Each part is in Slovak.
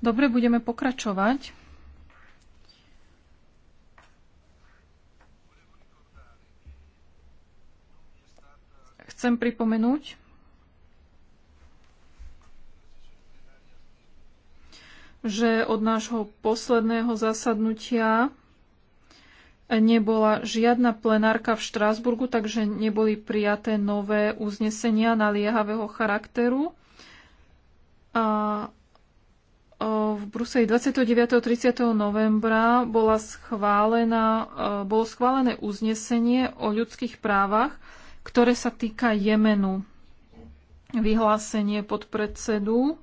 Dobre, budeme pokračovať. Chcem pripomenúť, že od nášho posledného zasadnutia nebola žiadna plenárka v Štrásburgu, takže neboli prijaté nové uznesenia naliehavého charakteru. A v Bruseli 29. 30. novembra bola schválená, bolo schválené uznesenie o ľudských právach, ktoré sa týka Jemenu. Vyhlásenie podpredsedu,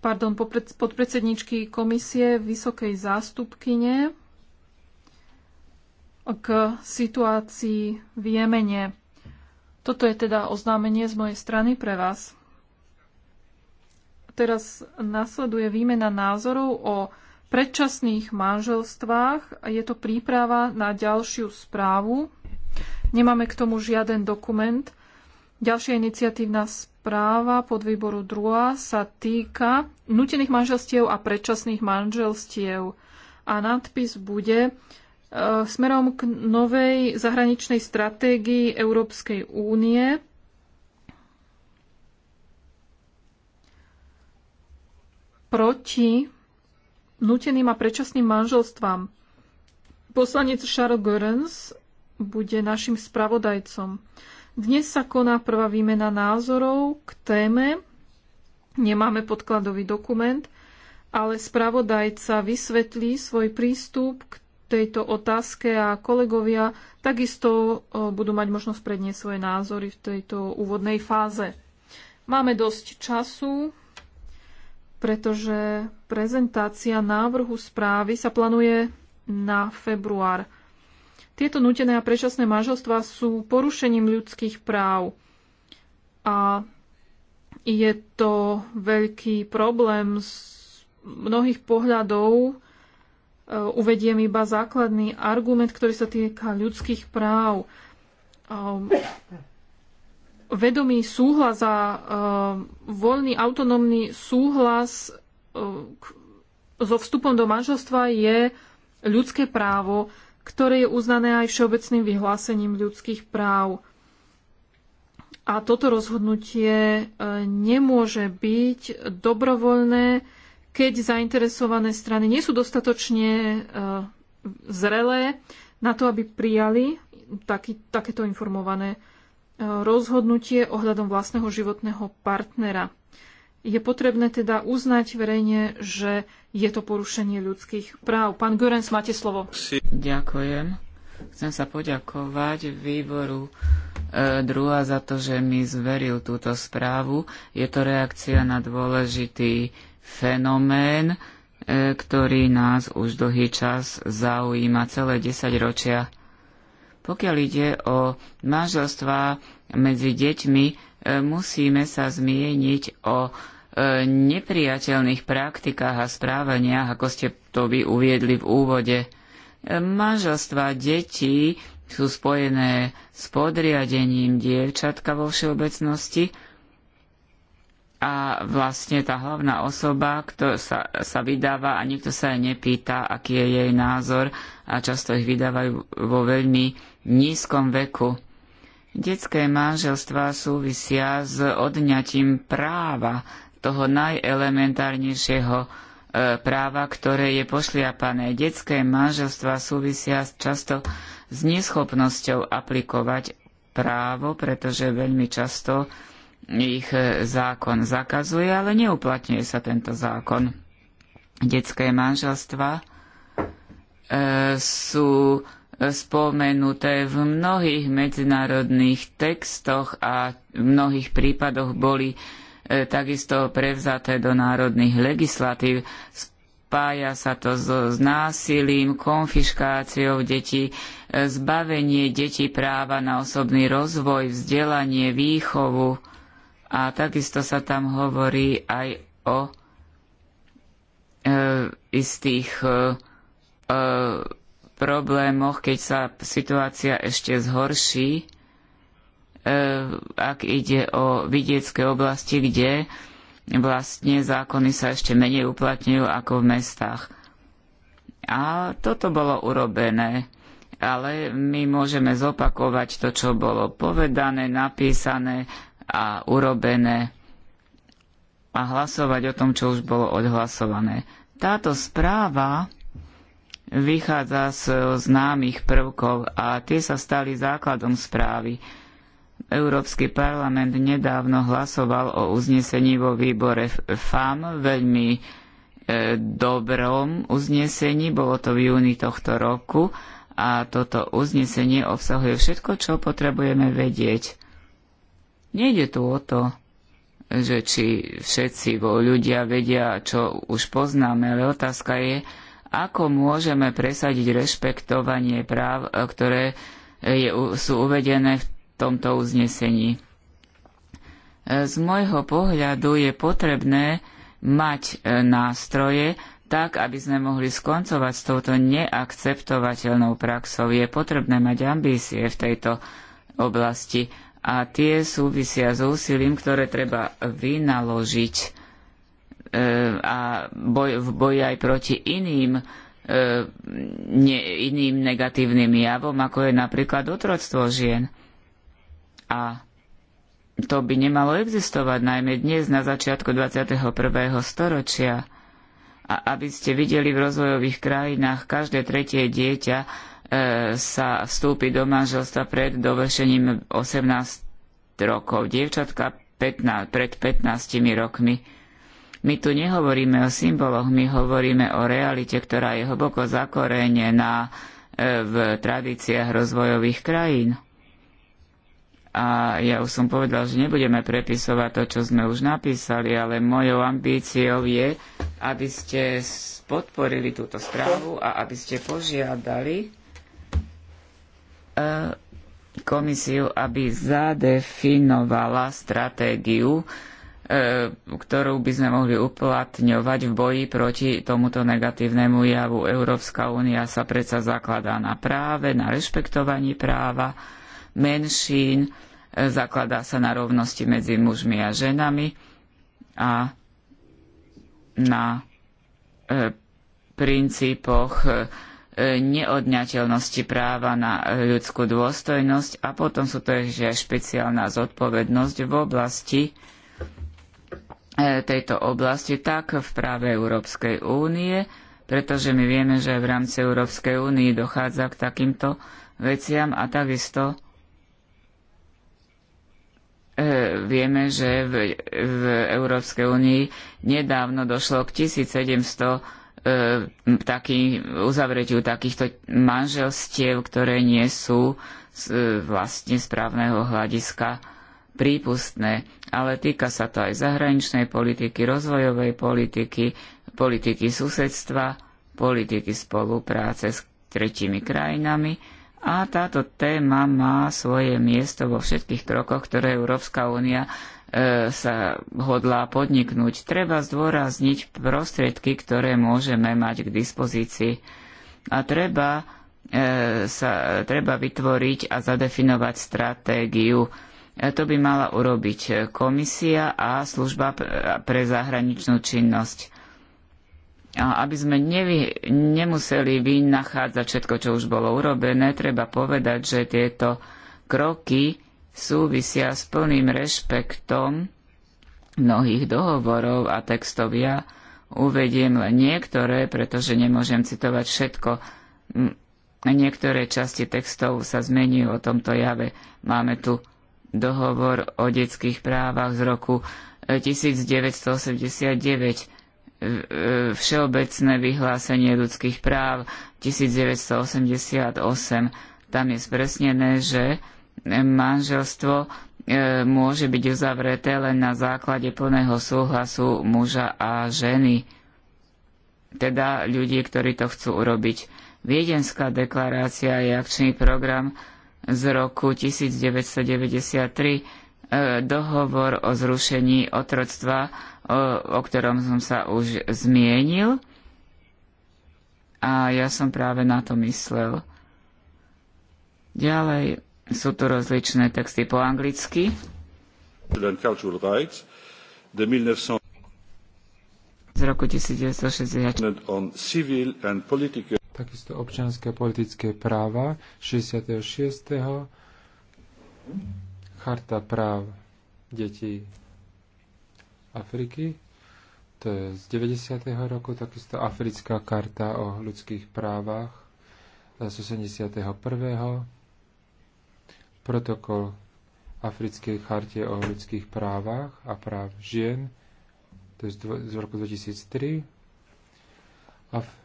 pardon, podpredsedničky komisie Vysokej zástupkyne k situácii v Jemene. Toto je teda oznámenie z mojej strany pre vás. Teraz nasleduje výmena názorov o predčasných manželstvách. Je to príprava na ďalšiu správu. Nemáme k tomu žiaden dokument. Ďalšia iniciatívna správa pod výboru druhá sa týka nutených manželstiev a predčasných manželstiev. A nadpis bude E, smerom k novej zahraničnej stratégii Európskej únie. proti nuteným a predčasným manželstvám. Poslanec Charles Görens bude našim spravodajcom. Dnes sa koná prvá výmena názorov k téme. Nemáme podkladový dokument, ale spravodajca vysvetlí svoj prístup k tejto otázke a kolegovia takisto e, budú mať možnosť predniesť svoje názory v tejto úvodnej fáze. Máme dosť času, pretože prezentácia návrhu správy sa plánuje na február. Tieto nutené a prečasné manželstvá sú porušením ľudských práv a je to veľký problém z mnohých pohľadov, E, uvediem iba základný argument, ktorý sa týka ľudských práv. E, vedomý súhlas a e, voľný autonómny súhlas so vstupom do manželstva je ľudské právo, ktoré je uznané aj všeobecným vyhlásením ľudských práv. A toto rozhodnutie nemôže byť dobrovoľné, keď zainteresované strany nie sú dostatočne eh, zrelé na to, aby prijali taký, takéto informované eh, rozhodnutie ohľadom vlastného životného partnera. Je potrebné teda uznať verejne, že je to porušenie ľudských práv. Pán Görens, máte slovo. Ďakujem. Chcem sa poďakovať výboru eh, druhá za to, že mi zveril túto správu. Je to reakcia na dôležitý fenomén, e, ktorý nás už dlhý čas zaujíma celé 10 ročia. Pokiaľ ide o manželstvá medzi deťmi, e, musíme sa zmieniť o e, nepriateľných praktikách a správaniach, ako ste to vy uviedli v úvode. Manželstvá detí sú spojené s podriadením dievčatka vo všeobecnosti, a vlastne tá hlavná osoba kto sa, sa vydáva a nikto sa jej nepýta, aký je jej názor a často ich vydávajú vo veľmi nízkom veku. Detské manželstvá súvisia s odňatím práva, toho najelementárnejšieho e, práva, ktoré je pošliapané. Detské manželstva súvisia často s neschopnosťou aplikovať právo, pretože veľmi často ich e, zákon zakazuje, ale neuplatňuje sa tento zákon. Detské manželstva e, sú spomenuté v mnohých medzinárodných textoch a v mnohých prípadoch boli e, takisto prevzaté do národných legislatív. Spája sa to so, s násilím, konfiškáciou detí, e, zbavenie detí práva na osobný rozvoj, vzdelanie, výchovu a takisto sa tam hovorí aj o e, istých e, e, problémoch, keď sa situácia ešte zhorší, e, ak ide o vidiecké oblasti, kde vlastne zákony sa ešte menej uplatňujú ako v mestách. A toto bolo urobené ale my môžeme zopakovať to, čo bolo povedané, napísané a urobené a hlasovať o tom, čo už bolo odhlasované. Táto správa vychádza z známych prvkov a tie sa stali základom správy. Európsky parlament nedávno hlasoval o uznesení vo výbore FAM, veľmi e, dobrom uznesení, bolo to v júni tohto roku a toto uznesenie obsahuje všetko, čo potrebujeme vedieť. Nejde tu o to, že či všetci ľudia vedia, čo už poznáme, ale otázka je, ako môžeme presadiť rešpektovanie práv, e, ktoré e, je, sú uvedené v tomto uznesení. E, z môjho pohľadu je potrebné mať nástroje, tak, aby sme mohli skoncovať s touto neakceptovateľnou praxou. Je potrebné mať ambície v tejto oblasti a tie súvisia s úsilím, ktoré treba vynaložiť e, a boj, v boji aj proti iným, e, ne, iným negatívnym javom, ako je napríklad otroctvo žien. A to by nemalo existovať, najmä dnes na začiatku 21. storočia. A aby ste videli v rozvojových krajinách každé tretie dieťa E, sa vstúpi do manželstva pred dovršením 18 rokov. Dievčatka 15, pred 15 rokmi. My tu nehovoríme o symboloch, my hovoríme o realite, ktorá je hlboko zakorenená e, v tradíciách rozvojových krajín. A ja už som povedal, že nebudeme prepisovať to, čo sme už napísali, ale mojou ambíciou je, aby ste podporili túto správu a aby ste požiadali E, komisiu, aby zadefinovala stratégiu, e, ktorú by sme mohli uplatňovať v boji proti tomuto negatívnemu javu. Európska únia sa predsa zakladá na práve, na rešpektovaní práva menšín, e, zakladá sa na rovnosti medzi mužmi a ženami a na princípoch neodňateľnosti práva na ľudskú dôstojnosť a potom sú to ešte aj špeciálna zodpovednosť v oblasti e, tejto oblasti tak v práve Európskej únie, pretože my vieme, že v rámci Európskej únie dochádza k takýmto veciam a takisto e, vieme, že v, v Európskej únii nedávno došlo k 1700 E, taký, uzavretiu takýchto manželstiev, ktoré nie sú z, e, vlastne správneho hľadiska prípustné. Ale týka sa to aj zahraničnej politiky, rozvojovej politiky, politiky susedstva, politiky spolupráce s tretími krajinami a táto téma má svoje miesto vo všetkých krokoch, ktoré Európska únia E, sa hodlá podniknúť. Treba zdôrazniť prostriedky, ktoré môžeme mať k dispozícii. A treba, e, sa, treba vytvoriť a zadefinovať stratégiu. E, to by mala urobiť komisia a služba pre zahraničnú činnosť. aby sme nevy, nemuseli vynachádzať všetko, čo už bolo urobené, treba povedať, že tieto kroky súvisia s plným rešpektom mnohých dohovorov a textov. Ja uvediem len niektoré, pretože nemôžem citovať všetko. Niektoré časti textov sa zmenujú o tomto jave. Máme tu dohovor o detských právach z roku 1989, e, e, Všeobecné vyhlásenie ľudských práv 1988. Tam je spresnené, že manželstvo e, môže byť uzavreté len na základe plného súhlasu muža a ženy, teda ľudí, ktorí to chcú urobiť. Viedenská deklarácia je akčný program z roku 1993, e, dohovor o zrušení otroctva, o, o ktorom som sa už zmienil. A ja som práve na to myslel. Ďalej, sú tu rozličné texty po anglicky. Z roku 1960 takisto občianské politické práva 66. Charta práv detí Afriky, to je z 90. roku, takisto Africká karta o ľudských právach z 81 protokol Africkej charte o ľudských právach a práv žien, to je z roku 2003, Af-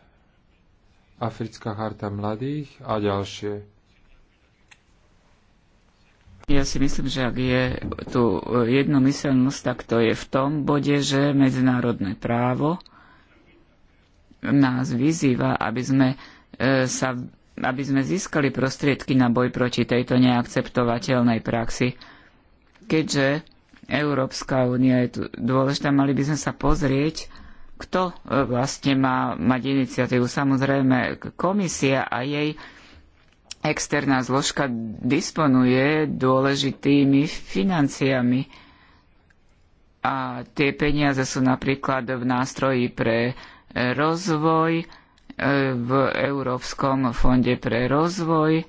Africká charta mladých a ďalšie. Ja si myslím, že ak je tu jednomyselnosť, tak to je v tom bode, že medzinárodné právo nás vyzýva, aby sme e, sa aby sme získali prostriedky na boj proti tejto neakceptovateľnej praxi. Keďže Európska únia je tu dôležitá, mali by sme sa pozrieť, kto e, vlastne má mať iniciatívu. Samozrejme, komisia a jej externá zložka disponuje dôležitými financiami. A tie peniaze sú napríklad v nástroji pre e, rozvoj, v Európskom fonde pre rozvoj. E,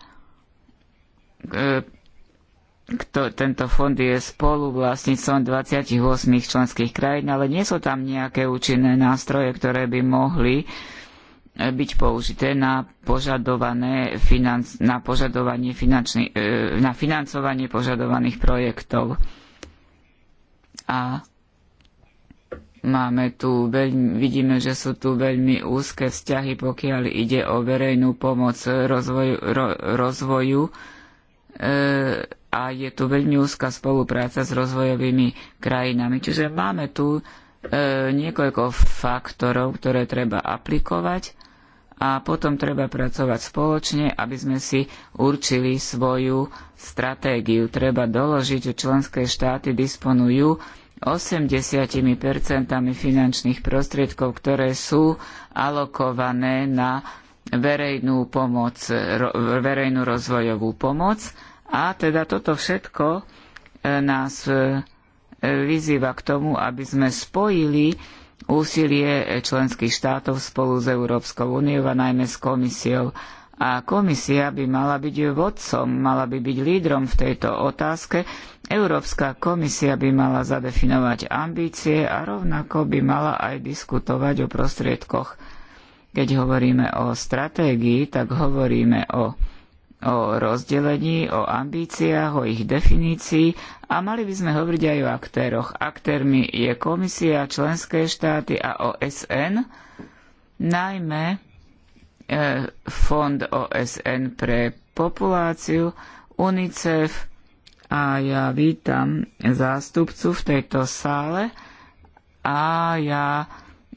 tento fond je spolu vlastníctvom 28 členských krajín, ale nie sú tam nejaké účinné nástroje, ktoré by mohli e, byť použité na, požadované financ- na, požadovanie finančný, e, na financovanie požadovaných projektov. A Máme tu veľmi, vidíme, že sú tu veľmi úzke vzťahy, pokiaľ ide o verejnú pomoc rozvoju, ro, rozvoju e, a je tu veľmi úzka spolupráca s rozvojovými krajinami. Čiže máme tu e, niekoľko faktorov, ktoré treba aplikovať a potom treba pracovať spoločne, aby sme si určili svoju stratégiu. Treba doložiť, že členské štáty disponujú 80% finančných prostriedkov, ktoré sú alokované na verejnú pomoc, verejnú rozvojovú pomoc. A teda toto všetko e, nás e, vyzýva k tomu, aby sme spojili úsilie členských štátov spolu s Európskou úniou a najmä s komisiou a komisia by mala byť vodcom, mala by byť lídrom v tejto otázke. Európska komisia by mala zadefinovať ambície a rovnako by mala aj diskutovať o prostriedkoch. Keď hovoríme o stratégii, tak hovoríme o, o rozdelení, o ambíciách, o ich definícii a mali by sme hovoriť aj o aktéroch. Aktérmi je komisia, členské štáty a OSN, najmä Eh, Fond OSN pre populáciu, UNICEF a ja vítam zástupcu v tejto sále a ja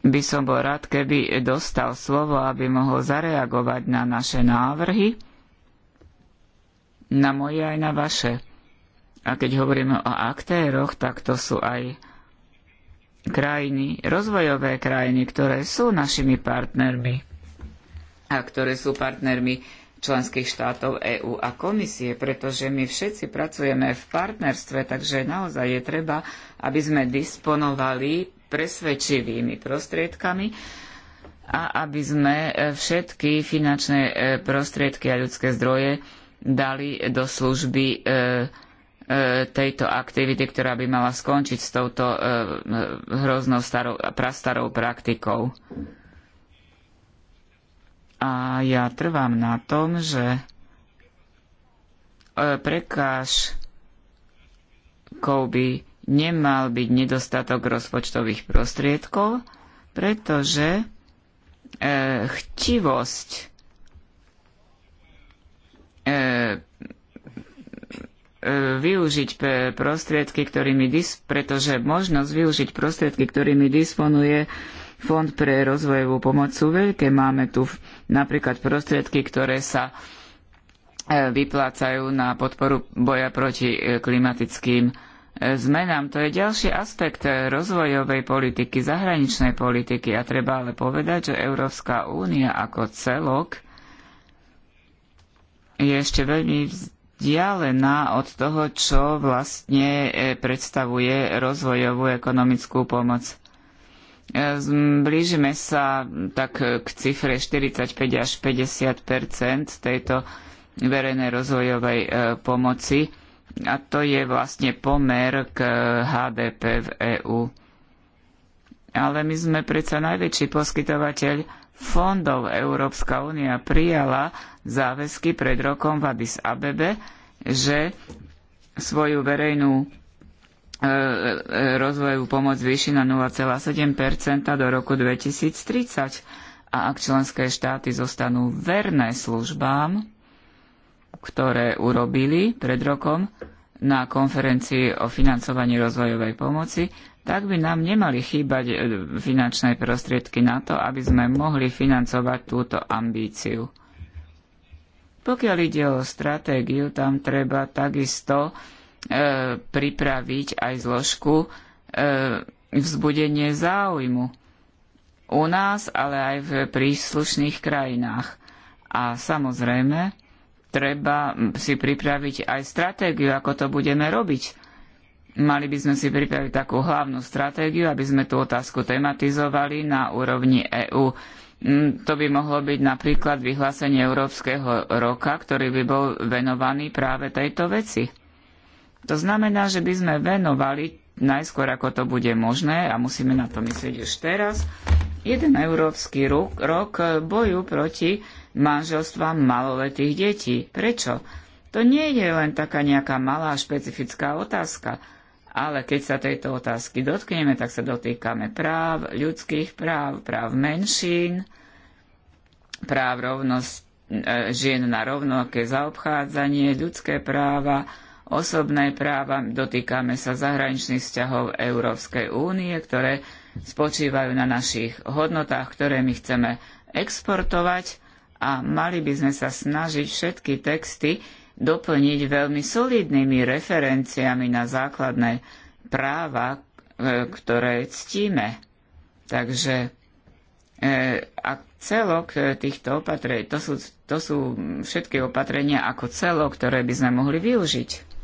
by som bol rád, keby dostal slovo, aby mohol zareagovať na naše návrhy, na moje aj na vaše. A keď hovoríme o aktéroch, tak to sú aj krajiny, rozvojové krajiny, ktoré sú našimi partnermi a ktoré sú partnermi členských štátov EÚ a komisie, pretože my všetci pracujeme v partnerstve, takže naozaj je treba, aby sme disponovali presvedčivými prostriedkami a aby sme e, všetky finančné e, prostriedky a ľudské zdroje dali do služby e, tejto aktivity, ktorá by mala skončiť s touto hroznou starou, prastarou praktikou. A ja trvám na tom, že e, prekážkou by nemal byť nedostatok rozpočtových prostriedkov, pretože e, chtivosť e, využiť prostriedky, ktorými dis- pretože možnosť využiť prostriedky, ktorými disponuje Fond pre rozvojovú pomoc sú veľké. Máme tu napríklad prostriedky, ktoré sa e, vyplácajú na podporu boja proti e, klimatickým e, zmenám. To je ďalší aspekt rozvojovej politiky, zahraničnej politiky a treba ale povedať, že Európska únia ako celok je ešte veľmi vzdialená od toho, čo vlastne predstavuje rozvojovú ekonomickú pomoc blížime sa tak k cifre 45 až 50 tejto verejnej rozvojovej e, pomoci a to je vlastne pomer k HDP v EÚ. Ale my sme predsa najväčší poskytovateľ fondov. Európska únia prijala záväzky pred rokom v Addis Abebe, že svoju verejnú E, e, rozvojovú pomoc zvýši na 0,7 do roku 2030 a ak členské štáty zostanú verné službám, ktoré urobili pred rokom na konferencii o financovaní rozvojovej pomoci, tak by nám nemali chýbať e, finančné prostriedky na to, aby sme mohli financovať túto ambíciu. Pokiaľ ide o stratégiu, tam treba takisto E, pripraviť aj zložku e, vzbudenie záujmu u nás, ale aj v príslušných krajinách. A samozrejme, treba si pripraviť aj stratégiu, ako to budeme robiť. Mali by sme si pripraviť takú hlavnú stratégiu, aby sme tú otázku tematizovali na úrovni EÚ. Mm, to by mohlo byť napríklad vyhlásenie Európskeho roka, ktorý by bol venovaný práve tejto veci. To znamená, že by sme venovali najskôr, ako to bude možné, a musíme na to myslieť už teraz, jeden európsky rok, rok boju proti manželstvám maloletých detí. Prečo? To nie je len taká nejaká malá špecifická otázka, ale keď sa tejto otázky dotkneme, tak sa dotýkame práv, ľudských práv, práv menšín, práv rovnosť, e, žien na rovnaké zaobchádzanie, ľudské práva, osobné práva, dotýkame sa zahraničných vzťahov Európskej únie, ktoré spočívajú na našich hodnotách, ktoré my chceme exportovať a mali by sme sa snažiť všetky texty doplniť veľmi solidnými referenciami na základné práva, e, ktoré ctíme. Takže e, a celok e, týchto opatrení, to sú, to sú všetky opatrenia ako celok, ktoré by sme mohli využiť.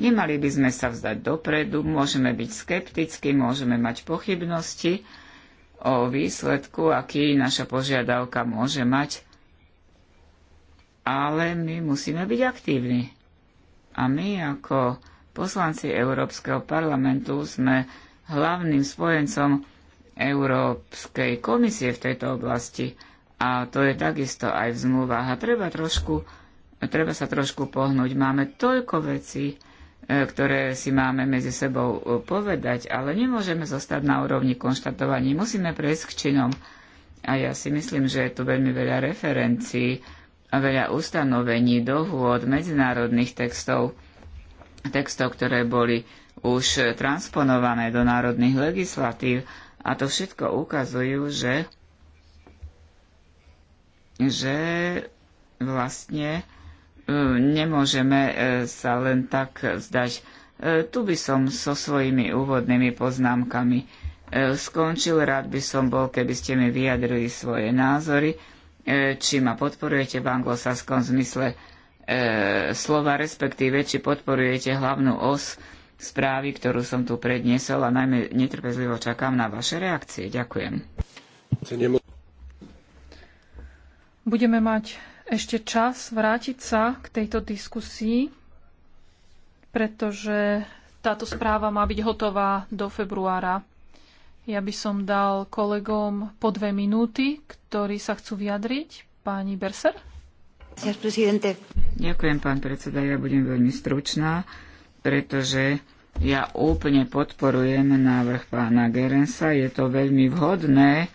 Nemali by sme sa vzdať dopredu, môžeme byť skeptickí, môžeme mať pochybnosti o výsledku, aký naša požiadavka môže mať, ale my musíme byť aktívni. A my ako poslanci Európskeho parlamentu sme hlavným spojencom Európskej komisie v tejto oblasti a to je takisto aj v zmluvách a treba, trošku, treba sa trošku pohnúť. Máme toľko vecí, ktoré si máme medzi sebou e, povedať, ale nemôžeme zostať na úrovni konštatovaní. Musíme prejsť k činom. A ja si myslím, že je tu veľmi veľa referencií a veľa ustanovení, dohôd, medzinárodných textov, textov, ktoré boli už transponované do národných legislatív. A to všetko ukazujú, že, že vlastne E, nemôžeme e, sa len tak zdať. E, tu by som so svojimi úvodnými poznámkami skončil. Rád by som bol, keby ste mi vyjadrili svoje názory, či ma podporujete v anglosaskom zmysle slova, respektíve či podporujete hlavnú os správy, ktorú som tu predniesol a najmä netrpezlivo čakám na vaše reakcie. Ďakujem. Budeme mať ešte čas vrátiť sa k tejto diskusii, pretože táto správa má byť hotová do februára. Ja by som dal kolegom po dve minúty, ktorí sa chcú vyjadriť. Pani Berser? Ďakujem, pán predseda. Ja budem veľmi stručná, pretože ja úplne podporujem návrh pána Gerensa. Je to veľmi vhodné,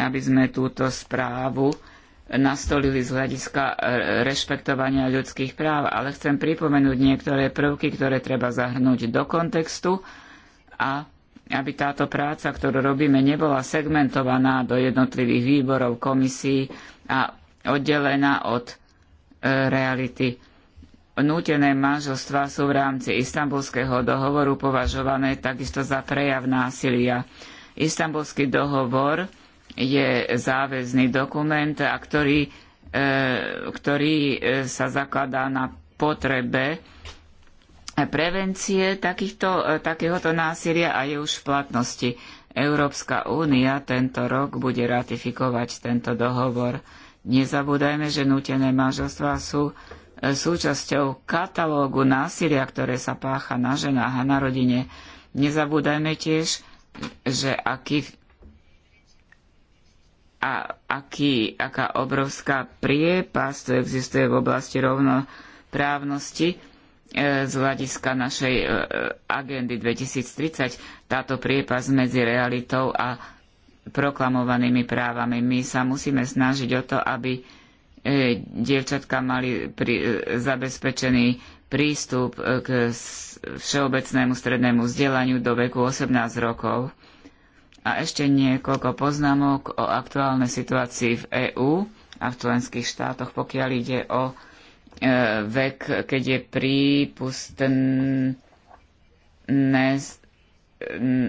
aby sme túto správu nastolili z hľadiska e, rešpektovania ľudských práv, ale chcem pripomenúť niektoré prvky, ktoré treba zahrnúť do kontextu a aby táto práca, ktorú robíme, nebola segmentovaná do jednotlivých výborov, komisí a oddelená od e, reality. Nútené manželstvá sú v rámci istambulského dohovoru považované takisto za prejav násilia. Istambulský dohovor je záväzný dokument, a ktorý, e, ktorý e, sa zakladá na potrebe prevencie takýchto, e, takéhoto násilia a je už v platnosti. Európska únia tento rok bude ratifikovať tento dohovor. Nezabúdajme, že nútené manželstvá sú e, súčasťou katalógu násilia, ktoré sa pácha na ženách a na rodine. Nezabúdajme tiež, že aký a aký, aká obrovská priepas tu existuje v oblasti rovnoprávnosti e, z hľadiska našej e, agendy 2030, táto priepas medzi realitou a proklamovanými právami. My sa musíme snažiť o to, aby e, dievčatka mali pri, zabezpečený prístup k všeobecnému strednému vzdelaniu do veku 18 rokov a ešte niekoľko poznámok o aktuálnej situácii v EÚ a v členských štátoch, pokiaľ ide o e, vek, keď je prípustné,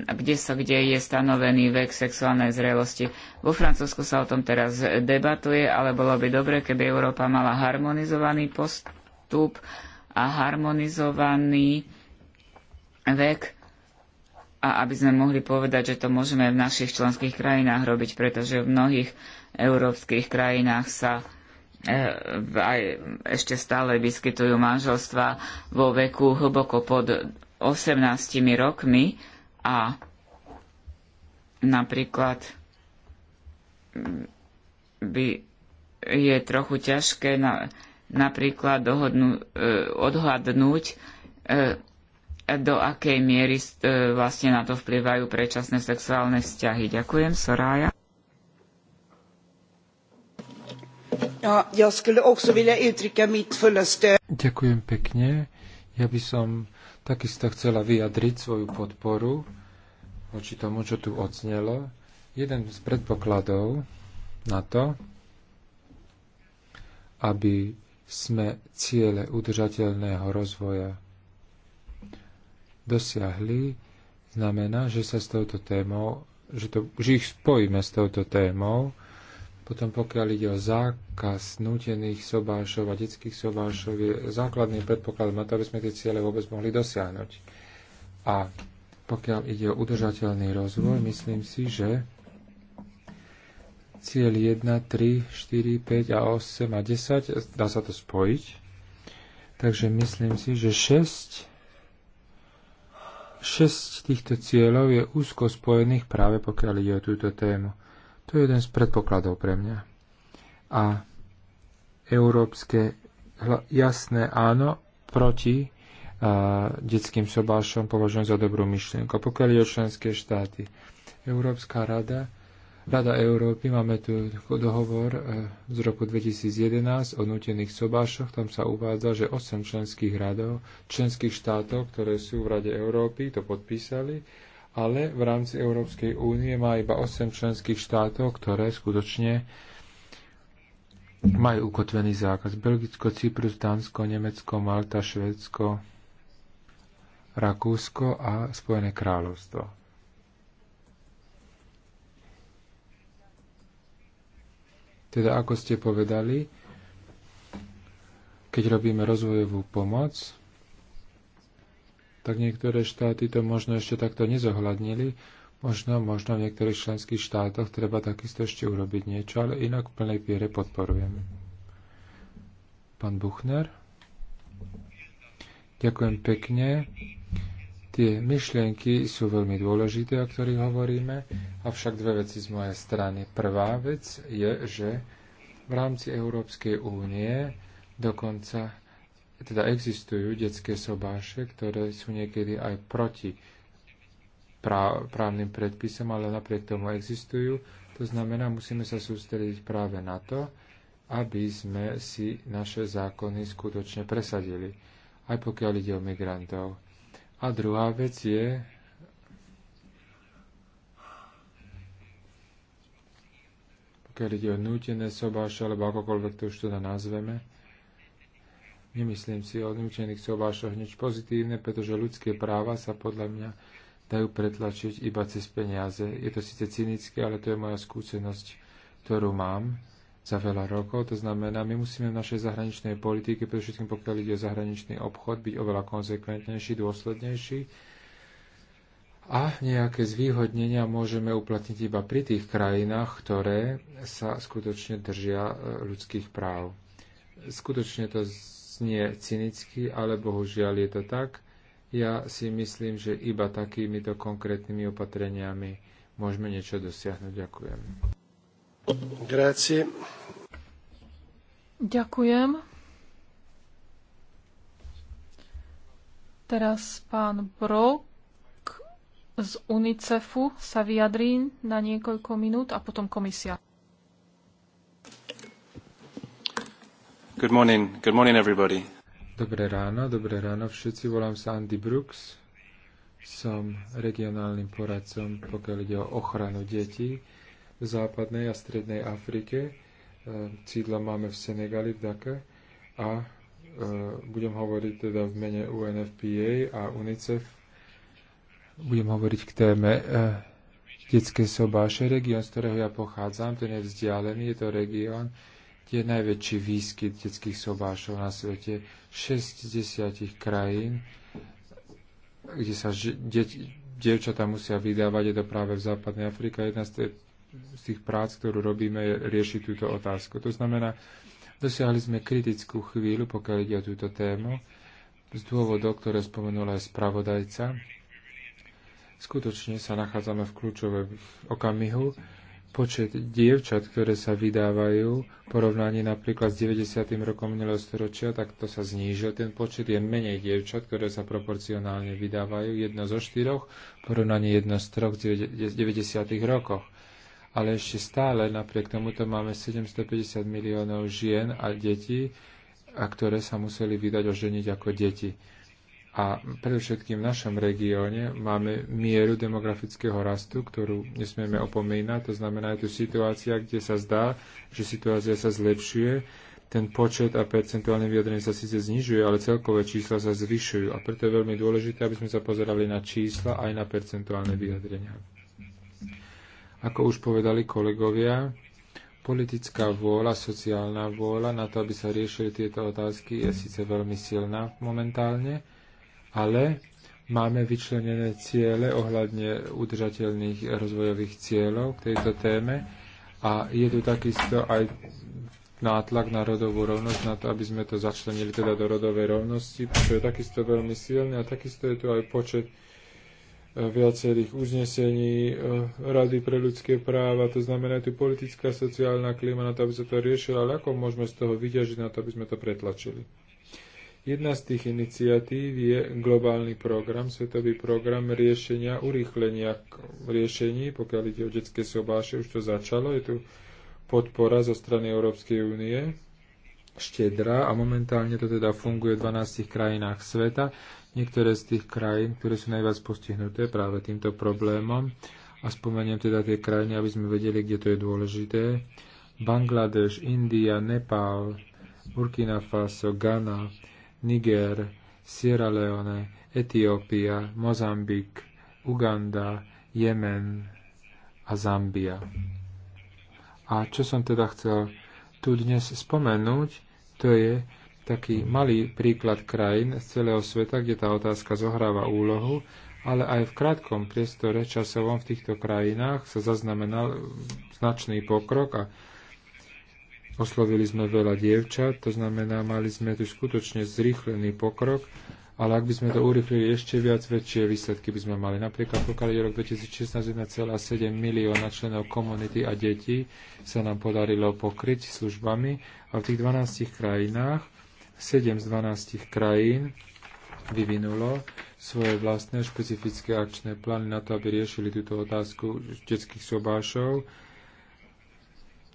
kde sa, kde je stanovený vek sexuálnej zrelosti. Vo Francúzsku sa o tom teraz debatuje, ale bolo by dobre, keby Európa mala harmonizovaný postup a harmonizovaný vek a aby sme mohli povedať, že to môžeme v našich členských krajinách robiť, pretože v mnohých európskych krajinách sa e, aj ešte stále vyskytujú manželstva vo veku hlboko pod 18 rokmi a napríklad by je trochu ťažké na, napríklad dohodnú, e, odhadnúť e, do akej miery e, vlastne na to vplývajú predčasné sexuálne vzťahy. Ďakujem, Soraya. Ďakujem pekne. Ja by som takisto chcela vyjadriť svoju podporu voči tomu, čo tu odznelo. Jeden z predpokladov na to, aby sme ciele udržateľného rozvoja dosiahli, znamená, že sa s touto témou, že, to, že ich spojíme s touto témou. Potom pokiaľ ide o zákaz nutených sobášov a detských sobášov, je základný predpokladom na to, aby sme tie ciele vôbec mohli dosiahnuť. A pokiaľ ide o udržateľný rozvoj, myslím si, že cieľ 1, 3, 4, 5 a 8 a 10, dá sa to spojiť. Takže myslím si, že 6 Šesť týchto cieľov je úzko spojených práve pokiaľ ide o túto tému. To je jeden z predpokladov pre mňa. A európske jasné áno proti a, detským sobášom považujem za dobrú myšlienku. Pokiaľ je o členské štáty, Európska rada Rada Európy, máme tu dohovor e, z roku 2011 o nutených sobášoch, tam sa uvádza, že 8 členských radov, členských štátov, ktoré sú v Rade Európy, to podpísali, ale v rámci Európskej únie má iba 8 členských štátov, ktoré skutočne majú ukotvený zákaz. Belgicko, Cyprus, Dánsko, Nemecko, Malta, Švédsko, Rakúsko a Spojené kráľovstvo. Teda ako ste povedali, keď robíme rozvojovú pomoc, tak niektoré štáty to možno ešte takto nezohľadnili. Možno, možno v niektorých členských štátoch treba takisto ešte urobiť niečo, ale inak v plnej piere podporujem. Pán Buchner. Ďakujem pekne. Tie myšlienky sú veľmi dôležité, o ktorých hovoríme, avšak dve veci z mojej strany. Prvá vec je, že v rámci Európskej únie dokonca teda existujú detské sobáše, ktoré sú niekedy aj proti právnym predpisom, ale napriek tomu existujú. To znamená, musíme sa sústrediť práve na to, aby sme si naše zákony skutočne presadili, aj pokiaľ ide o migrantov. A druhá vec je, pokiaľ ide o nútené sobáše, alebo akokoľvek to už teda nazveme, nemyslím si o nútených sobášoch nič pozitívne, pretože ľudské práva sa podľa mňa dajú pretlačiť iba cez peniaze. Je to síce cynické, ale to je moja skúsenosť, ktorú mám za veľa rokov. To znamená, my musíme v našej zahraničnej politike, predovšetkým pokiaľ ide o zahraničný obchod, byť oveľa konzekventnejší, dôslednejší a nejaké zvýhodnenia môžeme uplatniť iba pri tých krajinách, ktoré sa skutočne držia e, ľudských práv. Skutočne to znie cynicky, ale bohužiaľ je to tak. Ja si myslím, že iba takýmito konkrétnymi opatreniami môžeme niečo dosiahnuť. Ďakujem. Grazie. Ďakujem. Teraz pán Brok z UNICEFu sa vyjadrí na niekoľko minút a potom komisia. Good morning. Good morning everybody. Dobré ráno, dobré ráno všetci. Volám sa Andy Brooks. Som regionálnym poradcom, pokiaľ ide o ochranu detí západnej a strednej Afrike. Cídla e, máme v Senegali, v Dake a e, budem hovoriť teda v mene UNFPA a UNICEF. Budem hovoriť k téme e, detské sobáše. Región, z ktorého ja pochádzam, ten je vzdialený, je to región, kde je najväčší výskyt detských sobášov na svete. 6 z krajín, kde sa deť, dievčatá musia vydávať, je to práve v západnej Afrike. Jedna z z tých prác, ktorú robíme, rieši riešiť túto otázku. To znamená, dosiahli sme kritickú chvíľu, pokiaľ ide o túto tému, z dôvodov, ktoré spomenul aj spravodajca. Skutočne sa nachádzame v kľúčovej okamihu. Počet dievčat, ktoré sa vydávajú, v porovnaní napríklad s 90. rokom minulého storočia, tak to sa znížil. Ten počet je menej dievčat, ktoré sa proporcionálne vydávajú. Jedno zo štyroch, porovnaní jedno z troch v 90. rokoch ale ešte stále napriek tomuto máme 750 miliónov žien a detí, a ktoré sa museli vydať oženiť ako deti. A predovšetkým v našom regióne máme mieru demografického rastu, ktorú nesmieme opomínať. To znamená, je tu situácia, kde sa zdá, že situácia sa zlepšuje, ten počet a percentuálne vyjadrenie sa síce znižuje, ale celkové čísla sa zvyšujú. A preto je veľmi dôležité, aby sme sa pozerali na čísla aj na percentuálne vyjadrenia. Ako už povedali kolegovia, politická vôľa, sociálna vôľa na to, aby sa riešili tieto otázky, je síce veľmi silná momentálne, ale máme vyčlenené ciele ohľadne udržateľných rozvojových cieľov k tejto téme a je tu takisto aj nátlak na rodovú rovnosť, na to, aby sme to začlenili teda do rodovej rovnosti, čo je takisto veľmi silné a takisto je tu aj počet viacerých uznesení e, Rady pre ľudské práva, to znamená tu politická, sociálna klíma na to, aby sa to riešilo, ale ako môžeme z toho vyťažiť na to, aby sme to pretlačili. Jedna z tých iniciatív je globálny program, svetový program riešenia, urýchlenia riešení, pokiaľ ide o detské sobáše, už to začalo, je tu podpora zo strany Európskej únie, štedrá a momentálne to teda funguje v 12 krajinách sveta niektoré z tých krajín, ktoré sú najviac postihnuté práve týmto problémom. A spomeniem teda tie krajiny, aby sme vedeli, kde to je dôležité. Bangladeš, India, Nepal, Burkina Faso, Ghana, Niger, Sierra Leone, Etiópia, Mozambik, Uganda, Jemen a Zambia. A čo som teda chcel tu dnes spomenúť, to je, taký malý príklad krajín z celého sveta, kde tá otázka zohráva úlohu, ale aj v krátkom priestore časovom v týchto krajinách sa zaznamenal značný pokrok a oslovili sme veľa dievčat, to znamená, mali sme tu skutočne zrýchlený pokrok, ale ak by sme to urýchlili ešte viac, väčšie výsledky by sme mali. Napríklad pokiaľ je rok 2016 1,7 milióna členov komunity a detí sa nám podarilo pokryť službami a v tých 12 krajinách 7 z 12 krajín vyvinulo svoje vlastné špecifické akčné plány na to, aby riešili túto otázku detských sobášov.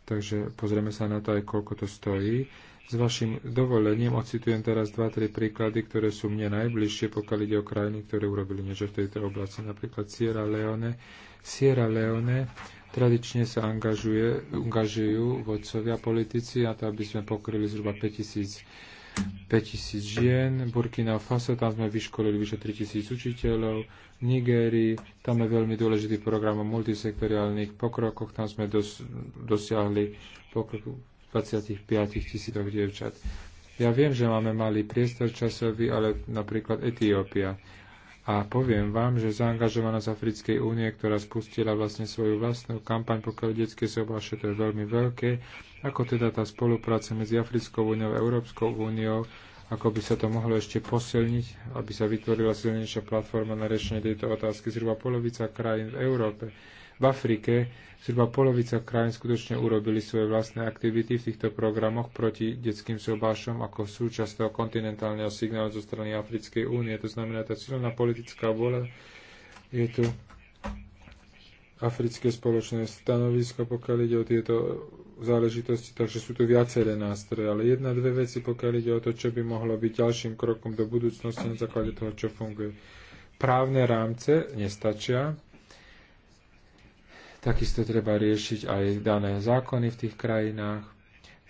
Takže pozrieme sa na to aj, koľko to stojí. S vašim dovolením ocitujem teraz 2-3 príklady, ktoré sú mne najbližšie, pokiaľ ide o krajiny, ktoré urobili niečo v tejto oblasti, napríklad Sierra Leone. Sierra Leone tradične sa angažuje, angažujú vodcovia politici a to, aby sme pokryli zhruba 5000 5000 žien, Burkina Faso, tam sme vyškolili vyše 3000 učiteľov, v Nigérii, tam je veľmi dôležitý program o multisektoriálnych pokrokoch, tam sme dos, dosiahli pokrok 25 tisícoch dievčat. Ja viem, že máme malý priestor časový, ale napríklad Etiópia. A poviem vám, že zaangažovanosť Africkej únie, ktorá spustila vlastne svoju vlastnú kampaň, pokiaľ detské sobaše, to je veľmi veľké ako teda tá spolupráca medzi Africkou úniou a Európskou úniou, ako by sa to mohlo ešte posilniť, aby sa vytvorila silnejšia platforma na riešenie tejto otázky. Zhruba polovica krajín v Európe, v Afrike, zhruba polovica krajín skutočne urobili svoje vlastné aktivity v týchto programoch proti detským sobášom ako súčasť toho kontinentálneho signálu zo strany Africkej únie. To znamená, tá silná politická vôľa je tu africké spoločné stanovisko, pokiaľ ide o tieto záležitosti, takže sú tu viaceré nástroje, ale jedna, dve veci, pokiaľ ide o to, čo by mohlo byť ďalším krokom do budúcnosti na základe toho, čo funguje. Právne rámce nestačia, takisto treba riešiť aj dané zákony v tých krajinách,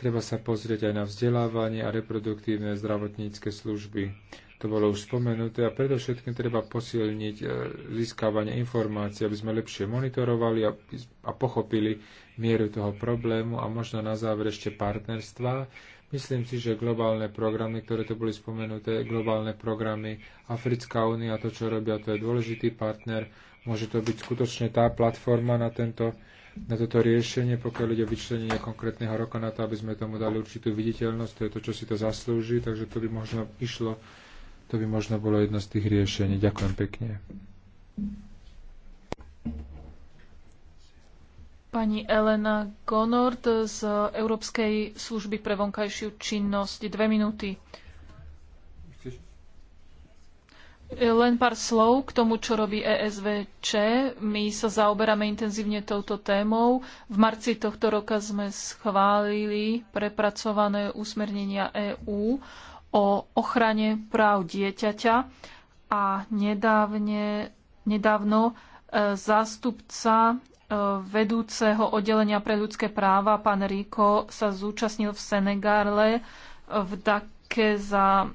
treba sa pozrieť aj na vzdelávanie a reproduktívne zdravotnícke služby to bolo už spomenuté, a predovšetkým treba posilniť e, získavanie informácií, aby sme lepšie monitorovali a, a pochopili mieru toho problému a možno na záver ešte partnerstva. Myslím si, že globálne programy, ktoré tu boli spomenuté, globálne programy Africká únia, to, čo robia, to je dôležitý partner. Môže to byť skutočne tá platforma na tento na toto riešenie, pokiaľ ide o vyčlenenie konkrétneho roka na to, aby sme tomu dali určitú viditeľnosť, to je to, čo si to zaslúži, takže to by možno išlo to by možno bolo jedno z tých riešení. Ďakujem pekne. Pani Elena Gonord z Európskej služby pre vonkajšiu činnosť. Dve minúty. Len pár slov k tomu, čo robí ESVČ. My sa zaoberáme intenzívne touto témou. V marci tohto roka sme schválili prepracované usmernenia EÚ. EU o ochrane práv dieťaťa a nedávne, nedávno e, zástupca e, vedúceho oddelenia pre ľudské práva, pán Ríko, sa zúčastnil v Senegále e, v Dake za,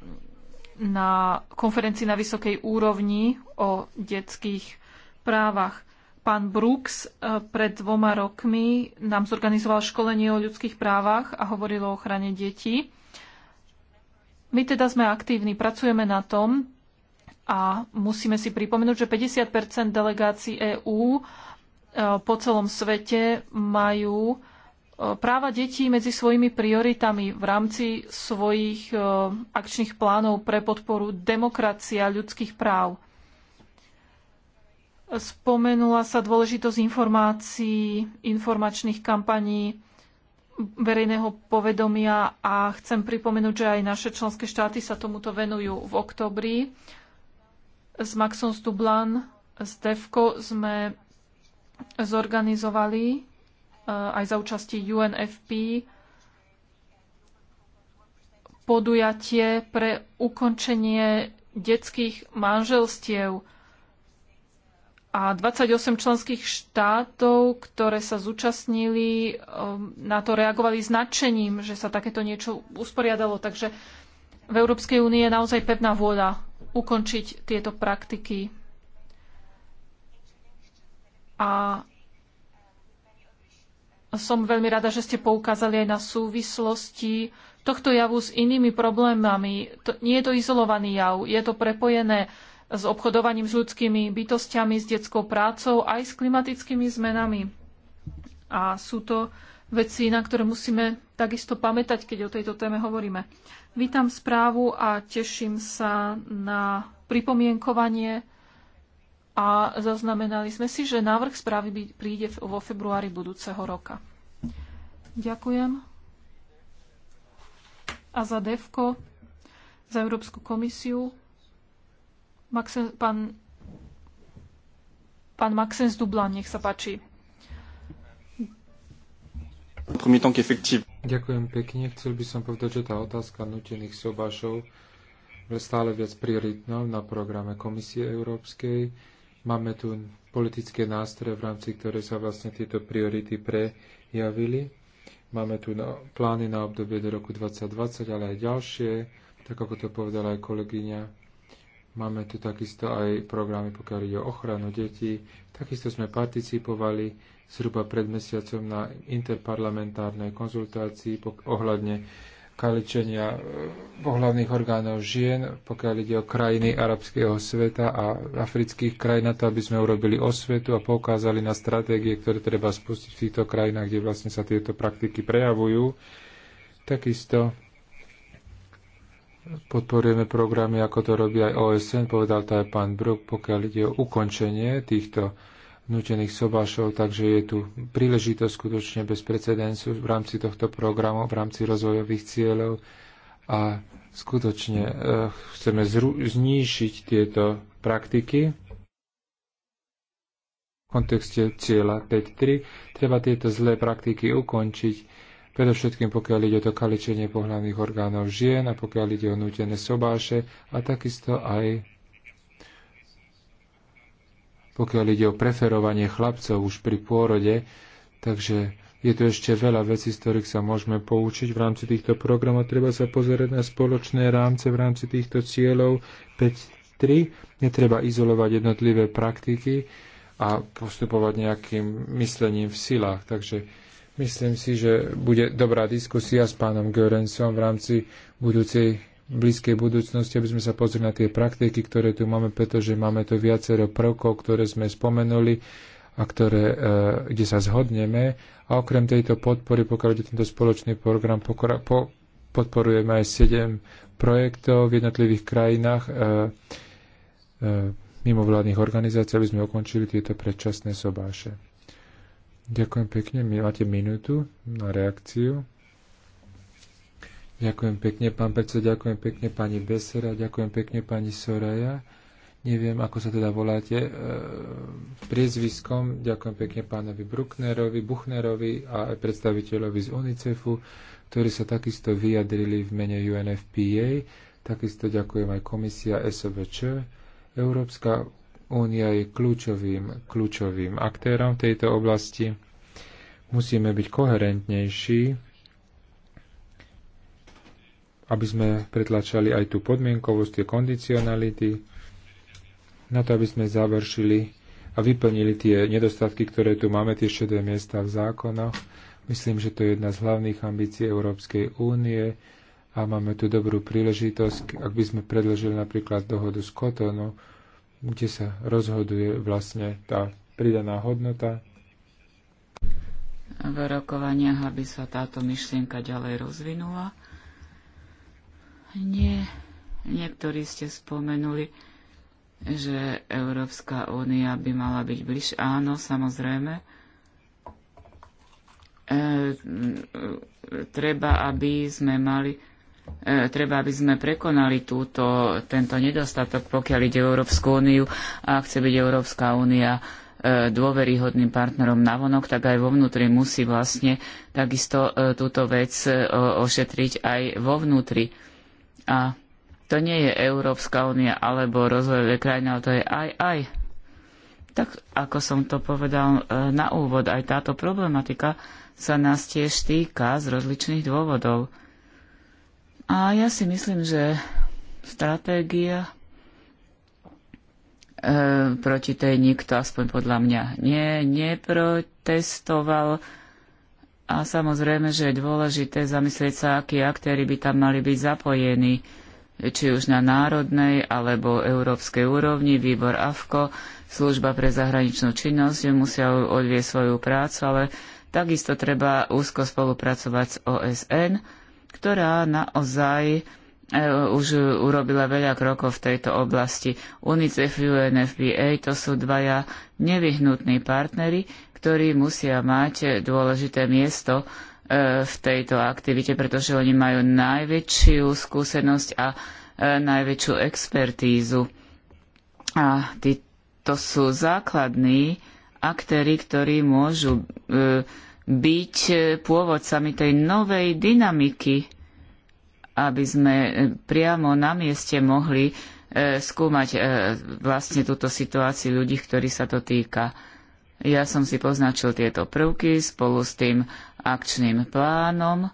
na konferencii na vysokej úrovni o detských právach. Pán Brooks pred dvoma rokmi nám zorganizoval školenie o ľudských právach a hovoril o ochrane detí. My teda sme aktívni, pracujeme na tom a musíme si pripomenúť, že 50 delegácií EÚ e, po celom svete majú e, práva detí medzi svojimi prioritami v rámci svojich e, akčných plánov pre podporu demokracia ľudských práv. Spomenula sa dôležitosť informácií, informačných kampaní, verejného povedomia a chcem pripomenúť, že aj naše členské štáty sa tomuto venujú. V oktobri s Maxom Stublan z DEFCO sme zorganizovali e, aj za účasti UNFP podujatie pre ukončenie detských manželstiev a 28 členských štátov, ktoré sa zúčastnili, um, na to reagovali s nadšením, že sa takéto niečo usporiadalo. Takže v Európskej únie je naozaj pevná vôľa ukončiť tieto praktiky. A som veľmi rada, že ste poukázali aj na súvislosti tohto javu s inými problémami. To, nie je to izolovaný jav, je to prepojené uh, s obchodovaním s ľudskými bytostiami, s detskou prácou, aj s klimatickými zmenami. A sú to veci, na ktoré musíme takisto pamätať, keď o tejto téme hovoríme. Vítam správu a teším sa na pripomienkovanie a zaznamenali sme si, že návrh správy príde vo februári budúceho roka. Ďakujem. A za DEVKO, za Európsku komisiu, Maxen, pán, pán Maxens Dublan, nech sa páči. Ďakujem pekne. Chcel by som povedať, že tá otázka nutených sobášov je stále viac prioritnou na programe Komisie Európskej. Máme tu politické nástroje, v rámci ktoré sa vlastne tieto priority prejavili. Máme tu na, plány na obdobie do roku 2020, ale aj ďalšie, tak ako to povedala aj kolegyňa Máme tu takisto aj programy, pokiaľ ide o ochranu detí. Takisto sme participovali zhruba pred mesiacom na interparlamentárnej konzultácii ohľadne kaličenia eh, pohľadných orgánov žien, pokiaľ ide o krajiny arabského sveta a afrických krajín, na to, aby sme urobili osvetu a poukázali na stratégie, ktoré treba spustiť v týchto krajinách, kde vlastne sa tieto praktiky prejavujú. Takisto podporujeme programy, ako to robí aj OSN, povedal to aj pán Brok, pokiaľ ide o ukončenie týchto nutených sobášov, takže je tu príležitosť skutočne bez precedensu v rámci tohto programu, v rámci rozvojových cieľov a skutočne eh, chceme znížiť tieto praktiky v kontexte cieľa 5.3. Treba tieto zlé praktiky ukončiť predovšetkým pokiaľ ide o to kaličenie pohľadných orgánov žien a pokiaľ ide o nutené sobáše a takisto aj pokiaľ ide o preferovanie chlapcov už pri pôrode, takže je tu ešte veľa vecí, z ktorých sa môžeme poučiť v rámci týchto programov. Treba sa pozerať na spoločné rámce v rámci týchto cieľov 5.3. Netreba izolovať jednotlivé praktiky a postupovať nejakým myslením v silách. Takže Myslím si, že bude dobrá diskusia s pánom Görensom v rámci budúcej blízkej budúcnosti, aby sme sa pozreli na tie praktiky, ktoré tu máme, pretože máme tu viacero prvkov, ktoré sme spomenuli a ktoré, e, kde sa zhodneme. A okrem tejto podpory, pokiaľ ide tento spoločný program, podporujeme aj 7 projektov v jednotlivých krajinách e, e, mimovládnych organizácií, aby sme ukončili tieto predčasné sobáše. Ďakujem pekne. my Máte minútu na reakciu. Ďakujem pekne, pán predseda, ďakujem pekne pani Besera, ďakujem pekne pani Soraya. Neviem, ako sa teda voláte e, priezviskom. Ďakujem pekne pánovi Brucknerovi, Buchnerovi a aj predstaviteľovi z UNICEFu, ktorí sa takisto vyjadrili v mene UNFPA. Takisto ďakujem aj komisia SOVČ. Európska Únia je kľúčovým, kľúčovým aktérom v tejto oblasti. Musíme byť koherentnejší, aby sme pretlačali aj tú podmienkovosť, tie kondicionality, na to, aby sme završili a vyplnili tie nedostatky, ktoré tu máme, tie šedé miesta v zákonoch. Myslím, že to je jedna z hlavných ambícií Európskej únie a máme tu dobrú príležitosť, ak by sme predložili napríklad dohodu z Kotonu, kde sa rozhoduje vlastne tá pridaná hodnota. V rokovaniach, aby sa táto myšlienka ďalej rozvinula. Nie, niektorí ste spomenuli, že Európska únia by mala byť bliž. Áno, samozrejme. E, treba, aby sme mali E, treba, aby sme prekonali túto, tento nedostatok, pokiaľ ide o Európsku úniu a chce byť Európska únia e, dôveryhodným partnerom navonok, tak aj vo vnútri musí vlastne takisto e, túto vec ošetriť aj vo vnútri. A to nie je Európska únia alebo rozvojové krajiny, ale to je aj aj. Tak ako som to povedal na úvod, aj táto problematika sa nás tiež týka z rozličných dôvodov. A ja si myslím, že stratégia e, proti tej nikto, aspoň podľa mňa, nie, neprotestoval. A samozrejme, že je dôležité zamyslieť sa, akí aktéry by tam mali byť zapojení, či už na národnej alebo európskej úrovni, výbor AFKO, služba pre zahraničnú činnosť, musia odvieť svoju prácu, ale takisto treba úzko spolupracovať s OSN ktorá naozaj e, už urobila veľa krokov v tejto oblasti. UNICEF, UNFPA to sú dvaja nevyhnutní partnery, ktorí musia mať dôležité miesto e, v tejto aktivite, pretože oni majú najväčšiu skúsenosť a e, najväčšiu expertízu. A to sú základní aktéry, ktorí môžu byť e, pôvodcami tej novej dynamiky, aby sme e, priamo na mieste mohli e, skúmať vlastne túto situáciu ľudí, ktorí sa to týka. Ja som si poznačil tieto prvky spolu s tým akčným plánom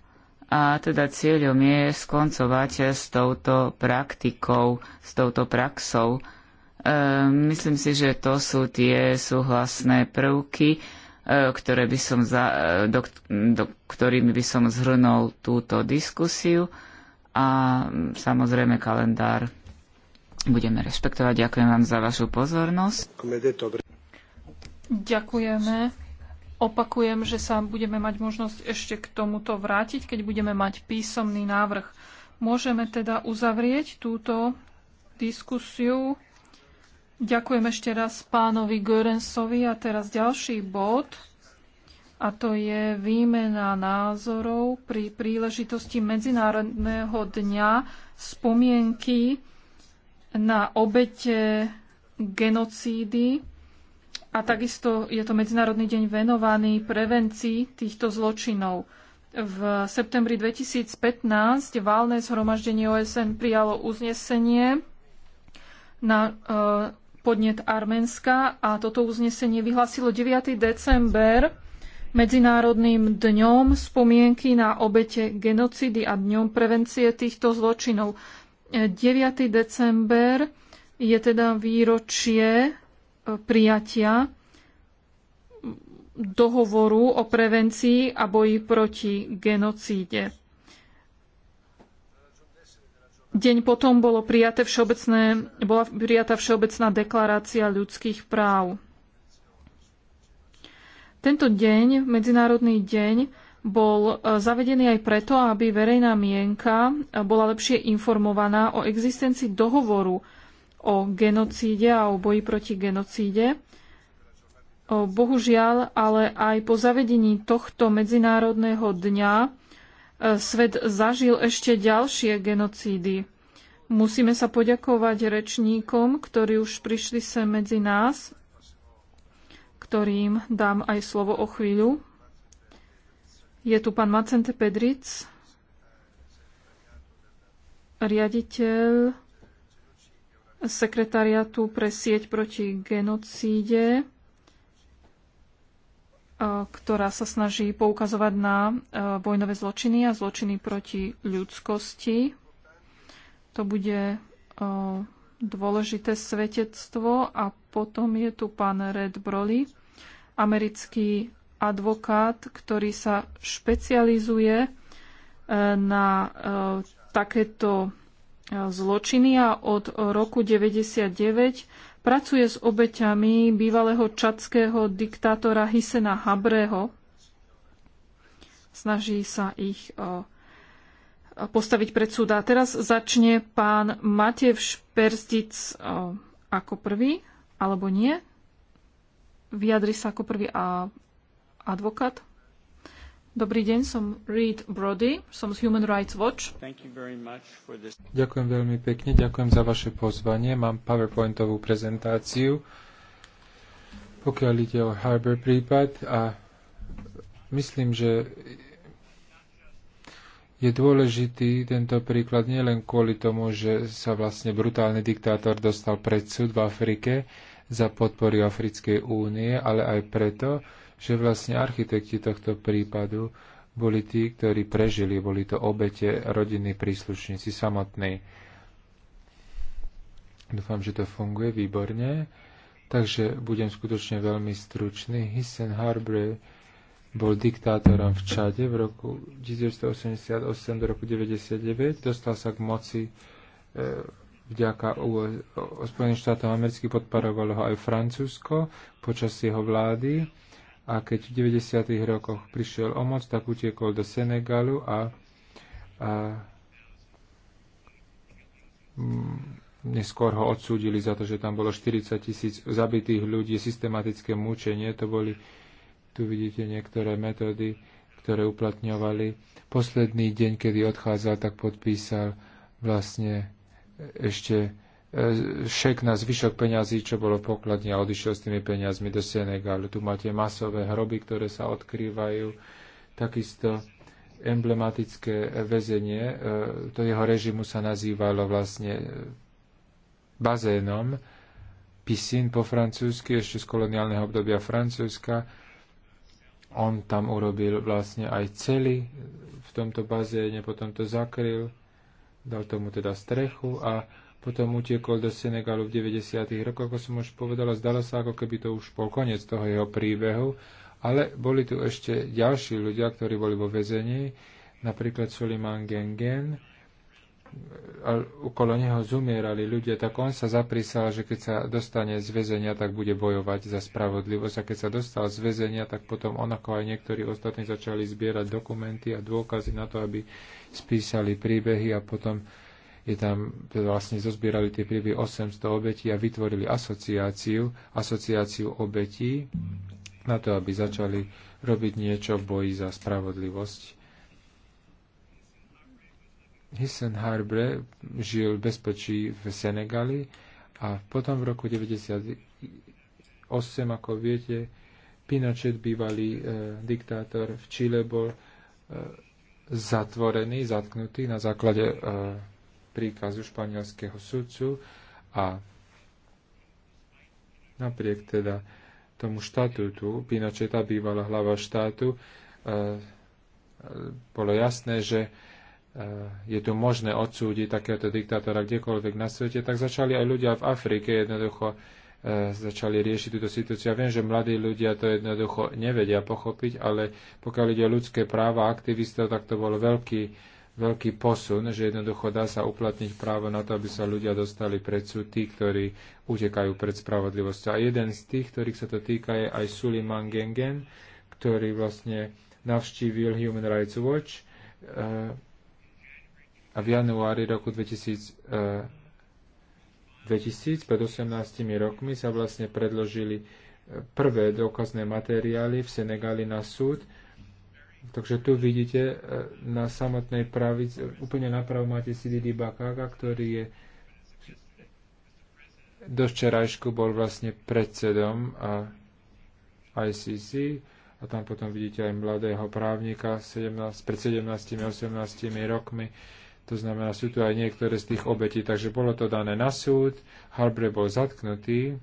a teda cieľom je skoncovať s touto praktikou, s touto praxou. Myslím si, že to sú tie súhlasné prvky, E, ktoré by som za, e, do, do, ktorými by som zhrnul túto diskusiu a samozrejme kalendár budeme rešpektovať. Ďakujem vám za vašu pozornosť. Ďakujeme. Opakujem, že sa budeme mať možnosť ešte k tomuto vrátiť, keď budeme mať písomný návrh. Môžeme teda uzavrieť túto diskusiu. Ďakujem ešte raz pánovi Görensovi a teraz ďalší bod a to je výmena názorov pri príležitosti Medzinárodného dňa spomienky na obete genocídy a takisto je to Medzinárodný deň venovaný prevencii týchto zločinov. V septembri 2015 válne zhromaždenie OSN prijalo uznesenie na e, podnet Arménska a toto uznesenie vyhlásilo 9. december Medzinárodným dňom spomienky na obete genocídy a dňom prevencie týchto zločinov. 9. E, december je teda výročie e, prijatia dohovoru o prevencii a boji proti genocíde. Deň potom bolo prijaté všeobecné, bola prijatá Všeobecná deklarácia ľudských práv. Tento deň, Medzinárodný deň, bol e, zavedený aj preto, aby verejná mienka e, bola lepšie informovaná o existencii dohovoru o genocíde a o boji proti genocíde. E, bohužiaľ, ale aj po zavedení tohto Medzinárodného dňa svet zažil ešte ďalšie genocídy. Musíme sa poďakovať rečníkom, ktorí už prišli sem medzi nás, ktorým dám aj slovo o chvíľu. Je tu pán Macente Pedric, riaditeľ sekretariatu pre sieť proti genocíde ktorá sa snaží poukazovať na e, vojnové zločiny a zločiny proti ľudskosti. To bude e, dôležité svetectvo a potom je tu pán Red Broly, americký advokát, ktorý sa špecializuje e, na takéto zločiny a od roku 99 pracuje s obeťami bývalého čadského diktátora Hisena Habreho. Snaží sa ich postaviť pred súd. A teraz začne pán Matev Šperstic ako prvý, alebo nie? Vyjadri sa ako prvý a advokát? Dobrý deň, som Reed Brody, som z Human Rights Watch. Ďakujem veľmi pekne, ďakujem za vaše pozvanie. Mám PowerPointovú prezentáciu, pokiaľ ide o Harbour prípad a myslím, že je dôležitý tento príklad nielen kvôli tomu, že sa vlastne brutálny diktátor dostal pred súd v Afrike za podpory Africkej únie, ale aj preto, že vlastne architekti tohto prípadu boli tí, ktorí prežili, boli to obete, rodinní príslušníci samotní. Dúfam, že to funguje výborne. Takže budem skutočne veľmi stručný. Hissen Harbre bol diktátorom v Čade v roku 1988 do roku 1999. Dostal sa k moci e, vďaka Spojeným štátom amerických podporovalo ho aj Francúzsko počas jeho vlády a keď v 90. rokoch prišiel o moc, tak utiekol do Senegalu a, a mm, neskôr ho odsúdili za to, že tam bolo 40 tisíc zabitých ľudí, systematické mučenie, to boli, tu vidíte niektoré metódy, ktoré uplatňovali. Posledný deň, kedy odchádzal, tak podpísal vlastne ešte šek na zvyšok peňazí, čo bolo v pokladni a odišiel s tými peniazmi do Senegalu. Tu máte masové hroby, ktoré sa odkrývajú. Takisto emblematické väzenie, e, to jeho režimu sa nazývalo vlastne e, bazénom, pisin po francúzsky, ešte z koloniálneho obdobia Francúzska. On tam urobil vlastne aj cely v tomto bazéne, potom to zakryl, dal tomu teda strechu a potom utiekol do Senegalu v 90. rokoch, ako som už povedala, zdalo sa, ako keby to už bol koniec toho jeho príbehu, ale boli tu ešte ďalší ľudia, ktorí boli vo väzení, napríklad Suleiman Gengen, a okolo neho zumierali ľudia, tak on sa zaprísal, že keď sa dostane z väzenia, tak bude bojovať za spravodlivosť. A keď sa dostal z väzenia, tak potom on ako aj niektorí ostatní začali zbierať dokumenty a dôkazy na to, aby spísali príbehy a potom je tam, teda vlastne zozbierali tie príby 800 obetí a vytvorili asociáciu, asociáciu obetí na to, aby začali robiť niečo v boji za spravodlivosť. Hissen Harbre žil v bezpečí v Senegali a potom v roku 1998, ako viete, Pinochet, bývalý e, diktátor v Čile, bol e, zatvorený, zatknutý na základe e, príkazu španielského sudcu a napriek teda tomu štatútu Pinocheta, bývala hlava štátu, e, e, bolo jasné, že e, je tu možné odsúdiť takéhoto diktátora kdekoľvek na svete, tak začali aj ľudia v Afrike jednoducho e, začali riešiť túto situáciu. Ja viem, že mladí ľudia to jednoducho nevedia pochopiť, ale pokiaľ ide o ľudské práva aktivistov, tak to bol veľký veľký posun, že jednoducho dá sa uplatniť právo na to, aby sa ľudia dostali pred súd, tí, ktorí utekajú pred spravodlivosťou. A jeden z tých, ktorých sa to týka, je aj Suliman Gengen, ktorý vlastne navštívil Human Rights Watch eh, a v januári roku 2000, eh, pred 18 rokmi sa vlastne predložili eh, prvé dôkazné materiály v Senegali na súd, Takže tu vidíte e, na samotnej pravici, úplne napravo máte CDD Bakaga, ktorý je do včerajšku bol vlastne predsedom ICC a tam potom vidíte aj mladého právnika 17, pred 17-18 rokmi. To znamená, sú tu aj niektoré z tých obetí. Takže bolo to dané na súd, Harbre bol zatknutý,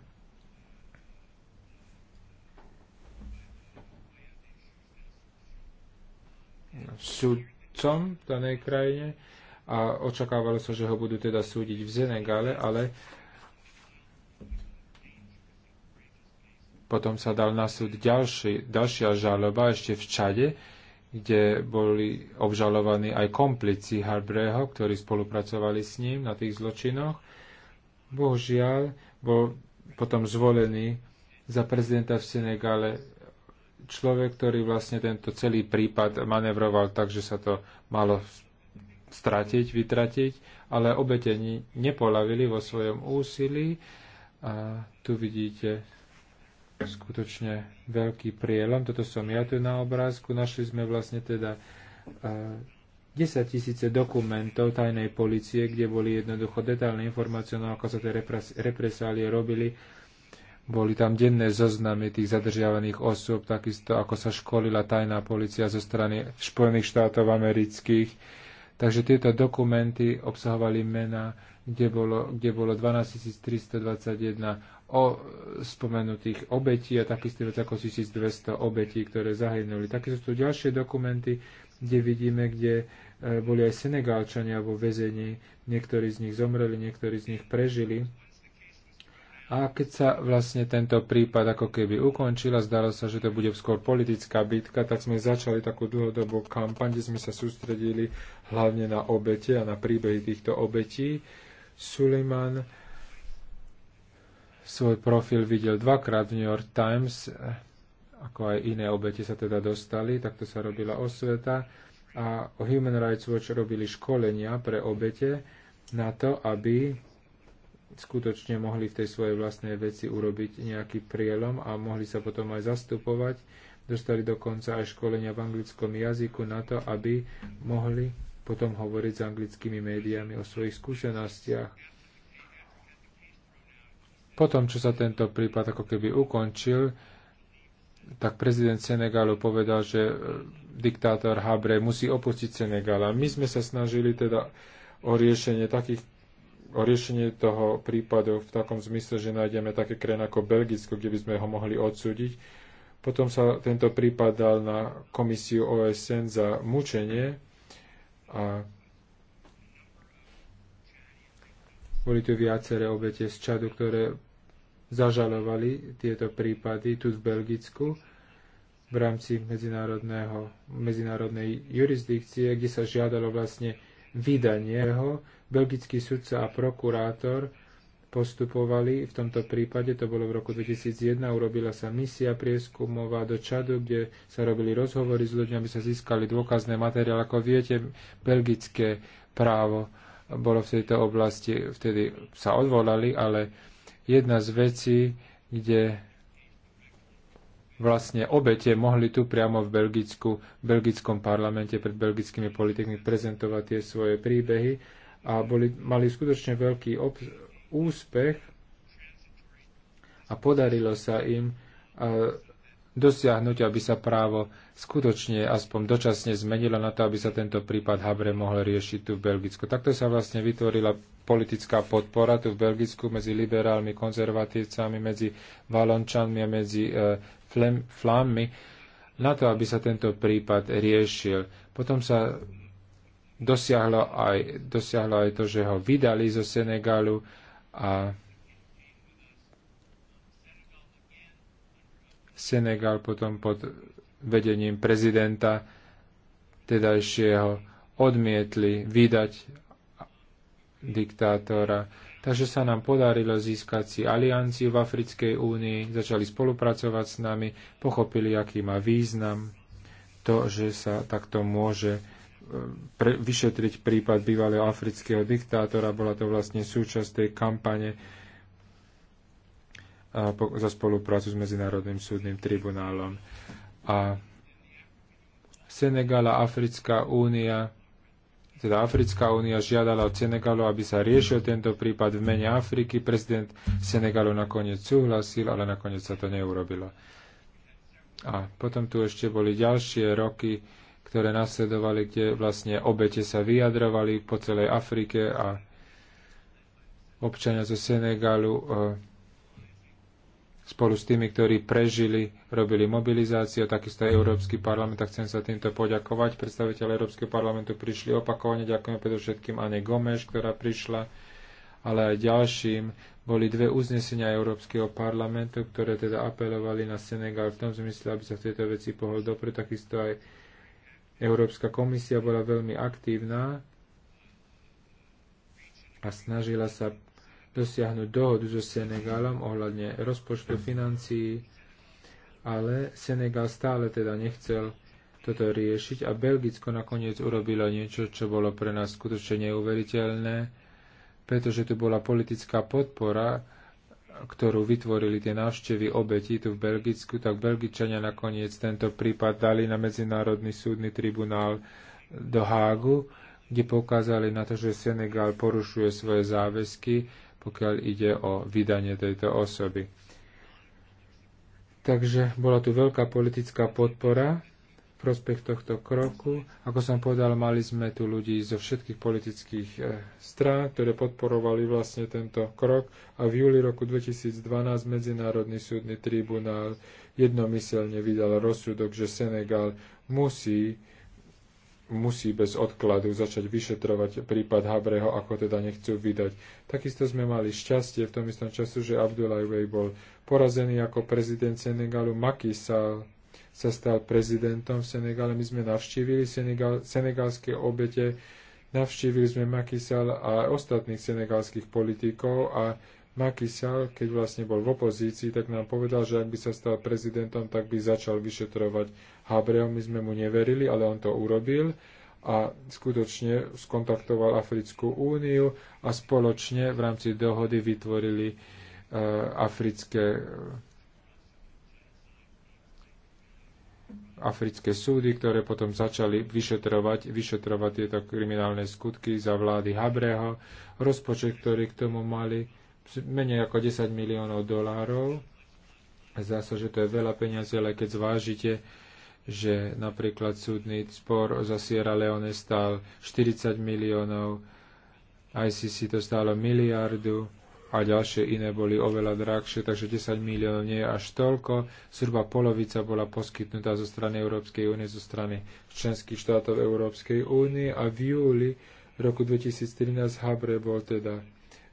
sudcom v danej krajine a očakávalo sa, že ho budú teda súdiť v Senegale, ale potom sa dal na súd ďalší, ďalšia žaloba ešte v Čade, kde boli obžalovaní aj komplici Harbreho, ktorí spolupracovali s ním na tých zločinoch. Bohužiaľ, bol potom zvolený za prezidenta v Senegale človek, ktorý vlastne tento celý prípad manevroval tak, že sa to malo stratiť, vytratiť, ale obete nepolavili vo svojom úsilí. A tu vidíte skutočne veľký prielom. Toto som ja tu na obrázku. Našli sme vlastne teda 10 tisíce dokumentov tajnej policie, kde boli jednoducho detálne informácie, no ako sa tie represálie robili boli tam denné zoznamy tých zadržiavaných osôb, takisto ako sa školila tajná policia zo strany Spojených štátov amerických. Takže tieto dokumenty obsahovali mena, kde bolo, kde bolo 12 321 o spomenutých obetí a takisto ako 1200 obetí, ktoré zahynuli. Také sú tu ďalšie dokumenty, kde vidíme, kde e, boli aj Senegálčania vo väzení. Niektorí z nich zomreli, niektorí z nich prežili a keď sa vlastne tento prípad ako keby ukončila, zdalo sa, že to bude skôr politická bitka, tak sme začali takú dlhodobú kampaň, kde sme sa sústredili hlavne na obete a na príbehy týchto obetí. Suleiman svoj profil videl dvakrát v New York Times, ako aj iné obete sa teda dostali, takto sa robila osveta a Human Rights Watch robili školenia pre obete na to, aby skutočne mohli v tej svojej vlastnej veci urobiť nejaký prielom a mohli sa potom aj zastupovať. Dostali dokonca aj školenia v anglickom jazyku na to, aby mohli potom hovoriť s anglickými médiami o svojich skúsenostiach. Potom, čo sa tento prípad ako keby ukončil, tak prezident Senegalu povedal, že e, diktátor Habre musí opustiť Senegal. A my sme sa snažili teda o riešenie takých o riešenie toho prípadu v takom zmysle, že nájdeme také krajiny ako Belgicko, kde by sme ho mohli odsúdiť. Potom sa tento prípad dal na komisiu OSN za mučenie a boli tu viaceré obete z Čadu, ktoré zažalovali tieto prípady tu v Belgicku v rámci medzinárodnej jurisdikcie, kde sa žiadalo vlastne vydanie ho belgický sudca a prokurátor postupovali v tomto prípade, to bolo v roku 2001, urobila sa misia prieskumová do Čadu, kde sa robili rozhovory s ľuďmi, aby sa získali dôkazné materiály. Ako viete, belgické právo bolo v tejto oblasti, vtedy sa odvolali, ale jedna z vecí, kde vlastne obete mohli tu priamo v Belgicku, v belgickom parlamente pred belgickými politikmi prezentovať tie svoje príbehy a boli, mali skutočne veľký ob, úspech a podarilo sa im a, e, dosiahnuť, aby sa právo skutočne aspoň dočasne zmenilo na to, aby sa tento prípad Habre mohol riešiť tu v Belgicku. Takto sa vlastne vytvorila politická podpora tu v Belgicku medzi liberálmi, konzervatívcami, medzi valončanmi a medzi e, flem, flammi na to, aby sa tento prípad riešil. Potom sa dosiahlo aj, dosiahlo aj to, že ho vydali zo Senegalu a Senegal potom pod vedením prezidenta tedajšieho odmietli vydať diktátora. Takže sa nám podarilo získať si alianciu v Africkej únii, začali spolupracovať s nami, pochopili, aký má význam to, že sa takto môže pre, vyšetriť prípad bývalého afrického diktátora. Bola to vlastne súčasť tej kampane po, za spoluprácu s Medzinárodným súdnym tribunálom. A Senegala, Africká únia teda Africká únia žiadala od Senegalu, aby sa riešil tento prípad v mene Afriky. Prezident Senegalu nakoniec súhlasil, ale nakoniec sa to neurobilo. A potom tu ešte boli ďalšie roky ktoré nasledovali, kde vlastne obete sa vyjadrovali po celej Afrike a občania zo Senegalu e, spolu s tými, ktorí prežili, robili mobilizáciu, takisto aj Európsky parlament, a chcem sa týmto poďakovať. Predstaviteľe Európskeho parlamentu prišli opakovane, ďakujem predovšetkým Ane Gomeš, ktorá prišla, ale aj ďalším. Boli dve uznesenia Európskeho parlamentu, ktoré teda apelovali na Senegal v tom zmysle, aby sa v tejto veci pohol dopredu, takisto aj Európska komisia bola veľmi aktívna a snažila sa dosiahnuť dohodu so Senegalom ohľadne rozpočtu financií, ale Senegal stále teda nechcel toto riešiť a Belgicko nakoniec urobilo niečo, čo bolo pre nás skutočne neuveriteľné, pretože tu bola politická podpora ktorú vytvorili tie návštevy obetí tu v Belgicku, tak Belgičania nakoniec tento prípad dali na Medzinárodný súdny tribunál do Hágu, kde pokázali na to, že Senegal porušuje svoje záväzky, pokiaľ ide o vydanie tejto osoby. Takže bola tu veľká politická podpora prospech tohto kroku. Ako som povedal, mali sme tu ľudí zo všetkých politických e, strán, ktoré podporovali vlastne tento krok a v júli roku 2012 Medzinárodný súdny tribunál jednomyselne vydal rozsudok, že Senegal musí musí bez odkladu začať vyšetrovať prípad Habreho, ako teda nechcú vydať. Takisto sme mali šťastie v tom istom času, že Abdullah Wey bol porazený ako prezident Senegalu Makisal sa stal prezidentom v Senegale. My sme navštívili Senegal, senegalské obete, navštívili sme Makisal a ostatných senegalských politikov a Makisal, keď vlastne bol v opozícii, tak nám povedal, že ak by sa stal prezidentom, tak by začal vyšetrovať Habreho. My sme mu neverili, ale on to urobil a skutočne skontaktoval Africkú úniu a spoločne v rámci dohody vytvorili uh, africké uh, africké súdy, ktoré potom začali vyšetrovať, vyšetrovať tieto kriminálne skutky za vlády Habreho, rozpočet, ktorý k tomu mali menej ako 10 miliónov dolárov. Zdá sa, že to je veľa peniazy, ale keď zvážite, že napríklad súdny spor za Sierra Leone stál 40 miliónov, ICC to stálo miliardu, a ďalšie iné boli oveľa drahšie, takže 10 miliónov nie je až toľko. Zhruba polovica bola poskytnutá zo strany Európskej únie, zo strany členských štátov Európskej únie a v júli roku 2013 Habre bol teda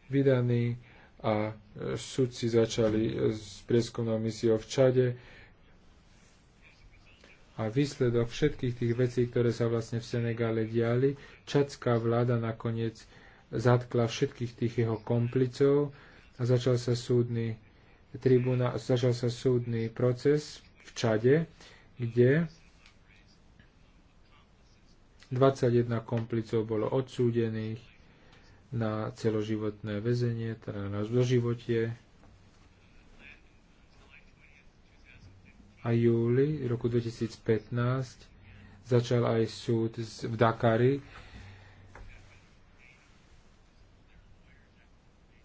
vydaný a e, sudci začali e, s prieskumnou misiou v Čade a výsledok všetkých tých vecí, ktoré sa vlastne v Senegále diali, čadská vláda nakoniec zatkla všetkých tých jeho komplicov a začal sa súdny, tribuna, začal sa súdny proces v Čade, kde 21 komplicov bolo odsúdených na celoživotné väzenie, teda na doživotie. A júli roku 2015 začal aj súd v Dakari,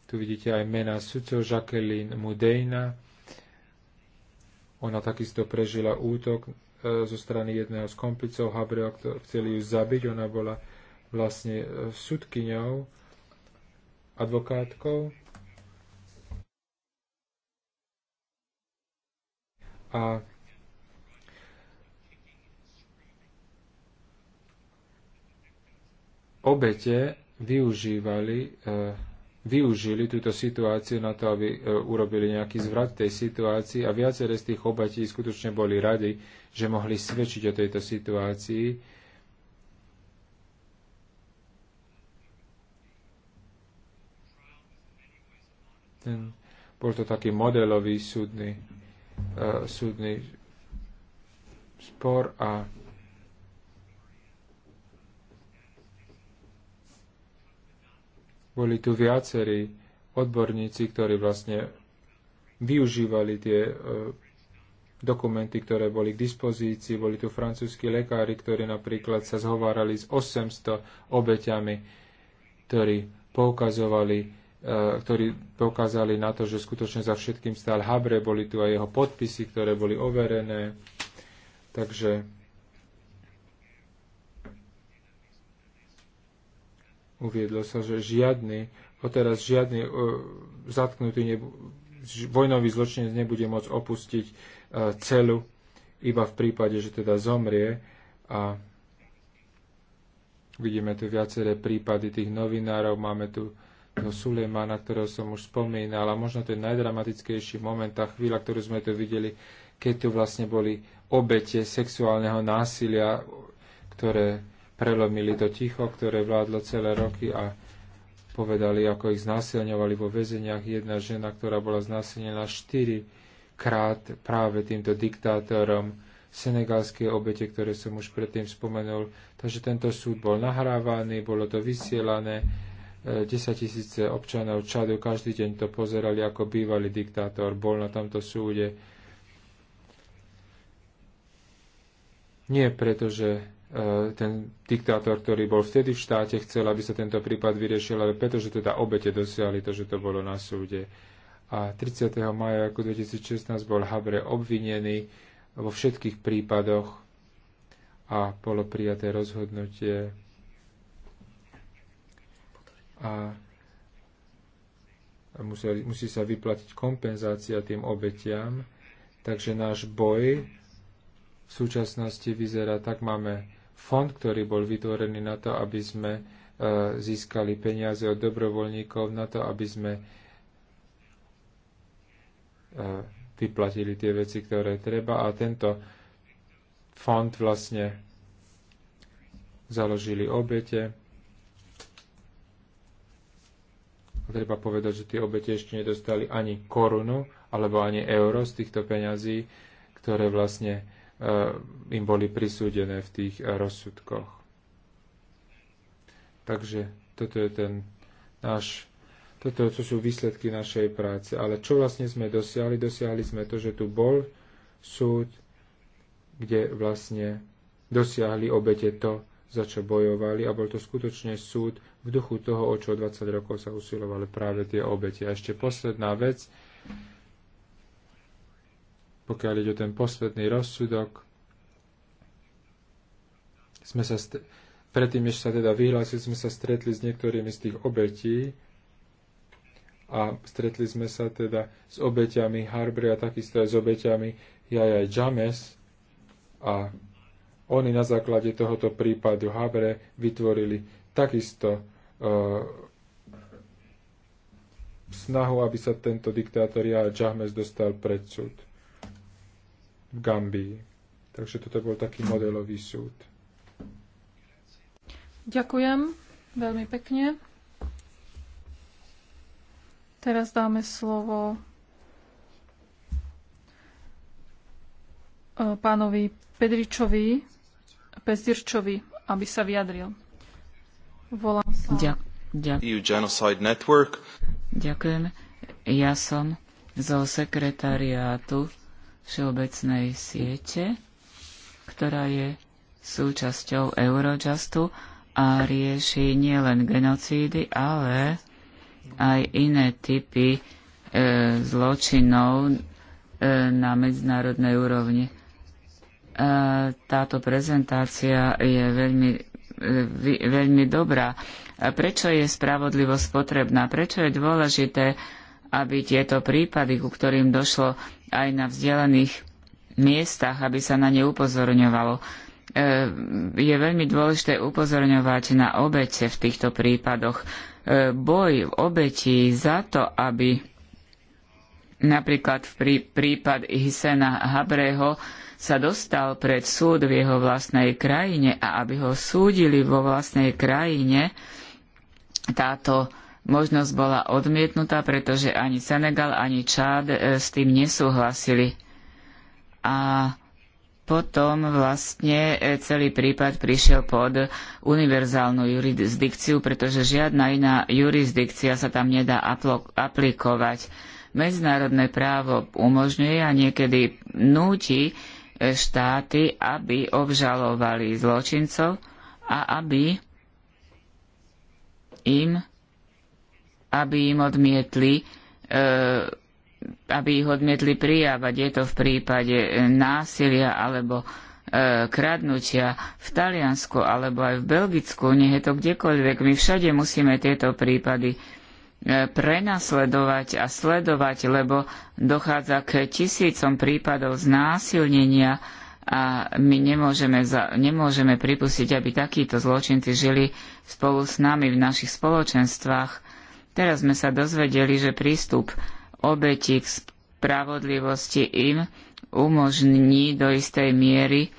Tu vidíte aj mena sudcov Jacqueline Mudejna. Ona takisto prežila útok e, zo strany jedného z komplicov Habreo, chceli ju zabiť. Ona bola vlastne e, sudkyňou, advokátkou. A obete využívali e, využili túto situáciu na to, aby e, urobili nejaký zvrat tej situácii a viaceré z tých obatí skutočne boli radi, že mohli svedčiť o tejto situácii. Ten, bol to taký modelový súdny, uh, súdny spor a Boli tu viacerí odborníci, ktorí vlastne využívali tie e, dokumenty, ktoré boli k dispozícii. Boli tu francúzskí lekári, ktorí napríklad sa zhovárali s 800 obeťami, ktorí poukazovali, e, ktorí pokázali na to, že skutočne za všetkým stál Habre, boli tu aj jeho podpisy, ktoré boli overené. Takže uviedlo sa, že žiadny, teraz žiadny uh, zatknutý nebu- vojnový zločinec nebude môcť opustiť uh, celu iba v prípade, že teda zomrie a vidíme tu viaceré prípady tých novinárov, máme tu toho Sulejmana, ktorého som už spomínal a možno ten najdramatickejší moment, tá chvíľa, ktorú sme tu videli, keď tu vlastne boli obete sexuálneho násilia, ktoré prelomili to ticho, ktoré vládlo celé roky a povedali, ako ich znásilňovali vo väzeniach. Jedna žena, ktorá bola znásilnená štyri krát práve týmto diktátorom senegalské obete, ktoré som už predtým spomenul. Takže tento súd bol nahrávaný, bolo to vysielané. 10 e, tisíce občanov Čadu každý deň to pozerali, ako bývalý diktátor bol na tomto súde. Nie preto, že E, ten diktátor, ktorý bol vtedy v štáte, chcel, aby sa tento prípad vyriešil, ale pretože teda obete dosiahli to, že to bolo na súde. A 30. maja roku 2016 bol Habre obvinený vo všetkých prípadoch a bolo prijaté rozhodnutie. A museli, musí sa vyplatiť kompenzácia tým obetiam. Takže náš boj v súčasnosti vyzerá tak, máme fond, ktorý bol vytvorený na to, aby sme e, získali peniaze od dobrovoľníkov na to, aby sme e, vyplatili tie veci, ktoré treba. A tento fond vlastne založili obete. A treba povedať, že tie obete ešte nedostali ani korunu alebo ani euro z týchto peňazí, ktoré vlastne E, im boli prisúdené v tých rozsudkoch. Takže toto je ten náš toto to sú výsledky našej práce. Ale čo vlastne sme dosiahli? Dosiahli sme to, že tu bol súd, kde vlastne dosiahli obete to, za čo bojovali a bol to skutočne súd v duchu toho, o čo 20 rokov sa usilovali práve tie obete. A ešte posledná vec, pokiaľ ide o ten posledný rozsudok, sme sa st- predtým, než sa teda vyhlásili, sme sa stretli s niektorými z tých obetí a stretli sme sa teda s obeťami Harbre a takisto aj s obeťami Jajaj James a oni na základe tohoto prípadu Habre vytvorili takisto uh, snahu, aby sa tento diktátor Jajaj James dostal pred súd v Gambii. Takže toto bol taký modelový súd. Ďakujem veľmi pekne. Teraz dáme slovo e, pánovi Pedričovi, Pezdirčovi, aby sa vyjadril. Volám sa. Ďak, ďak. E Network. Ďakujem. Ja som zo sekretariátu všeobecnej siete, ktorá je súčasťou Eurojustu a rieši nielen genocídy, ale aj iné typy e, zločinov e, na medzinárodnej úrovni. E, táto prezentácia je veľmi, e, veľmi dobrá. A prečo je spravodlivosť potrebná? Prečo je dôležité, aby tieto prípady, ku ktorým došlo aj na vzdialených miestach, aby sa na ne upozorňovalo. E, je veľmi dôležité upozorňovať na obete v týchto prípadoch. E, boj v obetí za to, aby napríklad v prípad Hisena Habreho sa dostal pred súd v jeho vlastnej krajine a aby ho súdili vo vlastnej krajine, táto možnosť bola odmietnutá, pretože ani Senegal, ani Čád e, s tým nesúhlasili. A potom vlastne e, celý prípad prišiel pod univerzálnu jurisdikciu, pretože žiadna iná jurisdikcia sa tam nedá aplikovať. Medzinárodné právo umožňuje a niekedy núti e, štáty, aby obžalovali zločincov a aby im aby im odmietli eh, aby ich odmietli prijávať. Je to v prípade eh, násilia alebo eh, kradnutia v Taliansku alebo aj v Belgicku, nech je to kdekoľvek. My všade musíme tieto prípady prenasledovať a sledovať, lebo dochádza k tisícom prípadov znásilnenia a my nemôžeme, za, nemôžeme pripustiť, aby takíto zločinci žili spolu s nami v našich spoločenstvách. Teraz sme sa dozvedeli, že prístup obeti k spravodlivosti im umožní do istej miery e,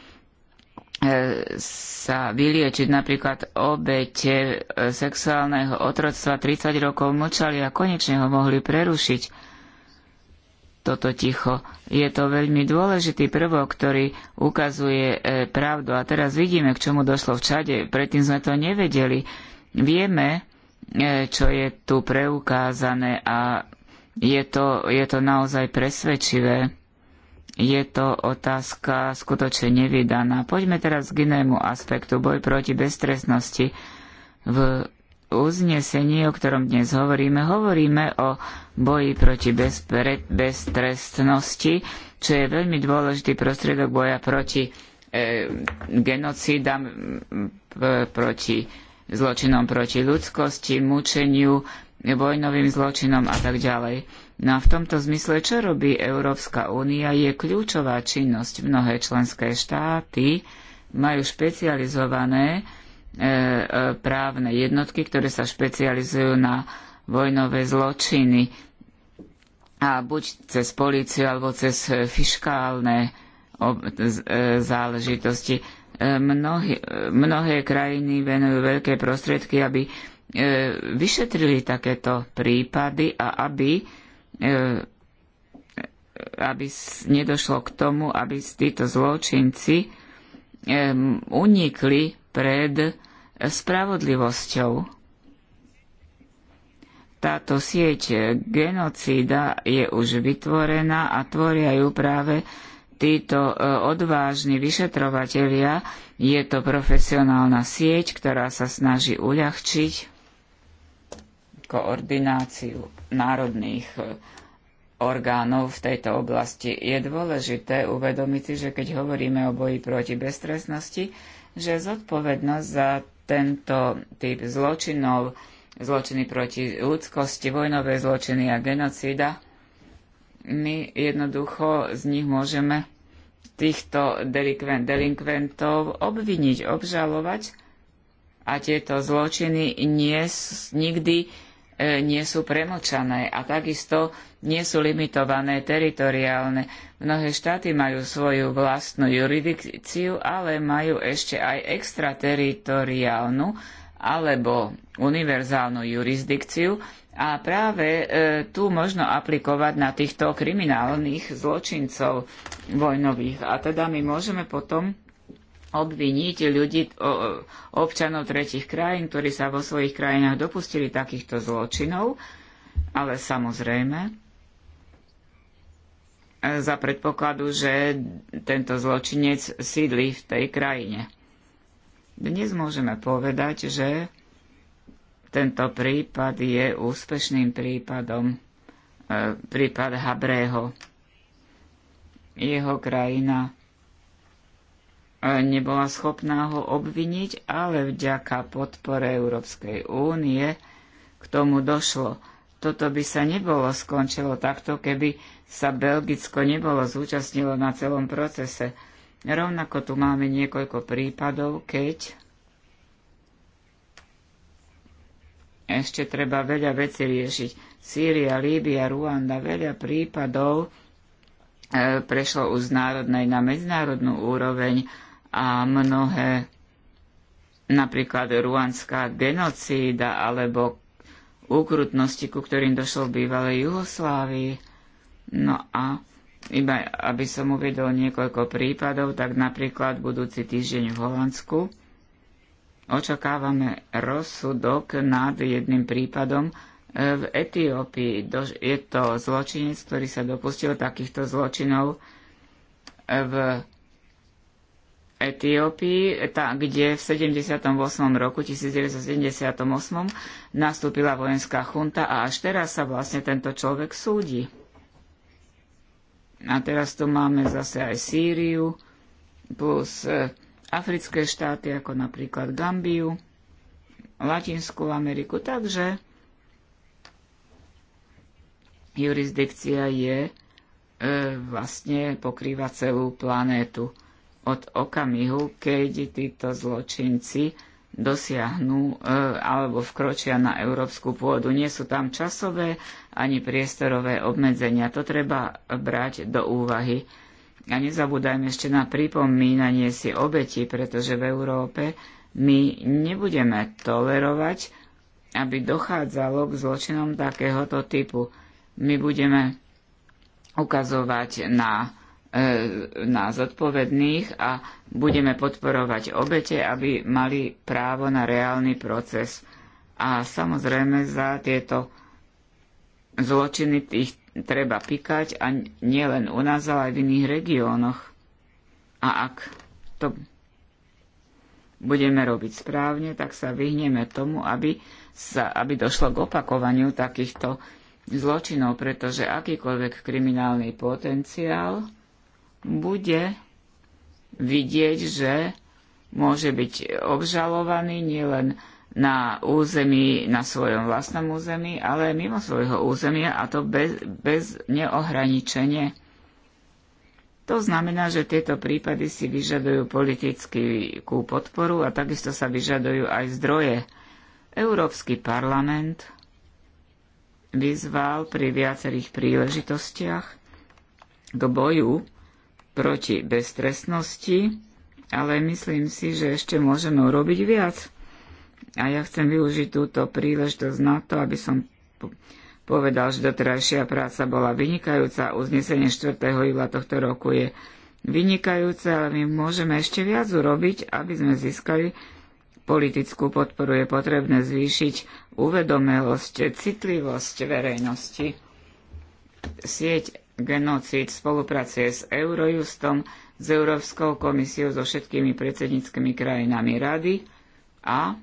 sa vyliečiť. Napríklad obete e, sexuálneho otroctva 30 rokov mlčali a konečne ho mohli prerušiť toto ticho. Je to veľmi dôležitý prvok, ktorý ukazuje e, pravdu. A teraz vidíme, k čomu došlo v Čade. Predtým sme to nevedeli. Vieme, E, čo je tu preukázané a je to, je to naozaj presvedčivé. Je to otázka skutočne nevydaná. Poďme teraz k inému aspektu, boj proti bestresnosti. V uznesení, o ktorom dnes hovoríme, hovoríme o boji proti bezpre, čo je veľmi dôležitý prostriedok boja proti e, genocídam, e, proti zločinom proti ľudskosti, mučeniu, vojnovým zločinom a tak ďalej. No a v tomto zmysle, čo robí Európska únia, je kľúčová činnosť. Mnohé členské štáty majú špecializované e, e, právne jednotky, ktoré sa špecializujú na vojnové zločiny. A buď cez políciu, alebo cez e, fiškálne e, záležitosti. Mnohé, mnohé krajiny venujú veľké prostriedky, aby e, vyšetrili takéto prípady a aby, e, aby nedošlo k tomu, aby títo zločinci e, unikli pred spravodlivosťou. Táto sieť genocída je už vytvorená a tvoria ju práve títo e, odvážni vyšetrovatelia, je to profesionálna sieť, ktorá sa snaží uľahčiť koordináciu národných e, orgánov v tejto oblasti. Je dôležité uvedomiť si, že keď hovoríme o boji proti beztrestnosti, že zodpovednosť za tento typ zločinov, zločiny proti ľudskosti, vojnové zločiny a genocída, my jednoducho z nich môžeme týchto delikvent, delinkventov obviniť, obžalovať a tieto zločiny nie, nikdy e, nie sú premočané a takisto nie sú limitované teritoriálne. Mnohé štáty majú svoju vlastnú jurisdikciu, ale majú ešte aj extrateritoriálnu alebo univerzálnu jurisdikciu, a práve e, tu možno aplikovať na týchto kriminálnych zločincov vojnových. A teda my môžeme potom obviniť ľudí, o, občanov tretich krajín, ktorí sa vo svojich krajinách dopustili takýchto zločinov, ale samozrejme e, za predpokladu, že tento zločinec sídli v tej krajine. Dnes môžeme povedať, že tento prípad je úspešným prípadom, e, prípad Habrého. Jeho krajina e, nebola schopná ho obviniť, ale vďaka podpore Európskej únie k tomu došlo. Toto by sa nebolo skončilo takto, keby sa Belgicko nebolo zúčastnilo na celom procese. Rovnako tu máme niekoľko prípadov, keď Ešte treba veľa vecí riešiť. Sýria, Líbia, Ruanda, veľa prípadov e, prešlo už z národnej na medzinárodnú úroveň a mnohé, napríklad ruandská genocída alebo úkrutnosti, ku ktorým došlo v bývalej Juhoslávii. No a iba aby som uvedol niekoľko prípadov, tak napríklad budúci týždeň v Holandsku Očakávame rozsudok nad jedným prípadom e, v Etiópii. Je to zločinec, ktorý sa dopustil takýchto zločinov e, v Etiópii, tá, kde v 78. roku 1978 nastúpila vojenská chunta a až teraz sa vlastne tento človek súdi. A teraz tu máme zase aj Sýriu plus e, africké štáty ako napríklad Gambiu, Latinskú Ameriku. Takže jurisdikcia je e, vlastne pokrýva celú planétu od okamihu, keď títo zločinci dosiahnu e, alebo vkročia na európsku pôdu. Nie sú tam časové ani priestorové obmedzenia. To treba brať do úvahy. A nezabúdajme ešte na pripomínanie si obeti, pretože v Európe my nebudeme tolerovať, aby dochádzalo k zločinom takéhoto typu. My budeme ukazovať na, e, na zodpovedných a budeme podporovať obete, aby mali právo na reálny proces. A samozrejme za tieto zločiny tých treba pikať a nielen u nás, ale aj v iných regiónoch. A ak to budeme robiť správne, tak sa vyhneme tomu, aby, sa, aby došlo k opakovaniu takýchto zločinov, pretože akýkoľvek kriminálny potenciál bude vidieť, že môže byť obžalovaný nielen na území, na svojom vlastnom území, ale mimo svojho územia a to bez, bez neohraničenie. To znamená, že tieto prípady si vyžadujú politickú podporu a takisto sa vyžadujú aj zdroje. Európsky parlament vyzval pri viacerých príležitostiach k boju proti beztrestnosti, ale myslím si, že ešte môžeme urobiť viac a ja chcem využiť túto príležitosť na to, aby som povedal, že doterajšia práca bola vynikajúca. Uznesenie 4. júla tohto roku je vynikajúce, ale my môžeme ešte viac urobiť, aby sme získali politickú podporu. Je potrebné zvýšiť uvedomelosť, citlivosť verejnosti. Sieť genocíd spolupracuje s Eurojustom, s Európskou komisiou, so všetkými predsedníckými krajinami rady a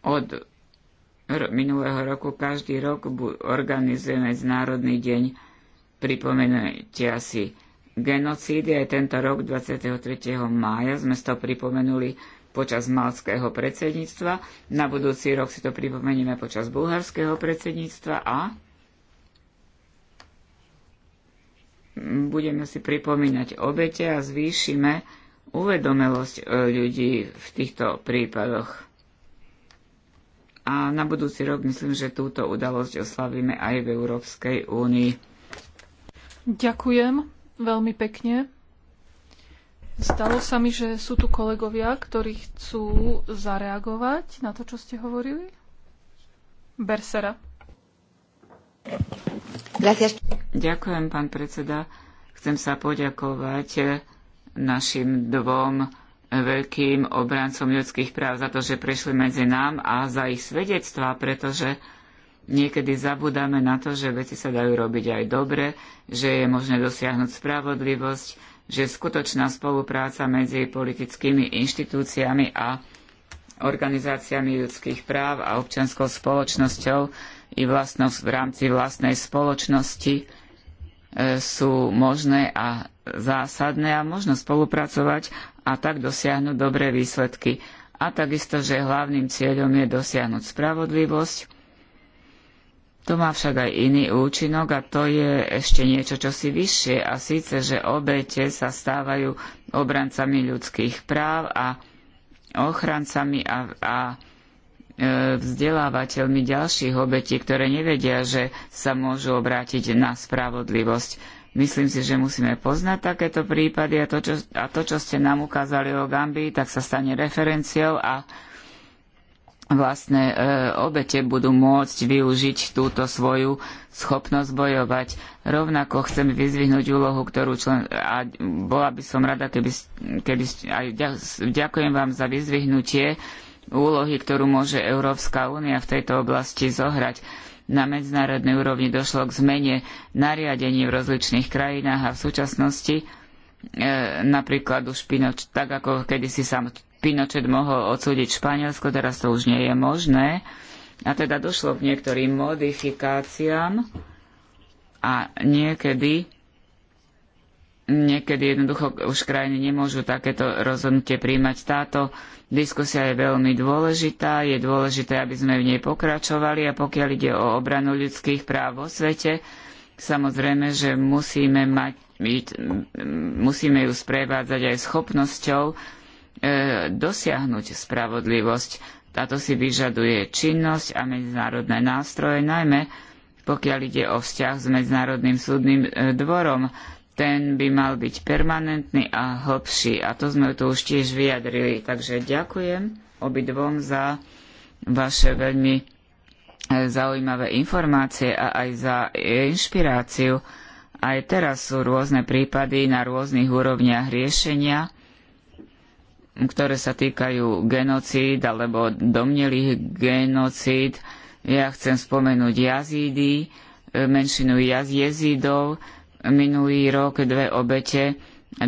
od minulého roku každý rok organizujeme Medzinárodný deň pripomenutia asi genocídy. Aj tento rok 23. mája sme to pripomenuli počas malského predsedníctva. Na budúci rok si to pripomenieme počas bulharského predsedníctva a budeme si pripomínať obete a zvýšime uvedomelosť e, ľudí v týchto prípadoch a na budúci rok myslím, že túto udalosť oslavíme aj v Európskej únii. Ďakujem veľmi pekne. Stalo sa mi, že sú tu kolegovia, ktorí chcú zareagovať na to, čo ste hovorili. Bersera. Ďakujem, pán predseda. Chcem sa poďakovať našim dvom veľkým obrancom ľudských práv za to, že prešli medzi nám a za ich svedectvá, pretože niekedy zabudáme na to, že veci sa dajú robiť aj dobre, že je možné dosiahnuť spravodlivosť, že skutočná spolupráca medzi politickými inštitúciami a organizáciami ľudských práv a občianskou spoločnosťou i vlastnosť v rámci vlastnej spoločnosti E, sú možné a zásadné a možno spolupracovať a tak dosiahnuť dobré výsledky. A takisto, že hlavným cieľom je dosiahnuť spravodlivosť. To má však aj iný účinok a to je ešte niečo čo si vyššie a síce, že obete sa stávajú obrancami ľudských práv a ochrancami a, a E, vzdelávateľmi ďalších obetí, ktoré nevedia, že sa môžu obrátiť na spravodlivosť. Myslím si, že musíme poznať takéto prípady a to, čo, a to, čo ste nám ukázali o Gambii, tak sa stane referenciou a vlastne e, obete budú môcť využiť túto svoju schopnosť bojovať. Rovnako chcem vyzvihnúť úlohu, ktorú člen... A bola by som rada, keby, keby aj ďakujem vám za vyzvihnutie úlohy, ktorú môže Európska únia v tejto oblasti zohrať. Na medzinárodnej úrovni došlo k zmene nariadení v rozličných krajinách a v súčasnosti e, napríklad už Pinoč, tak ako kedysi sám Pinochet mohol odsúdiť Španielsko, teraz to už nie je možné. A teda došlo k niektorým modifikáciám a niekedy niekedy jednoducho už krajiny nemôžu takéto rozhodnutie príjmať. Táto diskusia je veľmi dôležitá, je dôležité, aby sme v nej pokračovali a pokiaľ ide o obranu ľudských práv vo svete, samozrejme, že musíme, mať, musíme ju sprevádzať aj schopnosťou e, dosiahnuť spravodlivosť. Táto si vyžaduje činnosť a medzinárodné nástroje, najmä pokiaľ ide o vzťah s Medzinárodným súdnym e, dvorom ten by mal byť permanentný a hlbší. A to sme tu už tiež vyjadrili. Takže ďakujem obidvom za vaše veľmi e, zaujímavé informácie a aj za inšpiráciu. Aj teraz sú rôzne prípady na rôznych úrovniach riešenia, ktoré sa týkajú genocíd alebo domnelých genocíd. Ja chcem spomenúť jazídy, e, menšinu jaz jezídov, Minulý rok dve obete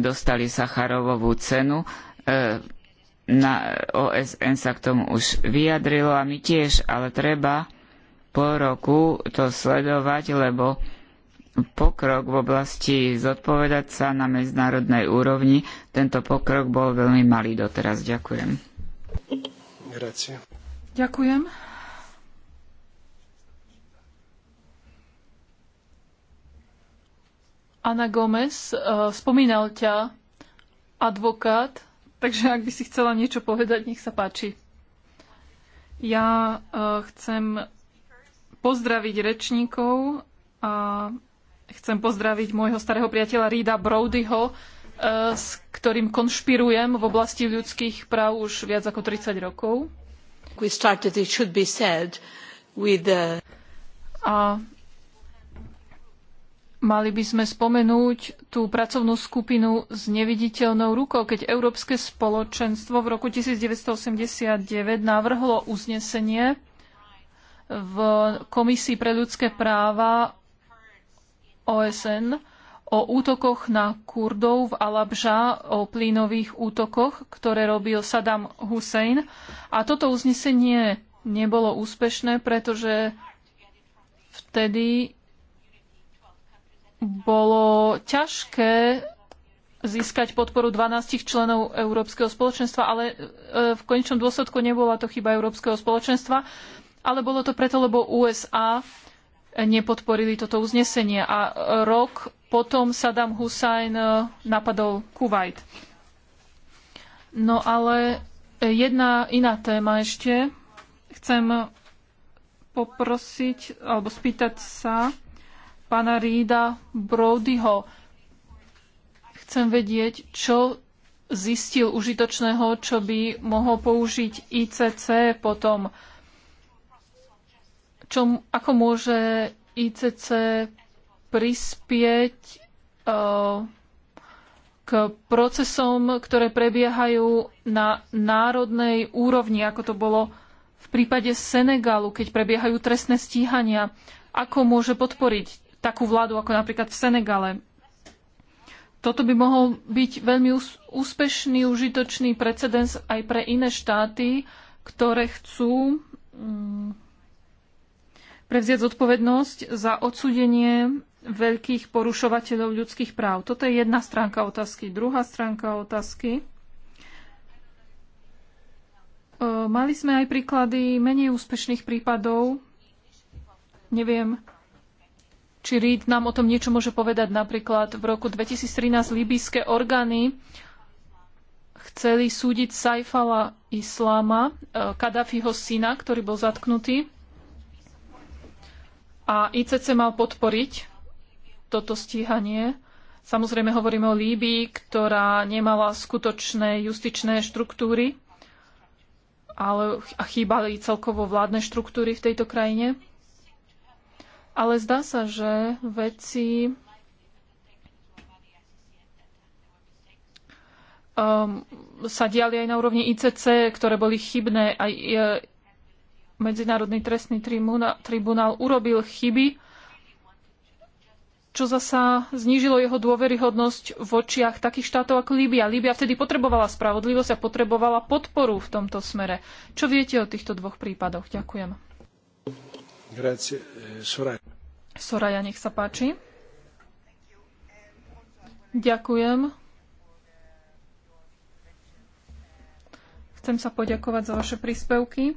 dostali Sacharovovú cenu. E, na OSN sa k tomu už vyjadrilo a my tiež, ale treba po roku to sledovať, lebo pokrok v oblasti zodpovedať sa na medzinárodnej úrovni, tento pokrok bol veľmi malý doteraz. Ďakujem. Grazie. Ďakujem. Ana Gomez, e, spomínal ťa advokát, takže ak by si chcela niečo povedať, nech sa páči. Ja e, chcem pozdraviť rečníkov a chcem pozdraviť môjho starého priateľa Rida Brodyho, e, s ktorým konšpirujem v oblasti ľudských práv už viac ako 30 rokov. Started, the... A Mali by sme spomenúť tú pracovnú skupinu s neviditeľnou rukou, keď Európske spoločenstvo v roku 1989 navrhlo uznesenie v Komisii pre ľudské práva OSN o útokoch na Kurdov v Alabža, o plynových útokoch, ktoré robil Saddam Hussein. A toto uznesenie nebolo úspešné, pretože vtedy bolo ťažké získať podporu 12 členov Európskeho spoločenstva, ale e, v konečnom dôsledku nebola to chyba Európskeho spoločenstva, ale bolo to preto, lebo USA nepodporili toto uznesenie a rok potom Saddam Hussein e, napadol Kuwait. No ale jedna iná téma ešte. Chcem poprosiť alebo spýtať sa pána Rída Brodyho. Chcem vedieť, čo zistil užitočného, čo by mohol použiť ICC potom. Čo, ako môže ICC prispieť uh, k procesom, ktoré prebiehajú na národnej úrovni, ako to bolo v prípade Senegalu, keď prebiehajú trestné stíhania. Ako môže podporiť takú vládu ako napríklad v Senegale. Toto by mohol byť veľmi úspešný, užitočný precedens aj pre iné štáty, ktoré chcú mm, prevziať zodpovednosť za odsudenie veľkých porušovateľov ľudských práv. Toto je jedna stránka otázky. Druhá stránka otázky. E, mali sme aj príklady menej úspešných prípadov. Neviem, či RID nám o tom niečo môže povedať? Napríklad v roku 2013 líbyjské orgány chceli súdiť Saifala Islama, e, Kadafiho syna, ktorý bol zatknutý. A ICC mal podporiť toto stíhanie. Samozrejme hovoríme o Líbii, ktorá nemala skutočné justičné štruktúry, ale chýbali celkovo vládne štruktúry v tejto krajine. Ale zdá sa, že veci um, sa diali aj na úrovni ICC, ktoré boli chybné. Aj e, Medzinárodný trestný tribunál, tribunál urobil chyby, čo zasa znížilo jeho dôveryhodnosť v očiach takých štátov ako Líbia. Líbia vtedy potrebovala spravodlivosť a potrebovala podporu v tomto smere. Čo viete o týchto dvoch prípadoch? Ďakujem. Grazie, eh, Soraya. Soraya, nech sa páči. Ďakujem. Chcem sa poďakovať za vaše príspevky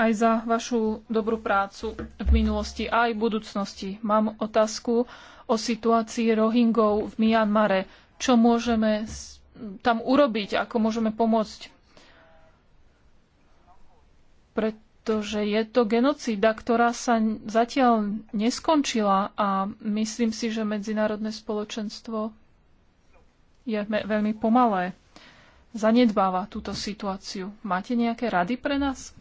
aj za vašu dobrú prácu v minulosti a aj v budúcnosti. Mám otázku o situácii Rohingov v Mianmare. Čo môžeme tam urobiť, ako môžeme pomôcť? Preto pretože je to genocída, ktorá sa zatiaľ neskončila a myslím si, že medzinárodné spoločenstvo je veľmi pomalé. Zanedbáva túto situáciu. Máte nejaké rady pre nás?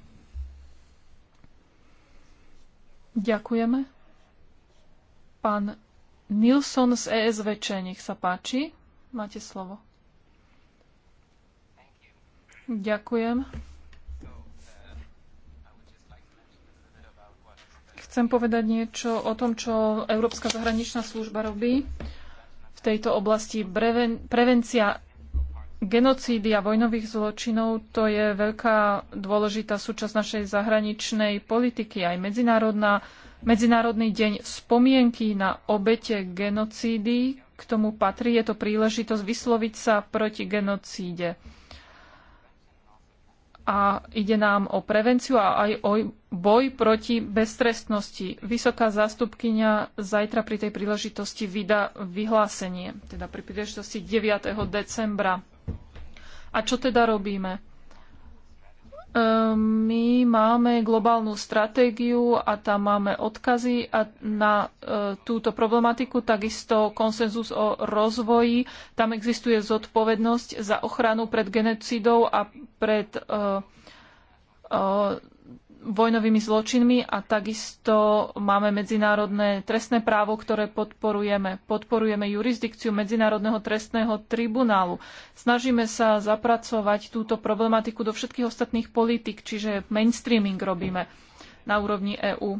Ďakujeme. Pán Nilsson z ESVČ, nech sa páči. Máte slovo. Ďakujem. chcem povedať niečo o tom, čo Európska zahraničná služba robí v tejto oblasti. Preven prevencia genocídy a vojnových zločinov to je veľká dôležitá súčasť našej zahraničnej politiky, aj medzinárodná. Medzinárodný deň spomienky na obete genocídy k tomu patrí. Je to príležitosť vysloviť sa proti genocíde a ide nám o prevenciu a aj o boj proti beztrestnosti. Vysoká zástupkynia zajtra pri tej príležitosti vydá vyhlásenie, teda pri príležitosti 9. decembra. A čo teda robíme? Ehm, my máme globálnu stratégiu a tam máme odkazy a na e, túto problematiku, takisto konsenzus o rozvoji. Tam existuje zodpovednosť za ochranu pred genocidou a pred e, e, vojnovými zločinmi a takisto máme medzinárodné trestné právo, ktoré podporujeme. Podporujeme jurisdikciu Medzinárodného trestného tribunálu. Snažíme sa zapracovať túto problematiku do všetkých ostatných politik, čiže mainstreaming robíme na úrovni EÚ.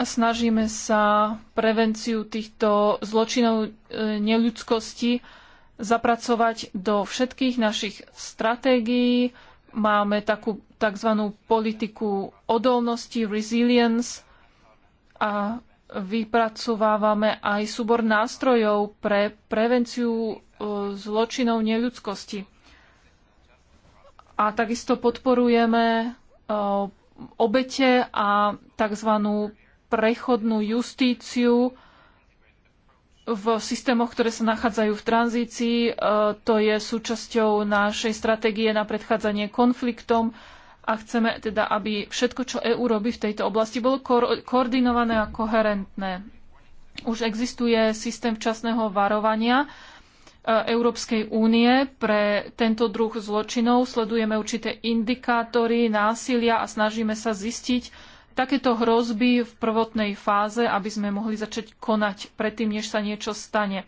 A snažíme sa prevenciu týchto zločinov e, neľudskosti zapracovať do všetkých našich stratégií. Máme takú tzv. politiku odolnosti, resilience a vypracovávame aj súbor nástrojov pre prevenciu e, zločinov neľudskosti. A takisto podporujeme e, obete a tzv. prechodnú justíciu, v systémoch, ktoré sa nachádzajú v tranzícii. E, to je súčasťou našej stratégie na predchádzanie konfliktom a chceme teda, aby všetko, čo EÚ robí v tejto oblasti, bolo ko koordinované a koherentné. Už existuje systém včasného varovania e, Európskej únie pre tento druh zločinov. Sledujeme určité indikátory násilia a snažíme sa zistiť, takéto hrozby v prvotnej fáze, aby sme mohli začať konať predtým, než sa niečo stane.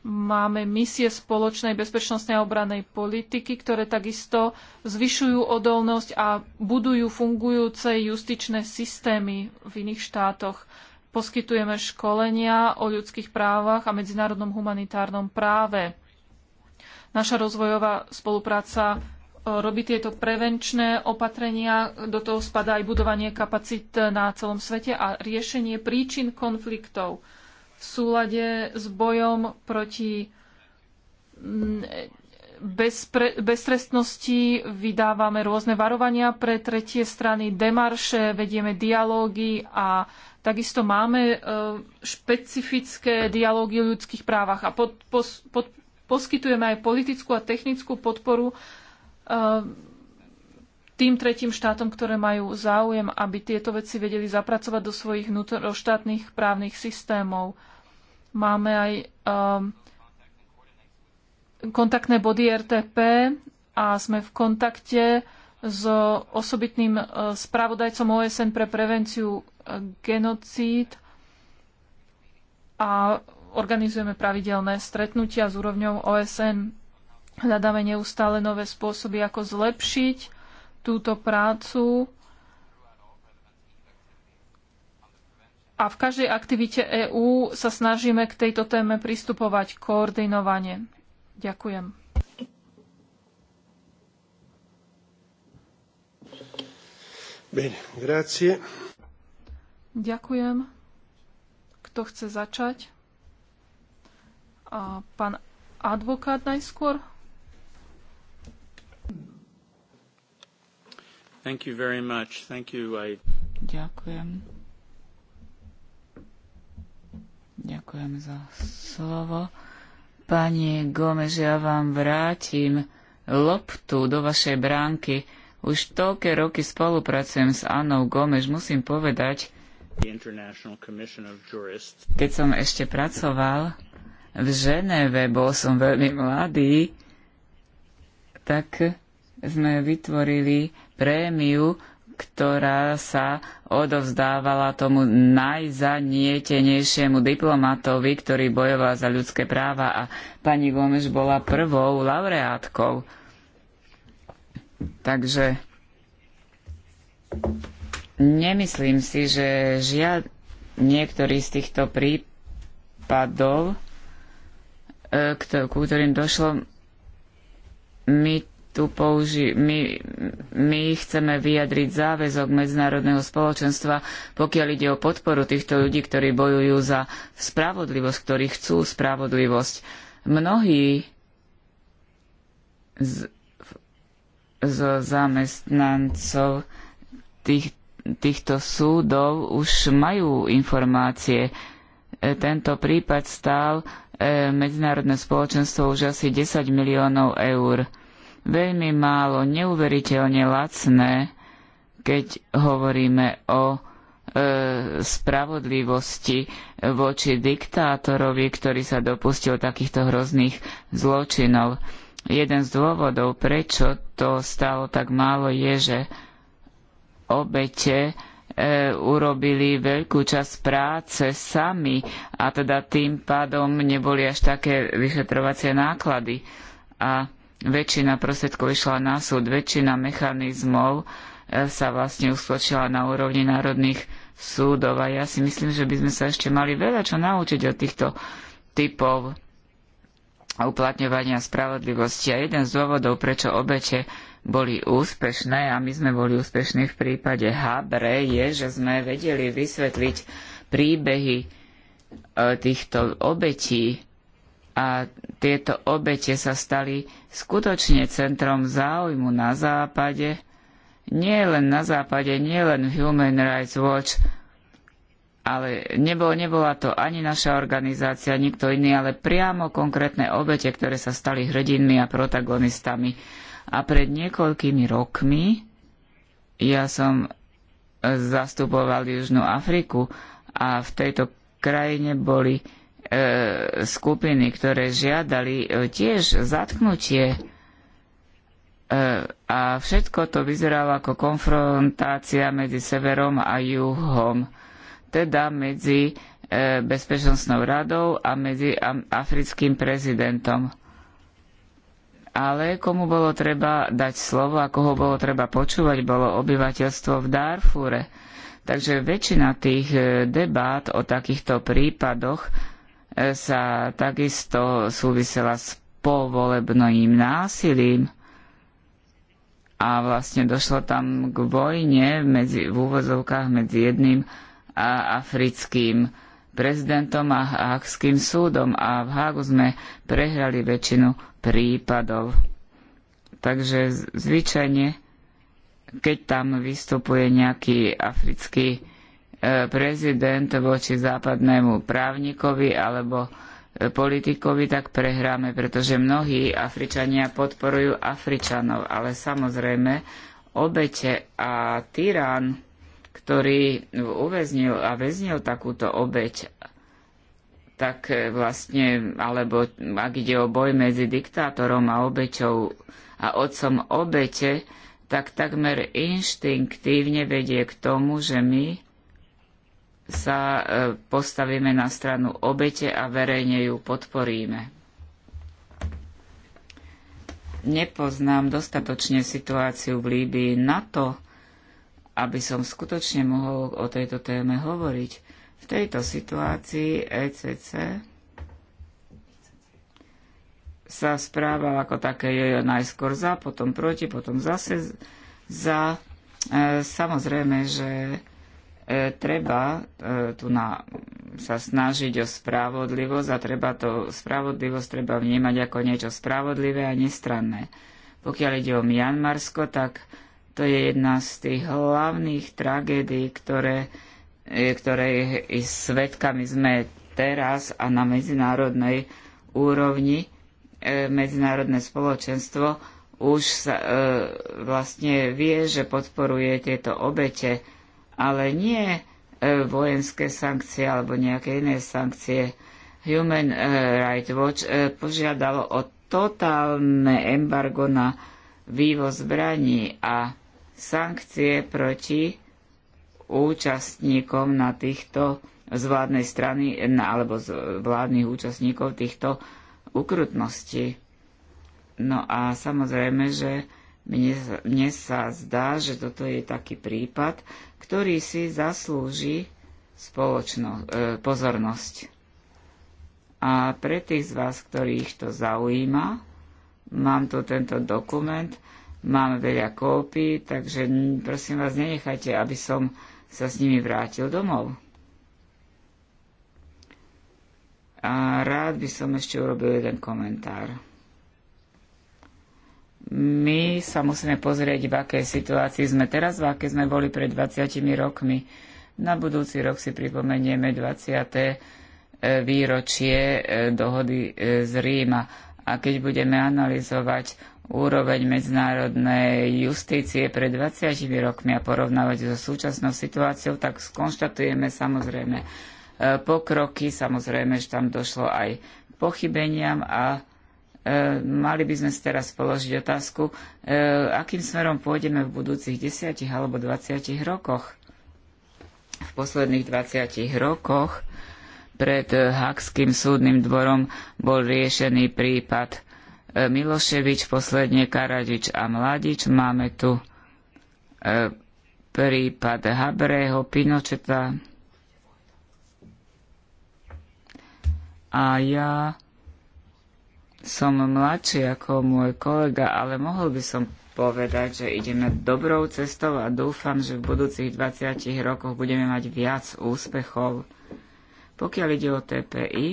Máme misie spoločnej bezpečnostnej a obranej politiky, ktoré takisto zvyšujú odolnosť a budujú fungujúce justičné systémy v iných štátoch. Poskytujeme školenia o ľudských právach a medzinárodnom humanitárnom práve. Naša rozvojová spolupráca E, robí tieto prevenčné opatrenia, do toho spadá aj budovanie kapacít na celom svete a riešenie príčin konfliktov v súlade s bojom proti bezstresnosti vydávame rôzne varovania pre tretie strany, demarše, vedieme dialógy a takisto máme e, špecifické dialógy o ľudských právach a pod, pos, pod, poskytujeme aj politickú a technickú podporu Eh, tým tretím štátom, ktoré majú záujem, aby tieto veci vedeli zapracovať do svojich vnútroštátnych právnych systémov. Máme aj um, kontaktné body RTP a sme v kontakte s osobitným eh, spravodajcom OSN pre prevenciu genocíd a organizujeme pravidelné stretnutia s úrovňou OSN Hľadáme neustále nové spôsoby, ako zlepšiť túto prácu. A v každej aktivite EÚ sa snažíme k tejto téme pristupovať koordinovane. Ďakujem. Bene, grazie. Ďakujem. Kto chce začať? A pán advokát najskôr? Thank you very much. Thank you. I... Ďakujem. Ďakujem za slovo. Pani Gomez, ja vám vrátim loptu do vašej bránky. Už toľké roky spolupracujem s Annou Gomež, musím povedať, keď som ešte pracoval v Ženeve, bol som veľmi mladý, tak sme vytvorili prémiu, ktorá sa odovzdávala tomu najzanietenejšiemu diplomatovi, ktorý bojoval za ľudské práva a pani Gomeš bola prvou laureátkou. Takže nemyslím si, že žiad niektorý z týchto prípadov, e, k ktorým došlo, mi tu použi- my, my chceme vyjadriť záväzok medzinárodného spoločenstva, pokiaľ ide o podporu týchto ľudí, ktorí bojujú za spravodlivosť, ktorí chcú spravodlivosť. Mnohí z, zo zamestnancov tých, týchto súdov už majú informácie. E, tento prípad stál e, medzinárodné spoločenstvo už asi 10 miliónov eur veľmi málo, neuveriteľne lacné, keď hovoríme o e, spravodlivosti voči diktátorovi, ktorý sa dopustil takýchto hrozných zločinov. Jeden z dôvodov, prečo to stalo tak málo, je, že obete e, urobili veľkú časť práce sami a teda tým pádom neboli až také vyšetrovacie náklady. A väčšina prostriedkov išla na súd, väčšina mechanizmov e, sa vlastne uskočila na úrovni národných súdov a ja si myslím, že by sme sa ešte mali veľa čo naučiť od týchto typov uplatňovania spravodlivosti. A jeden z dôvodov, prečo obete boli úspešné a my sme boli úspešní v prípade Habre, je, že sme vedeli vysvetliť príbehy e, týchto obetí a tieto obete sa stali skutočne centrom záujmu na západe, nie len na západe, nie len v Human Rights Watch, ale nebol, nebola to ani naša organizácia, nikto iný, ale priamo konkrétne obete, ktoré sa stali hrdinmi a protagonistami. A pred niekoľkými rokmi ja som zastupoval Južnú Afriku a v tejto krajine boli E, skupiny, ktoré žiadali e, tiež zatknutie e, a všetko to vyzeralo ako konfrontácia medzi severom a juhom, teda medzi Bezpečnostnou radou a medzi africkým prezidentom. Ale komu bolo treba dať slovo a koho bolo treba počúvať, bolo obyvateľstvo v Darfúre. Takže väčšina tých debát o takýchto prípadoch sa takisto súvisela s povolebným násilím a vlastne došlo tam k vojne medzi, v úvozovkách medzi jedným a africkým prezidentom a Hákským súdom a v Hágu sme prehrali väčšinu prípadov. Takže zvyčajne, keď tam vystupuje nejaký africký prezident voči západnému právnikovi alebo e, politikovi, tak prehráme, pretože mnohí Afričania podporujú Afričanov, ale samozrejme obete a tyrán, ktorý uväznil a väznil takúto obeť, tak e, vlastne, alebo ak ide o boj medzi diktátorom a obeťou a otcom obete, tak takmer inštinktívne vedie k tomu, že my sa e, postavíme na stranu obete a verejne ju podporíme. Nepoznám dostatočne situáciu v Líbii na to, aby som skutočne mohol o tejto téme hovoriť. V tejto situácii ECC sa správal ako také jojo najskôr za, potom proti, potom zase za. E, samozrejme, že E, treba e, tu na, sa snažiť o spravodlivosť a treba to spravodlivosť treba vnímať ako niečo spravodlivé a nestranné. Pokiaľ ide o Mianmarsko, tak to je jedna z tých hlavných tragédií, ktoré, e, ktoré i svetkami sme teraz a na medzinárodnej úrovni. Medzinárodné spoločenstvo už sa, e, vlastne vie, že podporuje tieto obete ale nie e, vojenské sankcie alebo nejaké iné sankcie. Human e, Rights Watch e, požiadalo o totálne embargo na vývoz zbraní a sankcie proti účastníkom na týchto z vládnej strany na, alebo z vládnych účastníkov týchto ukrutností. No a samozrejme, že mne, mne sa zdá, že toto je taký prípad, ktorý si zaslúži spoločno, e, pozornosť. A pre tých z vás, ktorých to zaujíma, mám tu tento dokument, mám veľa kópí, takže prosím vás, nenechajte, aby som sa s nimi vrátil domov. A rád by som ešte urobil jeden komentár my sa musíme pozrieť, v akej situácii sme teraz, v akej sme boli pred 20 rokmi. Na budúci rok si pripomenieme 20. E, výročie e, dohody e, z Ríma. A keď budeme analyzovať úroveň medzinárodnej justície pred 20 rokmi a porovnávať so súčasnou situáciou, tak skonštatujeme samozrejme pokroky, samozrejme, že tam došlo aj pochybeniam a E, mali by sme si teraz položiť otázku, e, akým smerom pôjdeme v budúcich 10 alebo 20 rokoch. V posledných 20 rokoch pred Hakským súdnym dvorom bol riešený prípad e, Miloševič, posledne Karadič a Mladič. Máme tu prípad Habrého pinočeta. A ja som mladší ako môj kolega, ale mohol by som povedať, že ideme dobrou cestou a dúfam, že v budúcich 20 rokoch budeme mať viac úspechov. Pokiaľ ide o TPI,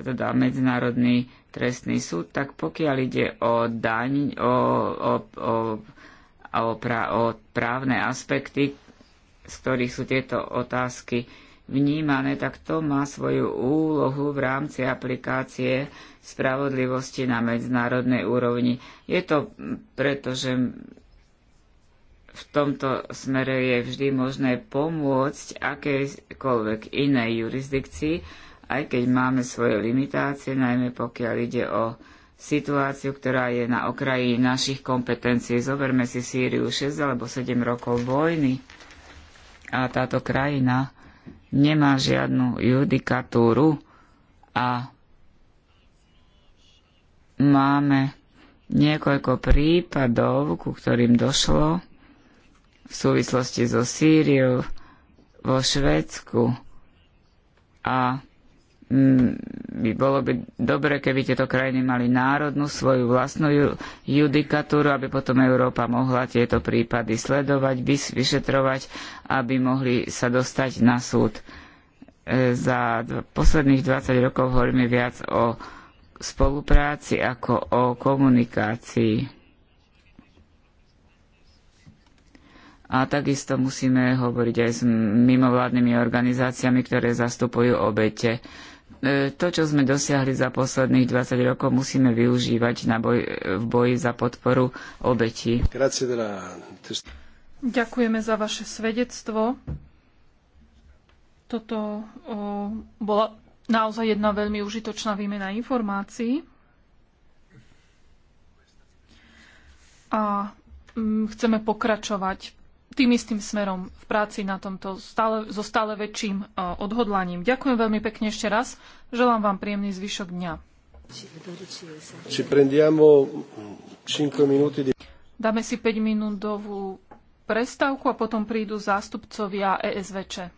teda Medzinárodný trestný súd, tak pokiaľ ide o daň, o, o, o, o, pra, o právne aspekty, z ktorých sú tieto otázky vnímané, tak to má svoju úlohu v rámci aplikácie spravodlivosti na medzinárodnej úrovni. Je to preto, že v tomto smere je vždy možné pomôcť akejkoľvek inej jurisdikcii, aj keď máme svoje limitácie, najmä pokiaľ ide o situáciu, ktorá je na okraji našich kompetencií. Zoberme si Sýriu 6 alebo 7 rokov vojny a táto krajina nemá žiadnu judikatúru a Máme niekoľko prípadov, ku ktorým došlo v súvislosti so Sýriou vo Švedsku a mm, by bolo by dobre, keby tieto krajiny mali národnú svoju vlastnú judikatúru, aby potom Európa mohla tieto prípady sledovať, vyšetrovať, aby mohli sa dostať na súd. E, za posledných 20 rokov hovoríme viac o spolupráci ako o komunikácii. A takisto musíme hovoriť aj s mimovládnymi organizáciami, ktoré zastupujú obete. E, to, čo sme dosiahli za posledných 20 rokov, musíme využívať na boj, v boji za podporu obetí. Ďakujeme za vaše svedectvo. Toto o, bola naozaj jedna veľmi užitočná výmena informácií. A mm, chceme pokračovať tým istým smerom v práci na tomto stále, so stále väčším e, odhodlaním. Ďakujem veľmi pekne ešte raz. Želám vám príjemný zvyšok dňa. Dáme si 5 minútovú prestávku a potom prídu zástupcovia ESVČ.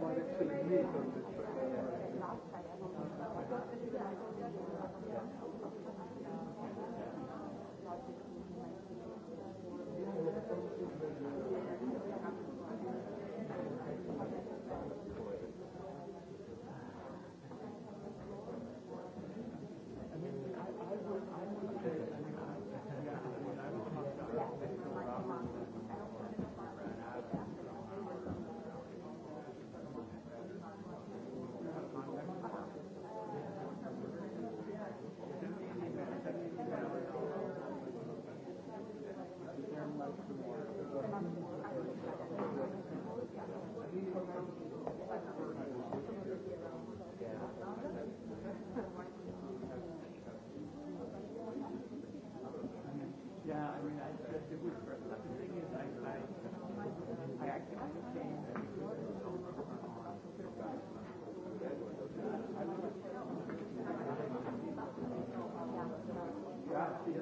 Mare Pellegrino. Gracias.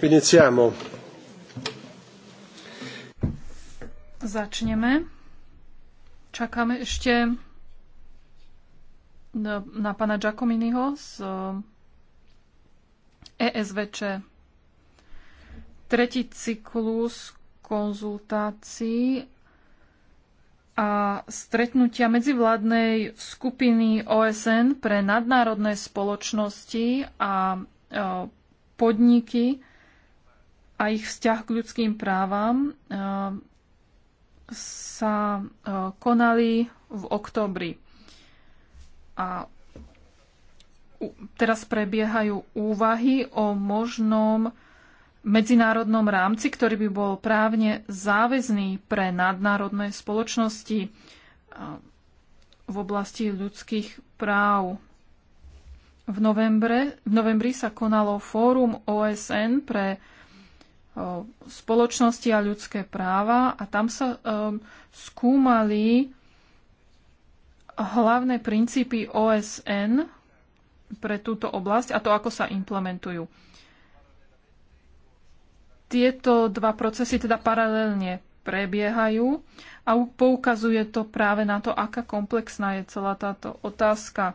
Iniziamo. Začneme. Čakáme ešte na pana Giacominiho z ESVČ. Eh, e Tretí cyklus konzultácií a stretnutia medzivládnej skupiny OSN pre nadnárodné spoločnosti a eh, podniky a ich vzťah k ľudským právam eh, sa eh, konali v oktobri. A teraz prebiehajú úvahy o možnom medzinárodnom rámci, ktorý by bol právne záväzný pre nadnárodné spoločnosti eh, v oblasti ľudských práv. V, novembre, v novembri sa konalo fórum OSN pre spoločnosti a ľudské práva a tam sa um, skúmali hlavné princípy OSN pre túto oblasť a to, ako sa implementujú. Tieto dva procesy teda paralelne prebiehajú a poukazuje to práve na to, aká komplexná je celá táto otázka. E,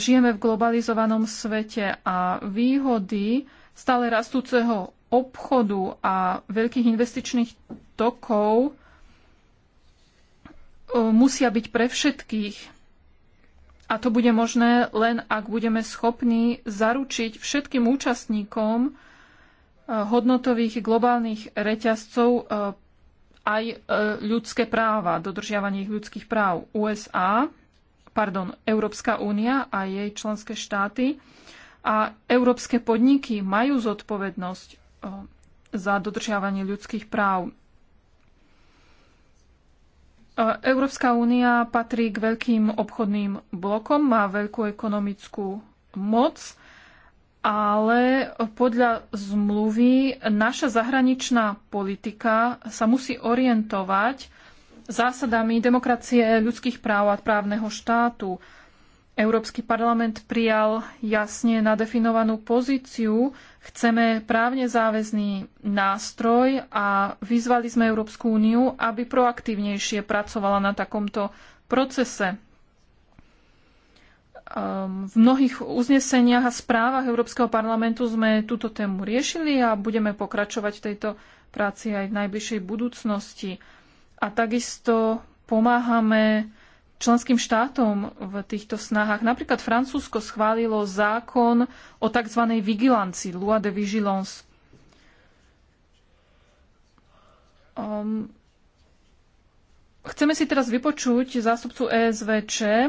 žijeme v globalizovanom svete a výhody stále rastúceho obchodu a veľkých investičných tokov e, musia byť pre všetkých. A to bude možné len, ak budeme schopní zaručiť všetkým účastníkom e, hodnotových globálnych reťazcov e, aj ľudské práva, dodržiavanie ich ľudských práv. USA, pardon, Európska únia a jej členské štáty a európske podniky majú zodpovednosť Eh, za dodržiavanie ľudských práv. Eh, Európska únia patrí k veľkým obchodným blokom, má veľkú ekonomickú moc, ale podľa zmluvy naša zahraničná politika sa musí orientovať zásadami demokracie, ľudských práv a právneho štátu. Európsky parlament prijal jasne nadefinovanú pozíciu. Chceme právne záväzný nástroj a vyzvali sme Európsku úniu, aby proaktívnejšie pracovala na takomto procese. Ehm, v mnohých uzneseniach a správach Európskeho parlamentu sme túto tému riešili a budeme pokračovať v tejto práci aj v najbližšej budúcnosti. A takisto pomáhame členským štátom v týchto snahách. Napríklad Francúzsko schválilo zákon o tzv. vigilancii, loi de vigilance. Um, chceme si teraz vypočuť zástupcu ESVČ uh,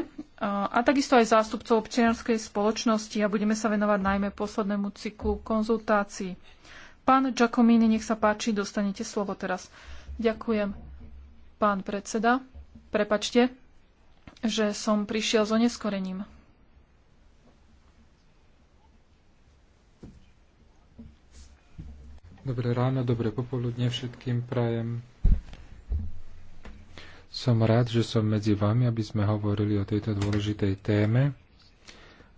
a takisto aj zástupcov občianskej spoločnosti a budeme sa venovať najmä poslednému cyklu konzultácií. Pán Giacomini, nech sa páči, dostanete slovo teraz. Ďakujem, pán predseda. Prepačte, že som prišiel s oneskorením. Dobré ráno, dobré popoludne všetkým prajem. Som rád, že som medzi vami, aby sme hovorili o tejto dôležitej téme.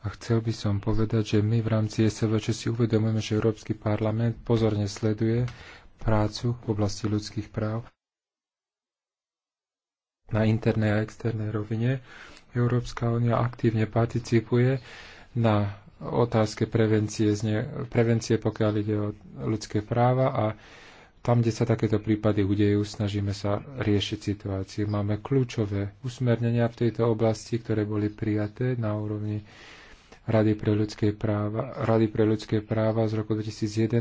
A chcel by som povedať, že my v rámci SVČ si uvedomujeme, že Európsky parlament pozorne sleduje prácu v oblasti ľudských práv na internej a externej rovine. Európska únia aktívne participuje na otázke prevencie, prevencie, pokiaľ ide o ľudské práva a tam, kde sa takéto prípady udejú, snažíme sa riešiť situáciu. Máme kľúčové usmernenia v tejto oblasti, ktoré boli prijaté na úrovni Rady pre ľudské práva, Rady pre ľudské práva z roku 2011.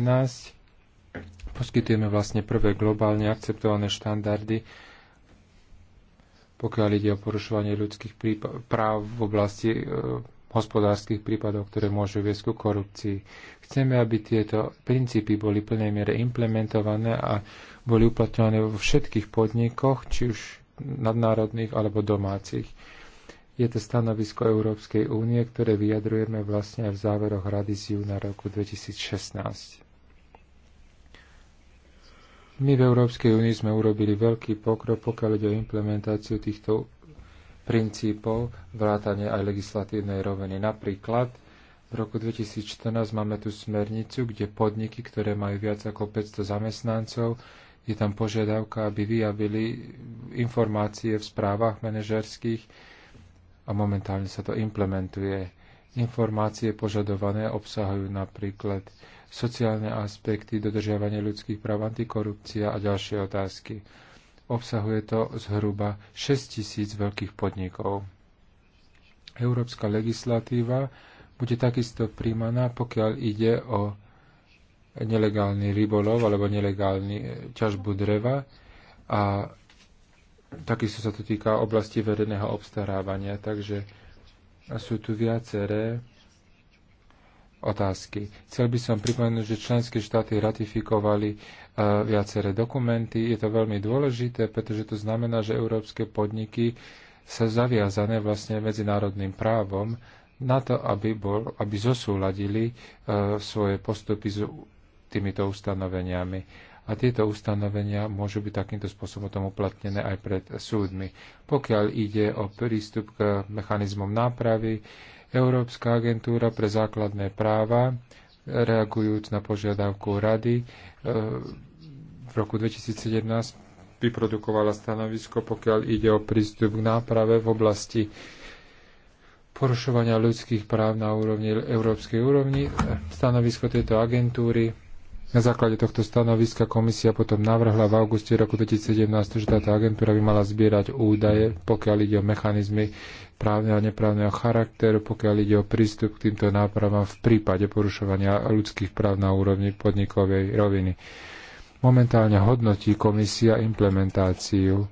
Poskytujeme vlastne prvé globálne akceptované štandardy pokiaľ ide o porušovanie ľudských práv v oblasti e, hospodárskych prípadov, ktoré môžu viesť ku korupcii. Chceme, aby tieto princípy boli plnej miere implementované a boli uplatňované vo všetkých podnikoch, či už nadnárodných alebo domácich. Je to stanovisko Európskej únie, ktoré vyjadrujeme vlastne aj v záveroch Rady z júna roku 2016. My v Európskej únii sme urobili veľký pokrok, pokiaľ ide o implementáciu týchto princípov vrátane aj legislatívnej roviny. Napríklad v roku 2014 máme tu smernicu, kde podniky, ktoré majú viac ako 500 zamestnancov, je tam požiadavka, aby vyjavili informácie v správach manažerských a momentálne sa to implementuje. Informácie požadované obsahujú napríklad sociálne aspekty, dodržiavanie ľudských práv, antikorupcia a ďalšie otázky. Obsahuje to zhruba 6 tisíc veľkých podnikov. Európska legislatíva bude takisto príjmaná, pokiaľ ide o nelegálny rybolov alebo nelegálny e, ťažbu dreva a takisto sa to týka oblasti verejného obstarávania, takže sú tu viaceré otázky. Chcel by som pripomenúť, že členské štáty ratifikovali uh, viaceré dokumenty. Je to veľmi dôležité, pretože to znamená, že európske podniky sa zaviazané vlastne medzinárodným právom na to, aby, bol, aby zosúladili uh, svoje postupy s týmito ustanoveniami. A tieto ustanovenia môžu byť takýmto spôsobom tom uplatnené aj pred súdmi. Pokiaľ ide o prístup k mechanizmom nápravy, uh, Európska agentúra pre základné práva, reagujúc na požiadavku rady, e, v roku 2017 vyprodukovala stanovisko, pokiaľ ide o prístup k náprave v oblasti porušovania ľudských práv na úrovni, európskej úrovni. Stanovisko tejto agentúry na základe tohto stanoviska komisia potom navrhla v auguste roku 2017, že táto agentúra by mala zbierať údaje, pokiaľ ide o mechanizmy právneho a neprávneho charakteru, pokiaľ ide o prístup k týmto nápravám v prípade porušovania ľudských práv na úrovni podnikovej roviny. Momentálne hodnotí komisia implementáciu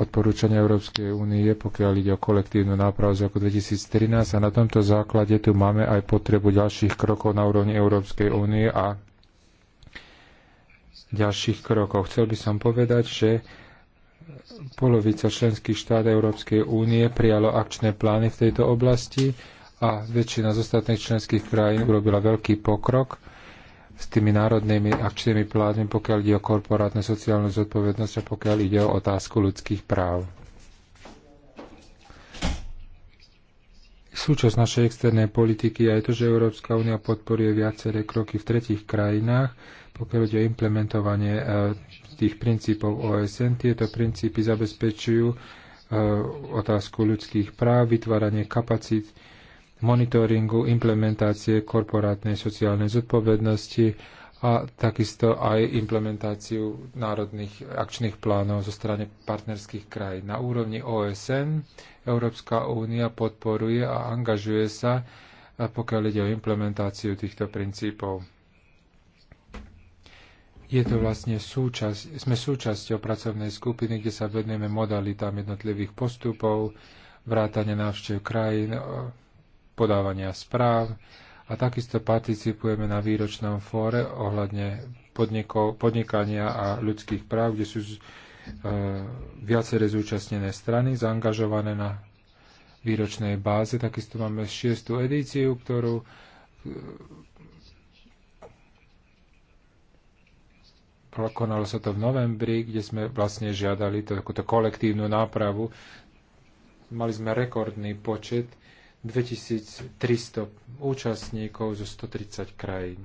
odporúčania Európskej únie, pokiaľ ide o kolektívnu nápravu z roku 2013 a na tomto základe tu máme aj potrebu ďalších krokov na úrovni Európskej únie a ďalších krokov. Chcel by som povedať, že polovica členských štát Európskej únie prijalo akčné plány v tejto oblasti a väčšina z ostatných členských krajín urobila veľký pokrok s tými národnými akčnými plánmi, pokiaľ ide o korporátnu sociálnu zodpovednosť a pokiaľ ide o otázku ľudských práv. Súčasť našej externej politiky je aj to, že Európska únia podporuje viaceré kroky v tretich krajinách, pokiaľ ide o implementovanie e, tých princípov OSN. Tieto princípy zabezpečujú e, otázku ľudských práv, vytváranie kapacít, monitoringu, implementácie korporátnej sociálnej zodpovednosti a takisto aj implementáciu národných akčných plánov zo strany partnerských krajín. Na úrovni OSN Európska únia podporuje a angažuje sa, pokiaľ ide o implementáciu týchto princípov. Je to vlastne súčasť, sme súčasťou pracovnej skupiny, kde sa venujeme modalitám jednotlivých postupov, vrátane návštev krajín, podávania správ, a takisto participujeme na výročnom fóre ohľadne podnikov, podnikania a ľudských práv, kde sú e, viaceré zúčastnené strany zaangažované na výročnej báze. Takisto máme šiestu edíciu, ktorú e, konalo sa to v novembri, kde sme vlastne žiadali to takúto kolektívnu nápravu. Mali sme rekordný počet 2300 účastníkov zo 130 krajín.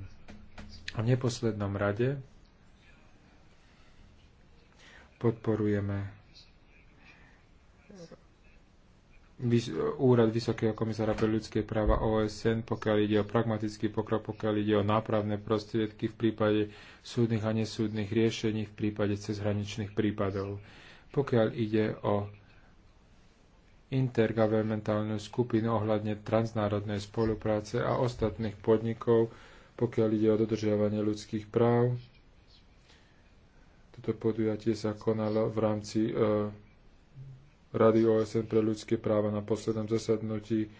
A v neposlednom rade podporujeme Úrad Vysokého komisára pre ľudské práva OSN, pokiaľ ide o pragmatický pokrok, pokiaľ ide o nápravné prostriedky v prípade súdnych a nesúdnych riešení, v prípade cezhraničných prípadov. Pokiaľ ide o intergovernmentálnu skupinu ohľadne transnárodnej spolupráce a ostatných podnikov, pokiaľ ide o dodržiavanie ľudských práv. Toto podujatie sa konalo v rámci e, Rady OSN pre ľudské práva na poslednom zasadnutí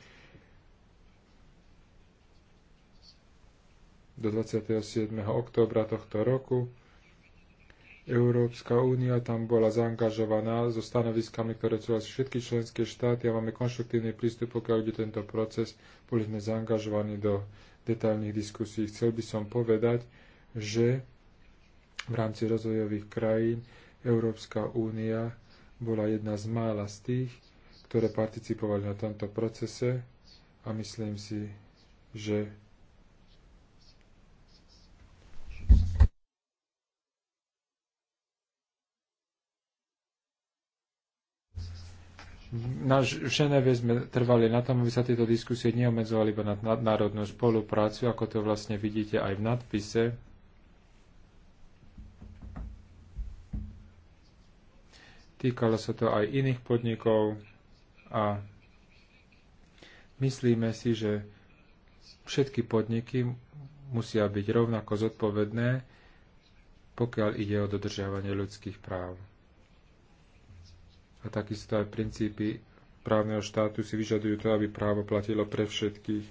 do 27. oktobra tohto roku. Európska únia tam bola zaangažovaná so stanoviskami, ktoré sú asi všetky členské štáty a máme konštruktívny prístup, pokiaľ ide tento proces. Boli sme zaangažovaní do detailných diskusí. Chcel by som povedať, že v rámci rozvojových krajín Európska únia bola jedna z mála z tých, ktoré participovali na tomto procese a myslím si, že na Ženevie sme trvali na tom, aby sa tieto diskusie neomedzovali iba na nadnárodnú spoluprácu, ako to vlastne vidíte aj v nadpise. Týkalo sa to aj iných podnikov a myslíme si, že všetky podniky musia byť rovnako zodpovedné, pokiaľ ide o dodržiavanie ľudských práv a takisto aj princípy právneho štátu si vyžadujú to, aby právo platilo pre všetkých.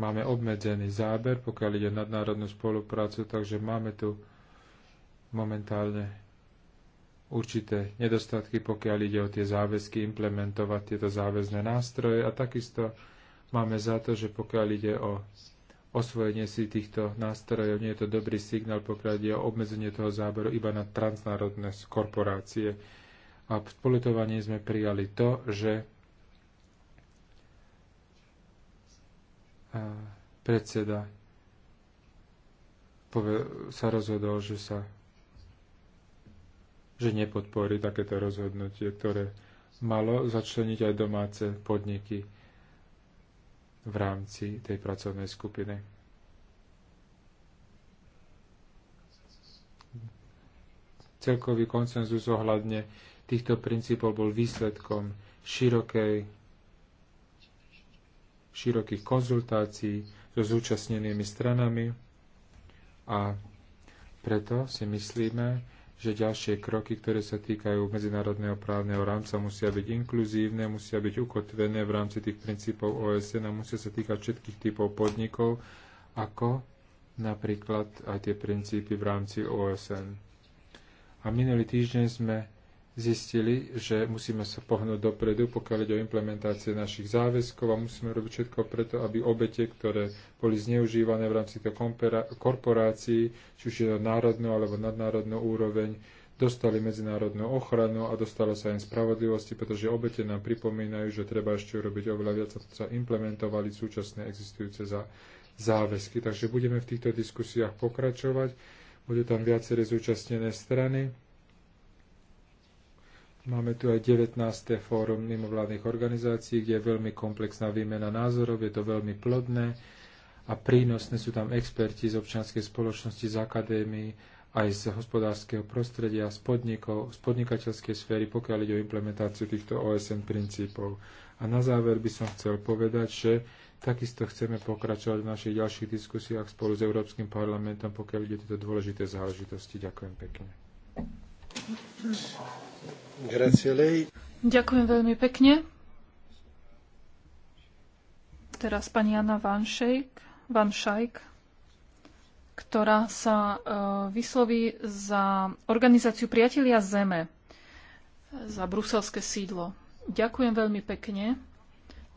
Máme obmedzený záber, pokiaľ ide nadnárodnú spoluprácu, takže máme tu momentálne určité nedostatky, pokiaľ ide o tie záväzky, implementovať tieto záväzné nástroje a takisto máme za to, že pokiaľ ide o osvojenie si týchto nástrojov. Nie je to dobrý signál, pokiaľ ide o obmedzenie toho záberu iba na transnárodné korporácie. A v politovaní sme prijali to, že predseda sa rozhodol, že sa že nepodporí takéto rozhodnutie, ktoré malo začleniť aj domáce podniky v rámci tej pracovnej skupiny. Celkový konsenzus ohľadne týchto princípov bol výsledkom širokej, širokých konzultácií so zúčastnenými stranami a preto si myslíme, že ďalšie kroky, ktoré sa týkajú medzinárodného právneho rámca, musia byť inkluzívne, musia byť ukotvené v rámci tých princípov OSN a musia sa týkať všetkých typov podnikov, ako napríklad aj tie princípy v rámci OSN. A minulý týždeň sme zistili, že musíme sa pohnúť dopredu, pokiaľ ide o implementácie našich záväzkov a musíme robiť všetko preto, aby obete, ktoré boli zneužívané v rámci toho korporácií, či už je to národnú alebo nadnárodnú úroveň, dostali medzinárodnú ochranu a dostalo sa im spravodlivosti, pretože obete nám pripomínajú, že treba ešte urobiť oveľa viac, aby sa implementovali súčasné existujúce záväzky. Takže budeme v týchto diskusiách pokračovať. Budú tam viaceré zúčastnené strany Máme tu aj 19. fórum mimovládnych organizácií, kde je veľmi komplexná výmena názorov, je to veľmi plodné a prínosné sú tam experti z občianskej spoločnosti, z akadémií, aj z hospodárskeho prostredia, z podnikov, z podnikateľskej sféry, pokiaľ ide o implementáciu týchto OSN princípov. A na záver by som chcel povedať, že takisto chceme pokračovať v našich ďalších diskusiách spolu s Európskym parlamentom, pokiaľ ide o tieto dôležité záležitosti. Ďakujem pekne. Ďakujem veľmi pekne. Teraz pani Jana Vanšajk, ktorá sa e, vysloví za organizáciu Priatelia Zeme, za bruselské sídlo. Ďakujem veľmi pekne.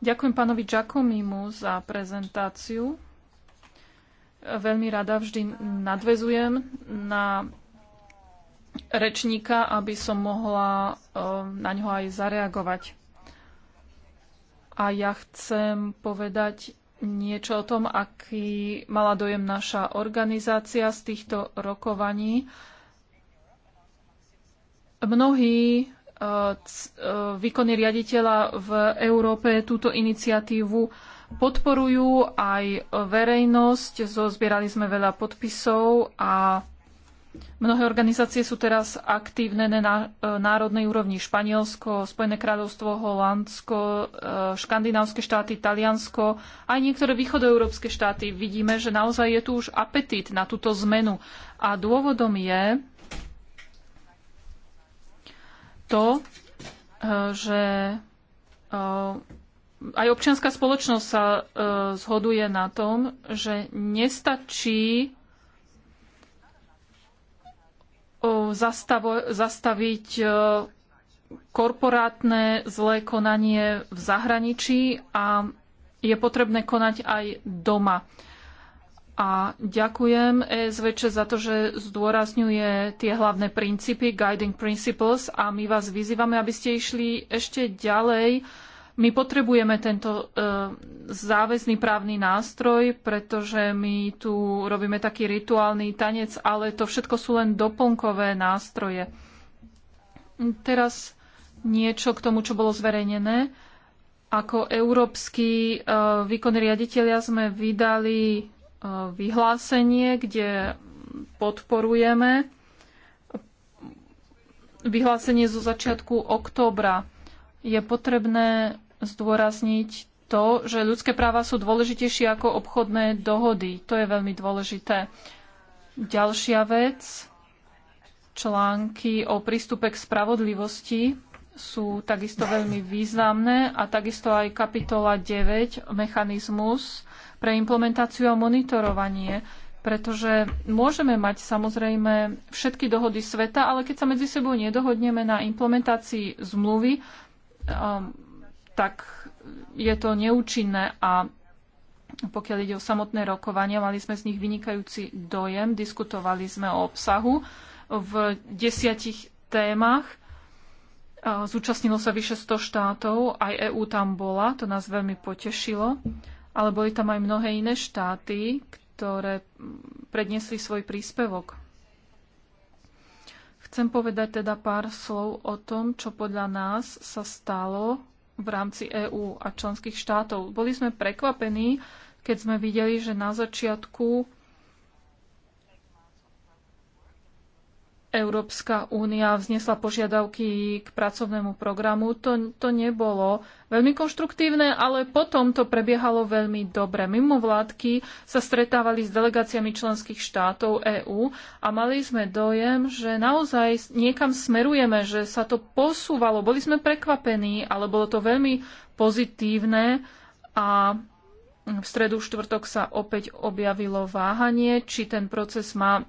Ďakujem pánovi Giacomimu za prezentáciu. Veľmi rada vždy nadvezujem na rečníka, aby som mohla eh, na ňo aj zareagovať. A ja chcem povedať niečo o tom, aký mala dojem naša organizácia z týchto rokovaní. Mnohí eh, eh, výkony riaditeľa v Európe túto iniciatívu podporujú aj verejnosť. Zozbierali sme veľa podpisov a Mnohé organizácie sú teraz aktívne na e, národnej úrovni. Španielsko, Spojené kráľovstvo, Holandsko, e, škandinávske štáty, Taliansko, aj niektoré východoeurópske štáty. Vidíme, že naozaj je tu už apetít na túto zmenu. A dôvodom je to, e, že aj občianská spoločnosť sa zhoduje na tom, že nestačí zastavo, zastaviť e, korporátne zlé konanie v zahraničí a je potrebné konať aj doma. A ďakujem ESVČ za to, že zdôrazňuje tie hlavné princípy, guiding principles, a my vás vyzývame, aby ste išli ešte ďalej my potrebujeme tento e, záväzný právny nástroj, pretože my tu robíme taký rituálny tanec, ale to všetko sú len doplnkové nástroje. Teraz niečo k tomu, čo bolo zverejnené. Ako európsky e, výkonní riaditeľia sme vydali e, vyhlásenie, kde podporujeme vyhlásenie zo začiatku októbra je potrebné zdôrazniť to, že ľudské práva sú dôležitejšie ako obchodné dohody. To je veľmi dôležité. Ďalšia vec, články o prístupe k spravodlivosti sú takisto veľmi významné a takisto aj kapitola 9, mechanizmus pre implementáciu a monitorovanie, pretože môžeme mať samozrejme všetky dohody sveta, ale keď sa medzi sebou nedohodneme na implementácii zmluvy, um, tak je to neúčinné a pokiaľ ide o samotné rokovania, mali sme z nich vynikajúci dojem, diskutovali sme o obsahu v desiatich témach. E, zúčastnilo sa vyše 100 štátov, aj EÚ tam bola, to nás veľmi potešilo, ale boli tam aj mnohé iné štáty, ktoré predniesli svoj príspevok. Chcem povedať teda pár slov o tom, čo podľa nás sa stalo v rámci EÚ a členských štátov. Boli sme prekvapení, keď sme videli, že na začiatku Európska únia vznesla požiadavky k pracovnému programu. To, to nebolo veľmi konštruktívne, ale potom to prebiehalo veľmi dobre. Mimo vládky sa stretávali s delegáciami členských štátov EÚ a mali sme dojem, že naozaj niekam smerujeme, že sa to posúvalo. Boli sme prekvapení, ale bolo to veľmi pozitívne a v stredu štvrtok sa opäť objavilo váhanie, či ten proces má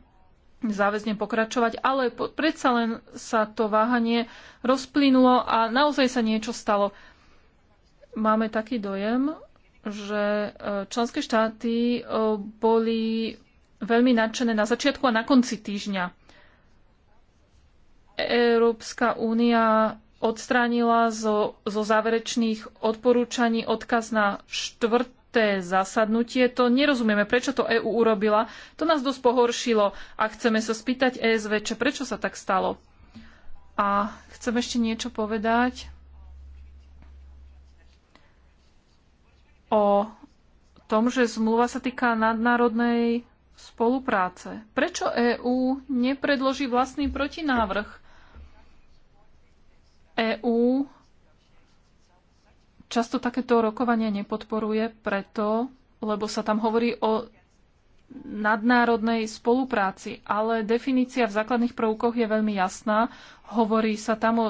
záväzne pokračovať, ale predsa len sa to váhanie rozplynulo a naozaj sa niečo stalo. Máme taký dojem, že e, členské štáty e, boli veľmi nadšené na začiatku a na konci týždňa. Európska únia odstránila zo, zo záverečných odporúčaní odkaz na štvrtý štvrté zasadnutie. To nerozumieme, prečo to EÚ urobila. To nás dosť pohoršilo a chceme sa spýtať e čo, prečo sa tak stalo. A chcem ešte niečo povedať o tom, že zmluva sa týka nadnárodnej spolupráce. Prečo EÚ nepredloží vlastný protinávrh? EÚ často takéto rokovanie nepodporuje preto, lebo sa tam hovorí o nadnárodnej spolupráci, ale definícia v základných prvkoch je veľmi jasná. Hovorí sa tam o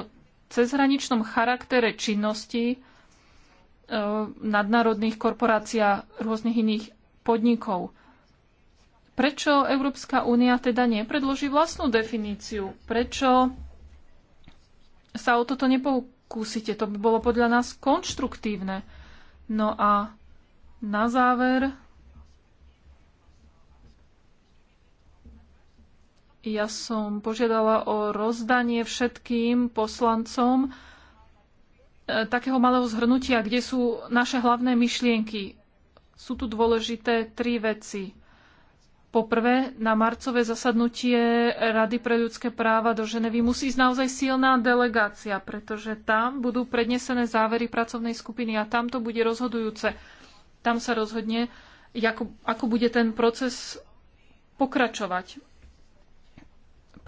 cezhraničnom charaktere činnosti e, nadnárodných korporácií a rôznych iných podnikov. Prečo Európska únia teda nepredloží vlastnú definíciu? Prečo sa o toto nepou- skúsite. To by bolo podľa nás konštruktívne. No a na záver ja som požiadala o rozdanie všetkým poslancom e, takého malého zhrnutia, kde sú naše hlavné myšlienky. Sú tu dôležité tri veci Poprvé, na marcové zasadnutie Rady pre ľudské práva do Ženevy musí ísť naozaj silná delegácia, pretože tam budú prednesené závery pracovnej skupiny a tam to bude rozhodujúce. Tam sa rozhodne, ako, ako bude ten proces pokračovať.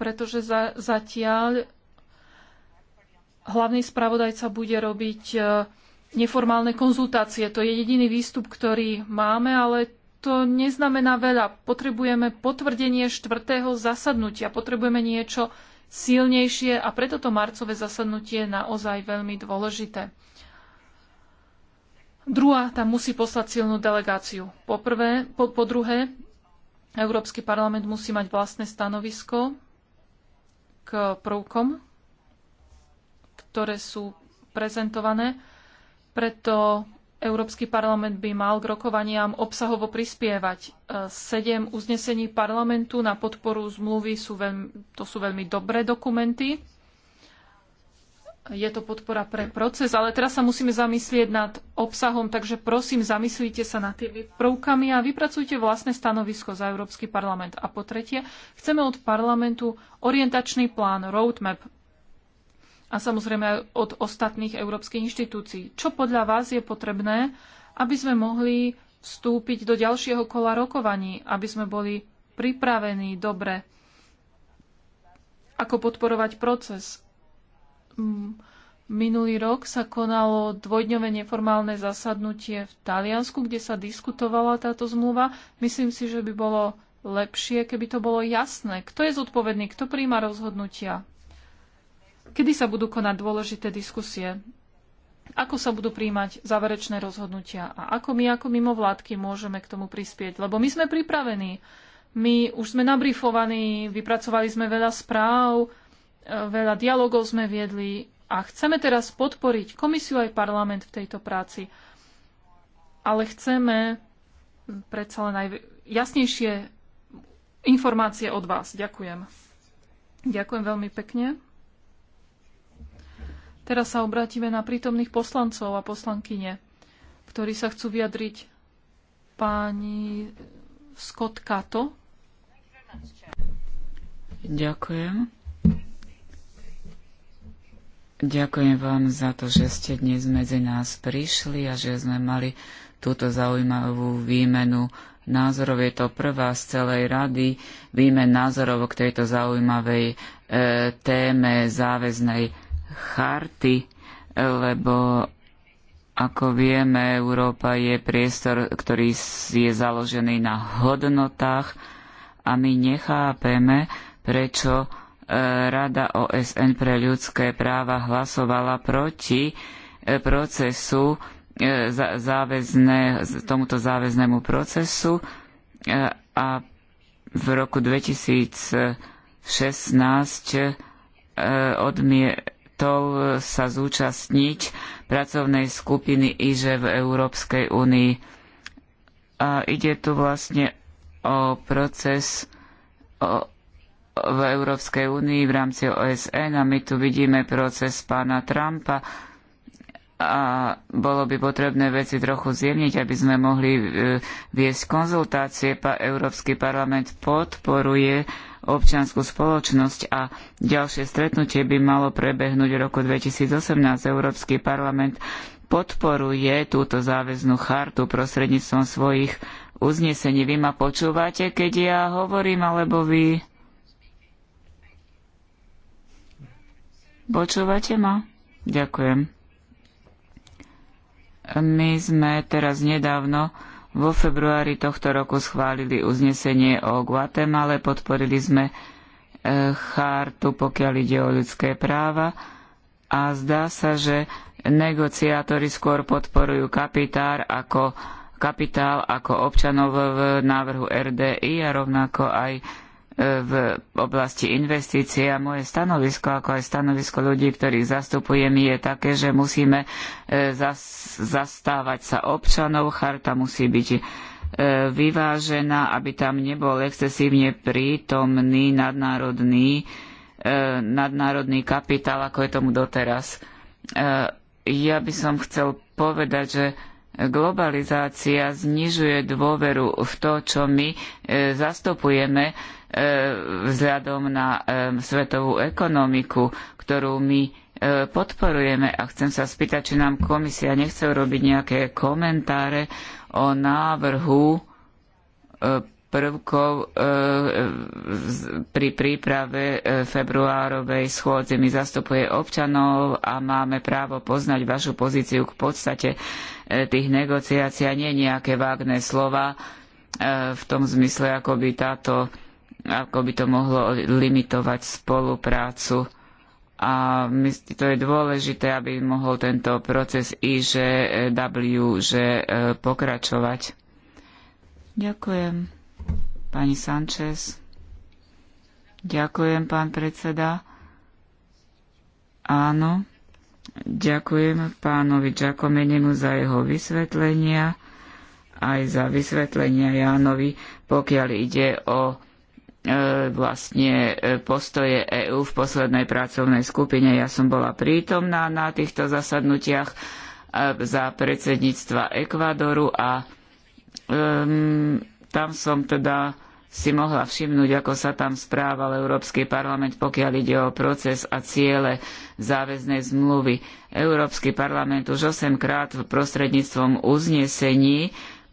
Pretože za, zatiaľ hlavný spravodajca bude robiť eh, neformálne konzultácie. To je jediný výstup, ktorý máme, ale to neznamená veľa. Potrebujeme potvrdenie štvrtého zasadnutia, potrebujeme niečo silnejšie a preto to marcové zasadnutie je naozaj veľmi dôležité. Druhá tam musí poslať silnú delegáciu. Po, prvé, po, po druhé, Európsky parlament musí mať vlastné stanovisko k prvkom, ktoré sú prezentované. Preto Európsky parlament by mal k rokovaniam obsahovo prispievať. E, sedem uznesení parlamentu na podporu zmluvy sú veľmi, to sú veľmi dobré dokumenty. Je to podpora pre proces, ale teraz sa musíme zamyslieť nad obsahom, takže prosím, zamyslite sa nad tými prvkami a vypracujte vlastné stanovisko za Európsky parlament. A po tretie, chceme od parlamentu orientačný plán, roadmap a samozrejme aj od ostatných európskych inštitúcií. Čo podľa vás je potrebné, aby sme mohli vstúpiť do ďalšieho kola rokovaní, aby sme boli pripravení dobre, ako podporovať proces. Mm, minulý rok sa konalo dvojdňové neformálne zasadnutie v Taliansku, kde sa diskutovala táto zmluva. Myslím si, že by bolo lepšie, keby to bolo jasné, kto je zodpovedný, kto príjma rozhodnutia Kedy sa budú konať dôležité diskusie? Ako sa budú príjmať záverečné rozhodnutia? A ako my, ako mimovládky, môžeme k tomu prispieť? Lebo my sme pripravení. My už sme nabrifovaní, vypracovali sme veľa správ, e, veľa dialogov sme viedli a chceme teraz podporiť komisiu aj parlament v tejto práci. Ale chceme predsa len aj jasnejšie informácie od vás. Ďakujem. Ďakujem veľmi pekne. Teraz sa obratíme na prítomných poslancov a poslankyne, ktorí sa chcú vyjadriť páni Scott Kato. Ďakujem. Ďakujem vám za to, že ste dnes medzi nás prišli a že sme mali túto zaujímavú výmenu názorov. Je to prvá z celej rady výmen názorov k tejto zaujímavej e, téme záväznej charty, lebo ako vieme, Európa je priestor, ktorý je založený na hodnotách a my nechápeme, prečo e, Rada OSN pre ľudské práva hlasovala proti e, procesu e, záväzne, tomuto záväznému procesu a v roku 2016 odmie, odmietol e, sa zúčastniť pracovnej skupiny IŽE v Európskej únii. A ide tu vlastne o proces o, v Európskej únii v rámci OSN a my tu vidíme proces pána Trumpa a bolo by potrebné veci trochu zjemniť, aby sme mohli e, viesť konzultácie. Pa, Európsky parlament podporuje občiansku spoločnosť a ďalšie stretnutie by malo prebehnúť v roku 2018. Európsky parlament podporuje túto záväznú chartu prostredníctvom svojich uznesení. Vy ma počúvate, keď ja hovorím, alebo vy... Počúvate ma? Ďakujem. My sme teraz nedávno vo februári tohto roku schválili uznesenie o Guatemale, podporili sme e, chartu, pokiaľ ide o ľudské práva a zdá sa, že negociátori skôr podporujú kapitál ako, kapitál ako občanov v návrhu RDI a rovnako aj v oblasti investície a moje stanovisko, ako aj stanovisko ľudí, ktorých zastupujem, je také, že musíme e, zas, zastávať sa občanov, charta musí byť e, vyvážená, aby tam nebol excesívne prítomný nadnárodný, e, nadnárodný kapitál, ako je tomu doteraz. Ja by som chcel povedať, že globalizácia znižuje dôveru v to, čo my zastupujeme, E, vzhľadom na e, svetovú ekonomiku, ktorú my e, podporujeme. A chcem sa spýtať, či nám komisia nechce urobiť nejaké komentáre o návrhu prvkov pri príprave februárovej schôdze. My zastupuje občanov a máme právo poznať vašu pozíciu k podstate tých negociácií a nie nejaké vágne slova v tom zmysle, ako by táto ako by to mohlo limitovať spoluprácu. A to je dôležité, aby mohol tento proces IŽW e že e, pokračovať. Ďakujem, pani Sanchez. Ďakujem, pán predseda. Áno, ďakujem pánovi Giacomenemu za jeho vysvetlenia, aj za vysvetlenia Jánovi, pokiaľ ide o E, vlastne e, postoje EÚ v poslednej pracovnej skupine. Ja som bola prítomná na týchto zasadnutiach e, za predsedníctva Ekvadoru a um, tam som teda si mohla všimnúť, ako sa tam správal Európsky parlament, pokiaľ ide o proces a ciele záväznej zmluvy. Európsky parlament už 8 krát prostredníctvom uznesení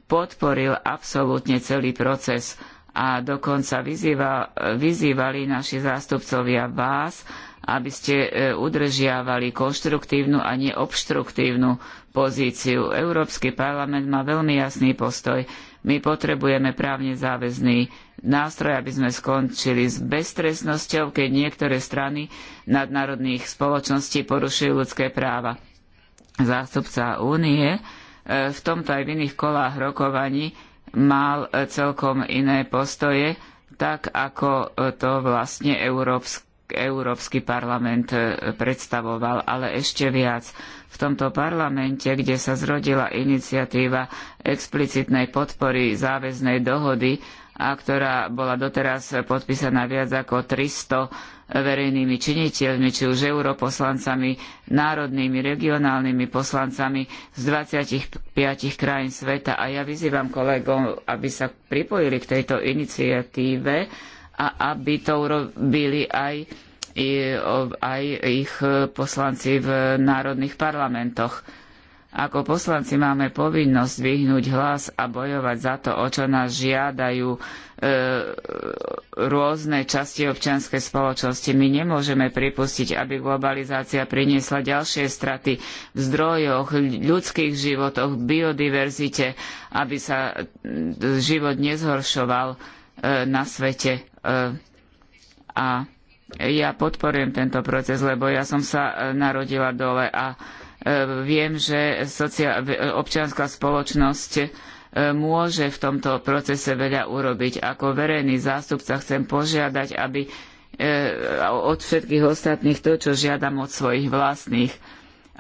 podporil absolútne celý proces a dokonca vyzýva, vyzývali naši zástupcovia vás, aby ste e, udržiavali konštruktívnu a neobštruktívnu pozíciu. Európsky parlament má veľmi jasný postoj. My potrebujeme právne záväzný nástroj, aby sme skončili s beztrestnosťou, keď niektoré strany nadnárodných spoločností porušujú ľudské práva. Zástupca únie e, v tomto aj v iných kolách rokovaní mal e, celkom iné postoje, tak ako e, to vlastne Európsky, parlament e, predstavoval, ale ešte viac. V tomto parlamente, kde sa zrodila iniciatíva explicitnej podpory záväznej dohody, a ktorá bola doteraz podpísaná viac ako 300 verejnými činiteľmi, či už europoslancami, národnými, regionálnymi poslancami z 25 krajín sveta. A ja vyzývam kolegov, aby sa pripojili k tejto iniciatíve a aby to urobili aj, aj ich poslanci v národných parlamentoch ako poslanci máme povinnosť vyhnúť hlas a bojovať za to, o čo nás žiadajú e, rôzne časti občianskej spoločnosti. My nemôžeme pripustiť, aby globalizácia priniesla ďalšie straty v zdrojoch, ľudských životoch, biodiverzite, aby sa e, život nezhoršoval e, na svete. E, a ja podporujem tento proces, lebo ja som sa e, narodila dole a Viem, že občianska spoločnosť e, môže v tomto procese veľa urobiť. Ako verejný zástupca chcem požiadať, aby e, od všetkých ostatných to, čo žiadam od svojich vlastných.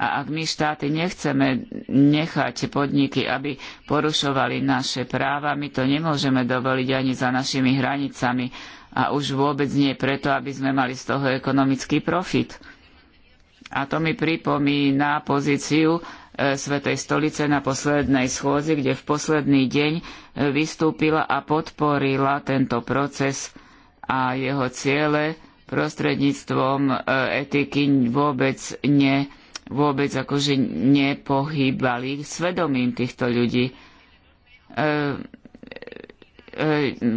A ak my štáty nechceme nechať podniky, aby porušovali naše práva, my to nemôžeme dovoliť ani za našimi hranicami a už vôbec nie preto, aby sme mali z toho ekonomický profit. A to mi pripomína pozíciu e, Svetej stolice na poslednej schôdzi, kde v posledný deň e, vystúpila a podporila tento proces a jeho ciele prostredníctvom e, etiky vôbec ne vôbec akože nepohýbali svedomím týchto ľudí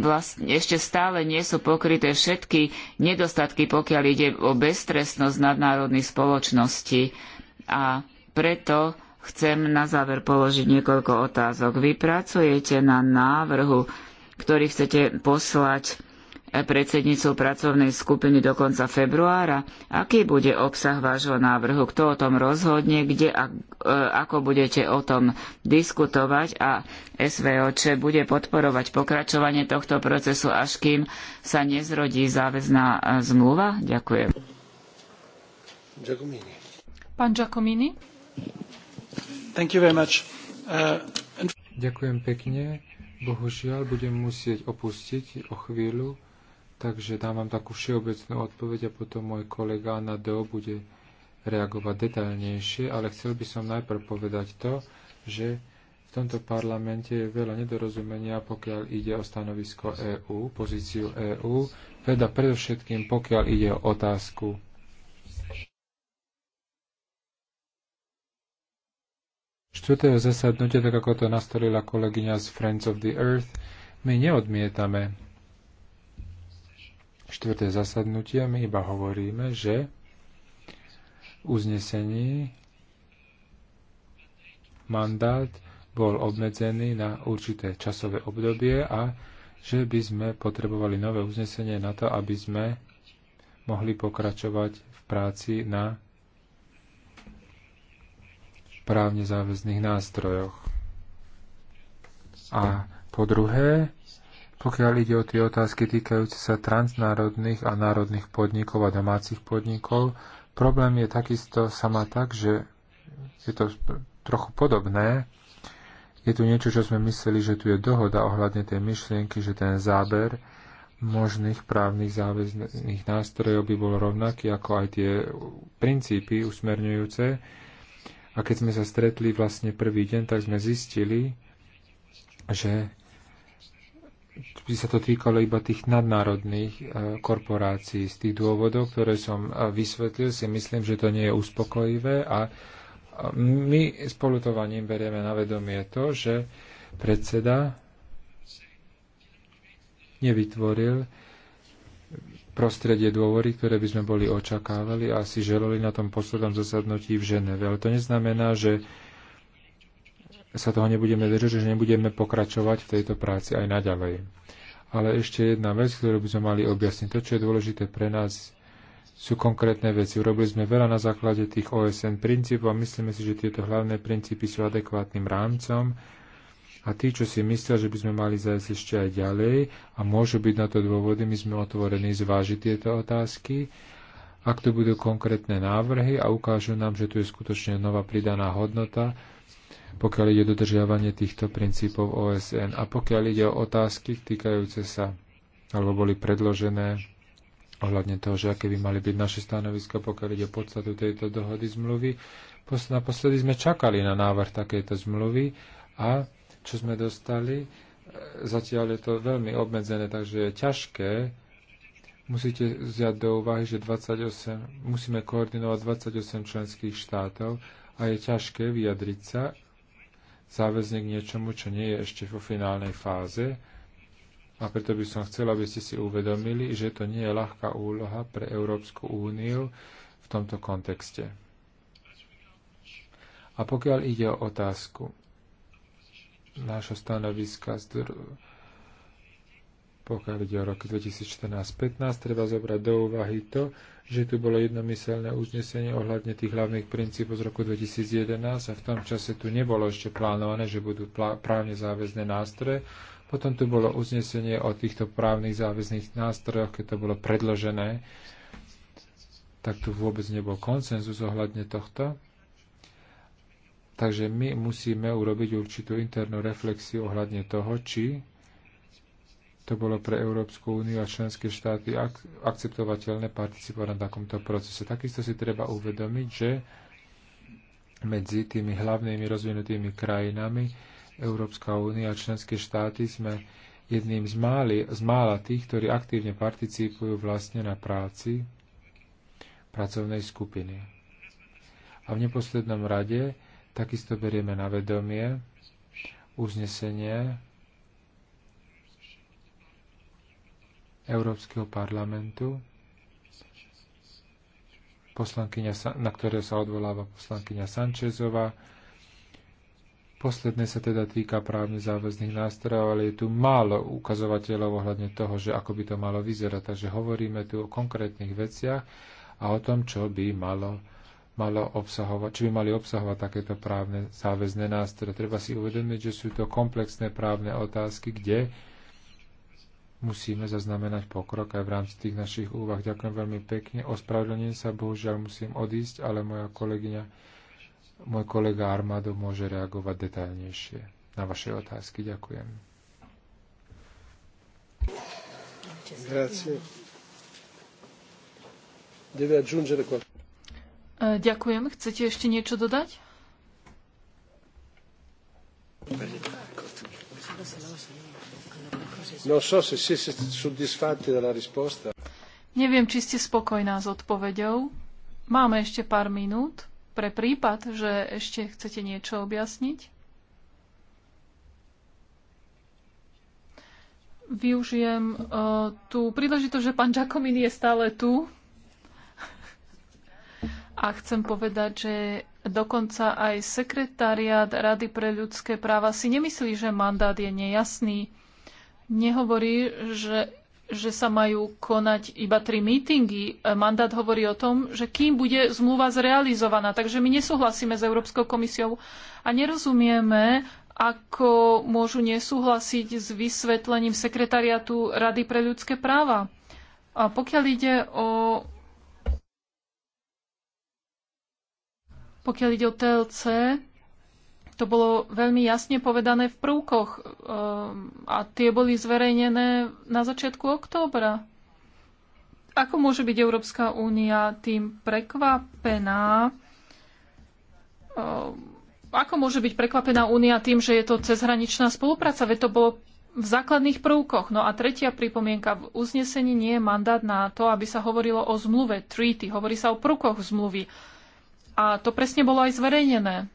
vlastne ešte stále nie sú pokryté všetky nedostatky, pokiaľ ide o beztrestnosť nadnárodných spoločností. A preto chcem na záver položiť niekoľko otázok. Vy pracujete na návrhu, ktorý chcete poslať predsednicou pracovnej skupiny do konca februára. Aký bude obsah vášho návrhu? Kto o tom rozhodne? Kde a e, ako budete o tom diskutovať? A SVOČ bude podporovať pokračovanie tohto procesu, až kým sa nezrodí záväzná e, zmluva? Ďakujem. Giacomini. Pán Giacomini. Thank you very much. Uh, and... Ďakujem pekne. Bohužiaľ budem musieť opustiť o chvíľu Takže dám vám takú všeobecnú odpoveď a potom môj kolega na Do bude reagovať detaľnejšie, ale chcel by som najprv povedať to, že v tomto parlamente je veľa nedorozumenia, pokiaľ ide o stanovisko EÚ, pozíciu EÚ, teda predovšetkým pokiaľ ide o otázku štvrtého zasadnutia, tak ako to nastolila kolegyňa z Friends of the Earth, my neodmietame štvrté zasadnutie my iba hovoríme, že uznesení mandát bol obmedzený na určité časové obdobie a že by sme potrebovali nové uznesenie na to, aby sme mohli pokračovať v práci na právne záväzných nástrojoch. A po druhé, pokiaľ ide o tie otázky týkajúce sa transnárodných a národných podnikov a domácich podnikov, problém je takisto sama tak, že je to trochu podobné. Je tu niečo, čo sme mysleli, že tu je dohoda ohľadne tej myšlienky, že ten záber možných právnych záväzných nástrojov by bol rovnaký ako aj tie princípy usmerňujúce. A keď sme sa stretli vlastne prvý deň, tak sme zistili, že by sa to týkalo iba tých nadnárodných e, korporácií. Z tých dôvodov, ktoré som e, vysvetlil, si myslím, že to nie je uspokojivé a my s polutovaním berieme na vedomie to, že predseda nevytvoril prostredie dôvory, ktoré by sme boli očakávali a si želali na tom poslednom zasadnutí v Ženeve. Ale to neznamená, že sa toho nebudeme držať, že nebudeme pokračovať v tejto práci aj naďalej. Ale ešte jedna vec, ktorú by sme mali objasniť. To, čo je dôležité pre nás, sú konkrétne veci. Urobili sme veľa na základe tých OSN princípov a myslíme si, že tieto hlavné princípy sú adekvátnym rámcom. A tí, čo si myslia, že by sme mali zajsť ešte aj ďalej a môžu byť na to dôvody, my sme otvorení zvážiť tieto otázky. Ak tu budú konkrétne návrhy a ukážu nám, že tu je skutočne nová pridaná hodnota, pokiaľ ide o dodržiavanie týchto princípov OSN. A pokiaľ ide o otázky týkajúce sa, alebo boli predložené ohľadne toho, že aké by mali byť naše stanoviska, pokiaľ ide o podstatu tejto dohody zmluvy. Naposledy sme čakali na návrh takejto zmluvy a čo sme dostali, e, zatiaľ je to veľmi obmedzené, takže je ťažké. Musíte vziať do úvahy, že 28, musíme koordinovať 28 členských štátov a je ťažké vyjadriť sa záväzne k niečomu, čo nie je ešte vo finálnej fáze. A preto by som chcel, aby ste si uvedomili, že to nie je ľahká úloha pre Európsku úniu v tomto kontexte. A pokiaľ ide o otázku nášho stanoviska z pokiaľ ide o roky 2014-15, treba zobrať do úvahy to, že tu bolo jednomyselné uznesenie ohľadne tých hlavných princípov z roku 2011 a v tom čase tu nebolo ešte plánované, že budú právne záväzné nástroje. Potom tu bolo uznesenie o týchto právnych záväzných nástrojoch, keď to bolo predložené, tak tu vôbec nebol konsenzus ohľadne tohto. Takže my musíme urobiť určitú internú reflexiu ohľadne toho, či to bolo pre Európsku úniu a členské štáty ak- akceptovateľné participovať na takomto procese. Takisto si treba uvedomiť, že medzi tými hlavnými rozvinutými krajinami Európska únia a členské štáty sme jedným z, máli, z mála tých, ktorí aktívne participujú vlastne na práci pracovnej skupiny. A v neposlednom rade takisto berieme na vedomie uznesenie Európskeho parlamentu, na ktorého sa odvoláva poslankyňa Sančezová. Posledné sa teda týka právne záväzných nástrojov, ale je tu málo ukazovateľov ohľadne toho, že ako by to malo vyzerať. Takže hovoríme tu o konkrétnych veciach a o tom, čo by malo, malo obsahovať, či by mali obsahovať takéto právne záväzné nástroje. Treba si uvedomiť, že sú to komplexné právne otázky, kde musíme zaznamenať pokrok aj v rámci tých našich úvah. Ďakujem veľmi pekne. Ospravedlňujem sa, bohužiaľ musím odísť, ale moja kolegyňa, môj kolega Armado môže reagovať detailnejšie na vaše otázky. Ďakujem. E, ďakujem. Chcete ešte niečo dodať? Gracias. No so risposta. Neviem, či ste spokojná s odpoveďou. Máme ešte pár minút pre prípad, že ešte chcete niečo objasniť. využijem uh, tú príležitosť, že pán Giacomin je stále tu. A chcem povedať, že dokonca aj sekretariat Rady pre ľudské práva si nemyslí, že mandát je nejasný nehovorí, že, že sa majú konať iba tri mítingy. Mandát hovorí o tom, že kým bude zmluva zrealizovaná. Takže my nesúhlasíme s Európskou komisiou a nerozumieme, ako môžu nesúhlasiť s vysvetlením sekretariatu Rady pre ľudské práva. A pokiaľ ide o pokiaľ ide o TLC, to bolo veľmi jasne povedané v prúkoch um, a tie boli zverejnené na začiatku októbra. Ako môže byť Európska únia tým prekvapená? Um, ako môže byť prekvapená únia tým, že je to cezhraničná spolupráca? Veď to bolo v základných prvkoch. No a tretia pripomienka. V uznesení nie je mandát na to, aby sa hovorilo o zmluve, treaty. Hovorí sa o prvkoch zmluvy. A to presne bolo aj zverejnené.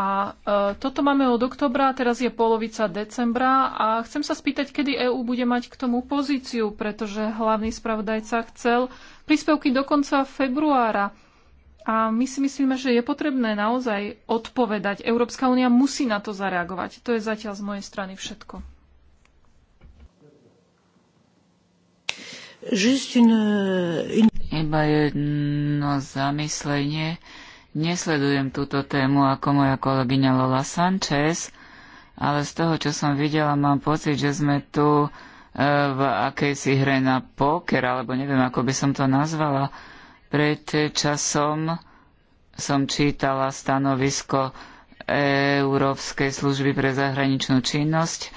A e, toto máme od oktobra, teraz je polovica decembra a chcem sa spýtať, kedy EÚ bude mať k tomu pozíciu, pretože hlavný spravodajca chcel príspevky do konca februára. A my si myslíme, že je potrebné naozaj odpovedať. Európska únia musí na to zareagovať. To je zatiaľ z mojej strany všetko. Iba jedno zamyslenie Nesledujem túto tému ako moja kolegyňa Lola Sanchez, ale z toho, čo som videla, mám pocit, že sme tu e, v akejsi hre na poker, alebo neviem, ako by som to nazvala. Pred časom som čítala stanovisko Európskej služby pre zahraničnú činnosť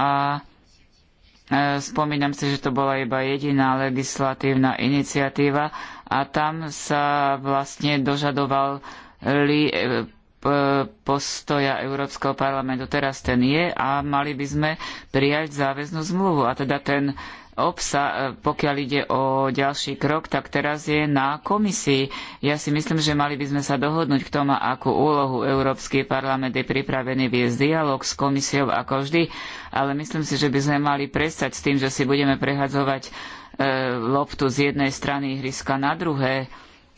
a e, spomínam si, že to bola iba jediná legislatívna iniciatíva a tam sa vlastne dožadoval e, postoja Európskeho parlamentu. Teraz ten je a mali by sme prijať záväznú zmluvu. A teda ten obsa, e, pokiaľ ide o ďalší krok, tak teraz je na komisii. Ja si myslím, že mali by sme sa dohodnúť, k tomu, akú úlohu. Európsky parlament je pripravený viesť dialog s komisiou ako vždy, ale myslím si, že by sme mali prestať s tým, že si budeme prehadzovať E, loptu z jednej strany ihriska na druhé.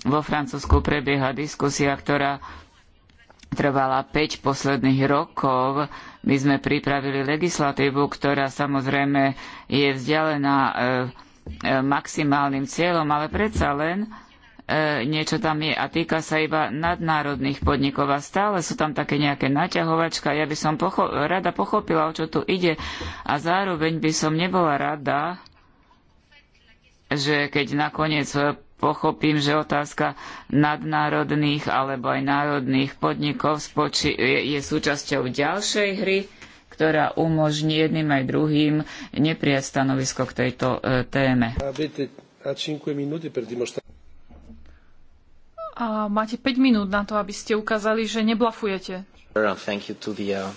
Vo Francúzsku prebieha diskusia, ktorá trvala 5 posledných rokov. My sme pripravili legislatívu, ktorá samozrejme je vzdialená e, e, maximálnym cieľom, ale predsa len niečo tam je a týka sa iba nadnárodných podnikov a stále sú tam také nejaké naťahovačka. Ja by som pocho rada pochopila, o čo tu ide a zároveň by som nebola rada, že keď nakoniec pochopím, že otázka nadnárodných alebo aj národných podnikov spoči- je, je súčasťou ďalšej hry, ktorá umožní jedným aj druhým neprijať stanovisko k tejto e, téme. A máte 5 minút na to, aby ste ukázali, že neblafujete. Uh,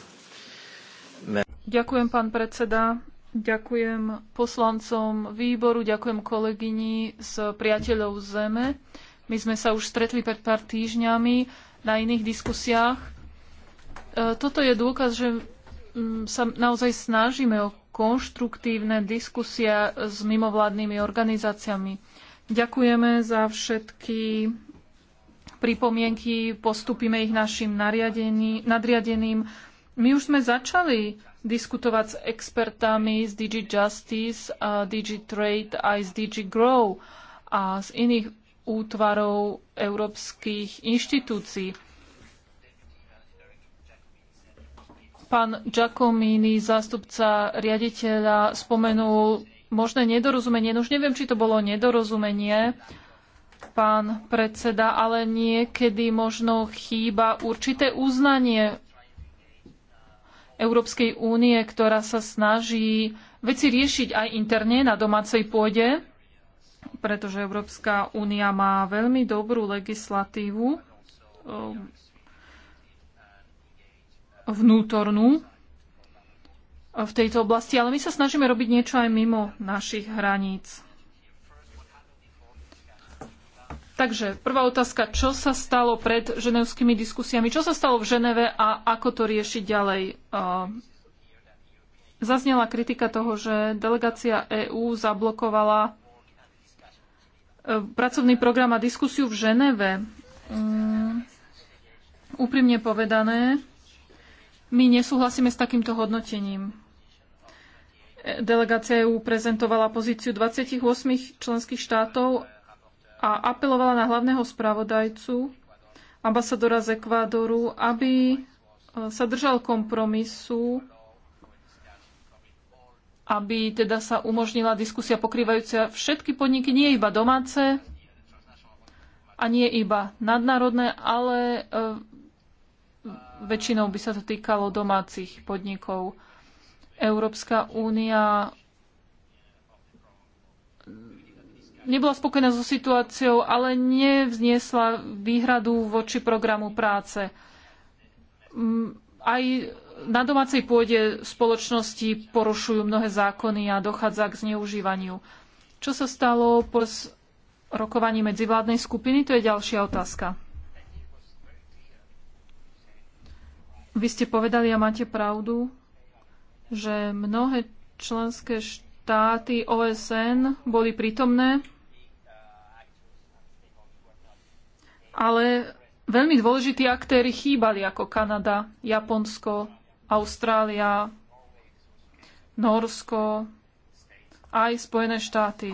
Ďakujem, pán predseda. Ďakujem poslancom výboru, ďakujem kolegyni z Priateľov Zeme. My sme sa už stretli pred pár týždňami na iných diskusiách. E, toto je dôkaz, že mm, sa naozaj snažíme o konštruktívne diskusia s mimovládnymi organizáciami. Ďakujeme za všetky pripomienky, postupíme ich našim nadriadeným. My už sme začali diskutovať s expertami z DG Justice, a DG Trade aj z DG Grow a z iných útvarov európskych inštitúcií. Pán Giacomini, zástupca riaditeľa, spomenul možné nedorozumenie. No už neviem, či to bolo nedorozumenie, pán predseda, ale niekedy možno chýba určité uznanie Európskej únie, ktorá sa snaží veci riešiť aj interne na domácej pôde, pretože Európska únia má veľmi dobrú legislatívu um, vnútornú v tejto oblasti, ale my sa snažíme robiť niečo aj mimo našich hraníc. Takže prvá otázka, čo sa stalo pred ženevskými diskusiami, čo sa stalo v Ženeve a ako to riešiť ďalej? Zaznela kritika toho, že delegácia EÚ zablokovala e, pracovný program a diskusiu v Ženeve. Mm, úprimne povedané, my nesúhlasíme s takýmto hodnotením. E, delegácia EU prezentovala pozíciu 28 členských štátov a apelovala na hlavného spravodajcu, ambasadora z Ekvádoru, aby e, sa držal kompromisu, aby teda sa umožnila diskusia pokrývajúca všetky podniky, nie iba domáce a nie iba nadnárodné, ale e, väčšinou by sa to týkalo domácich podnikov. Európska únia nebola spokojná so situáciou, ale nevzniesla výhradu voči programu práce. Mm, aj na domácej pôde spoločnosti porušujú mnohé zákony a dochádza k zneužívaniu. Čo sa stalo po rokovaní medzivládnej skupiny? To je ďalšia otázka. Vy ste povedali a máte pravdu, že mnohé členské štáty OSN boli prítomné ale veľmi dôležití aktéry chýbali ako Kanada, Japonsko, Austrália, Norsko, aj Spojené štáty.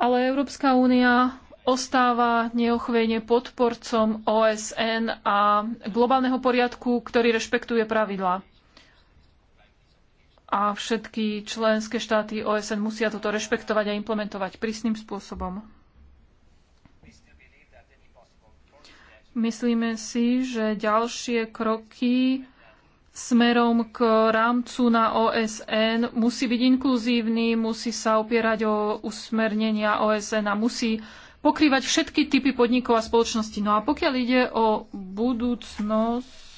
Ale Európska únia ostáva neochvejne podporcom OSN a globálneho poriadku, ktorý rešpektuje pravidlá. A všetky členské štáty OSN musia toto rešpektovať a implementovať prísnym spôsobom. Myslíme si, že ďalšie kroky smerom k rámcu na OSN musí byť inkluzívny, musí sa opierať o usmernenia OSN a musí pokrývať všetky typy podnikov a spoločnosti. No a pokiaľ ide o budúcnosť,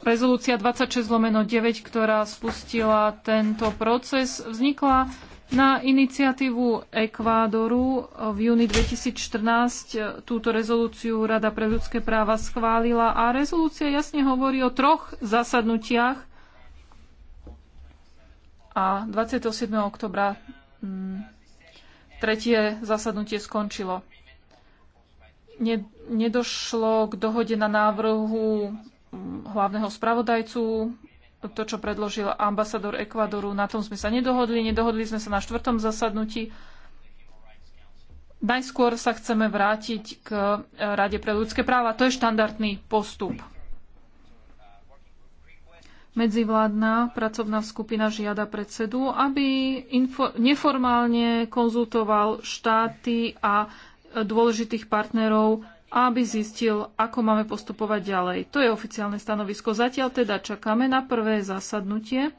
rezolúcia 26 lomeno 9, ktorá spustila tento proces, vznikla na iniciatívu Ekvádoru v júni 2014 túto rezolúciu Rada pre ľudské práva schválila a rezolúcia jasne hovorí o troch zasadnutiach a 27. oktobra mm, tretie zasadnutie skončilo. Nedošlo k dohode na návrhu mm, hlavného spravodajcu to, čo predložil ambasador Ekvadoru, na tom sme sa nedohodli. Nedohodli sme sa na štvrtom zasadnutí. Najskôr sa chceme vrátiť k eh, Rade pre ľudské práva. To je štandardný postup. Medzivládna pracovná skupina žiada predsedu, aby neformálne konzultoval štáty a eh, dôležitých partnerov aby zistil, ako máme postupovať ďalej. To je oficiálne stanovisko. Zatiaľ teda čakáme na prvé zasadnutie, e,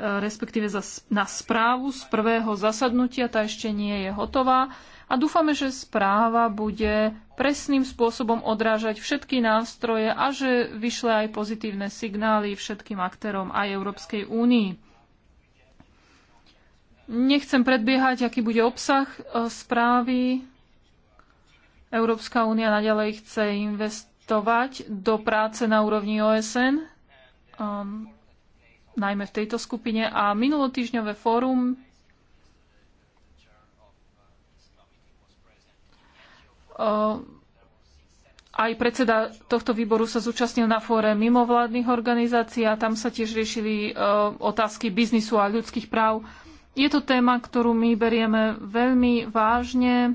respektíve na správu z prvého zasadnutia. Tá ešte nie je hotová a dúfame, že správa bude presným spôsobom odrážať všetky nástroje a že vyšle aj pozitívne signály všetkým aktérom aj Európskej únii. Nechcem predbiehať, aký bude obsah e, správy. Európska únia naďalej chce investovať do práce na úrovni OSN, um, najmä v tejto skupine. A minulotýžňové fórum uh, aj predseda tohto výboru sa zúčastnil na fóre mimovládnych organizácií a tam sa tiež riešili uh, otázky biznisu a ľudských práv. Je to téma, ktorú my berieme veľmi vážne.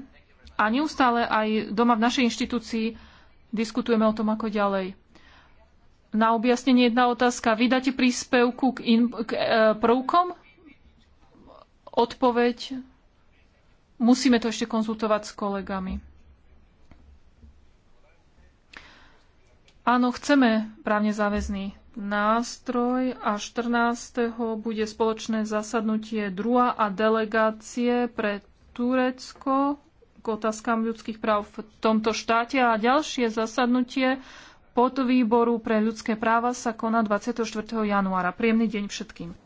A neustále aj doma v našej inštitúcii diskutujeme o tom, ako ďalej. Na objasnenie jedna otázka. Vydáte príspevku k, in, k e, prvkom? Odpoveď. Musíme to ešte konzultovať s kolegami. Áno, chceme právne záväzný nástroj a 14. bude spoločné zasadnutie druha a delegácie pre Turecko k otázkam ľudských práv v tomto štáte a ďalšie zasadnutie podvýboru pre ľudské práva sa koná 24. januára. Príjemný deň všetkým.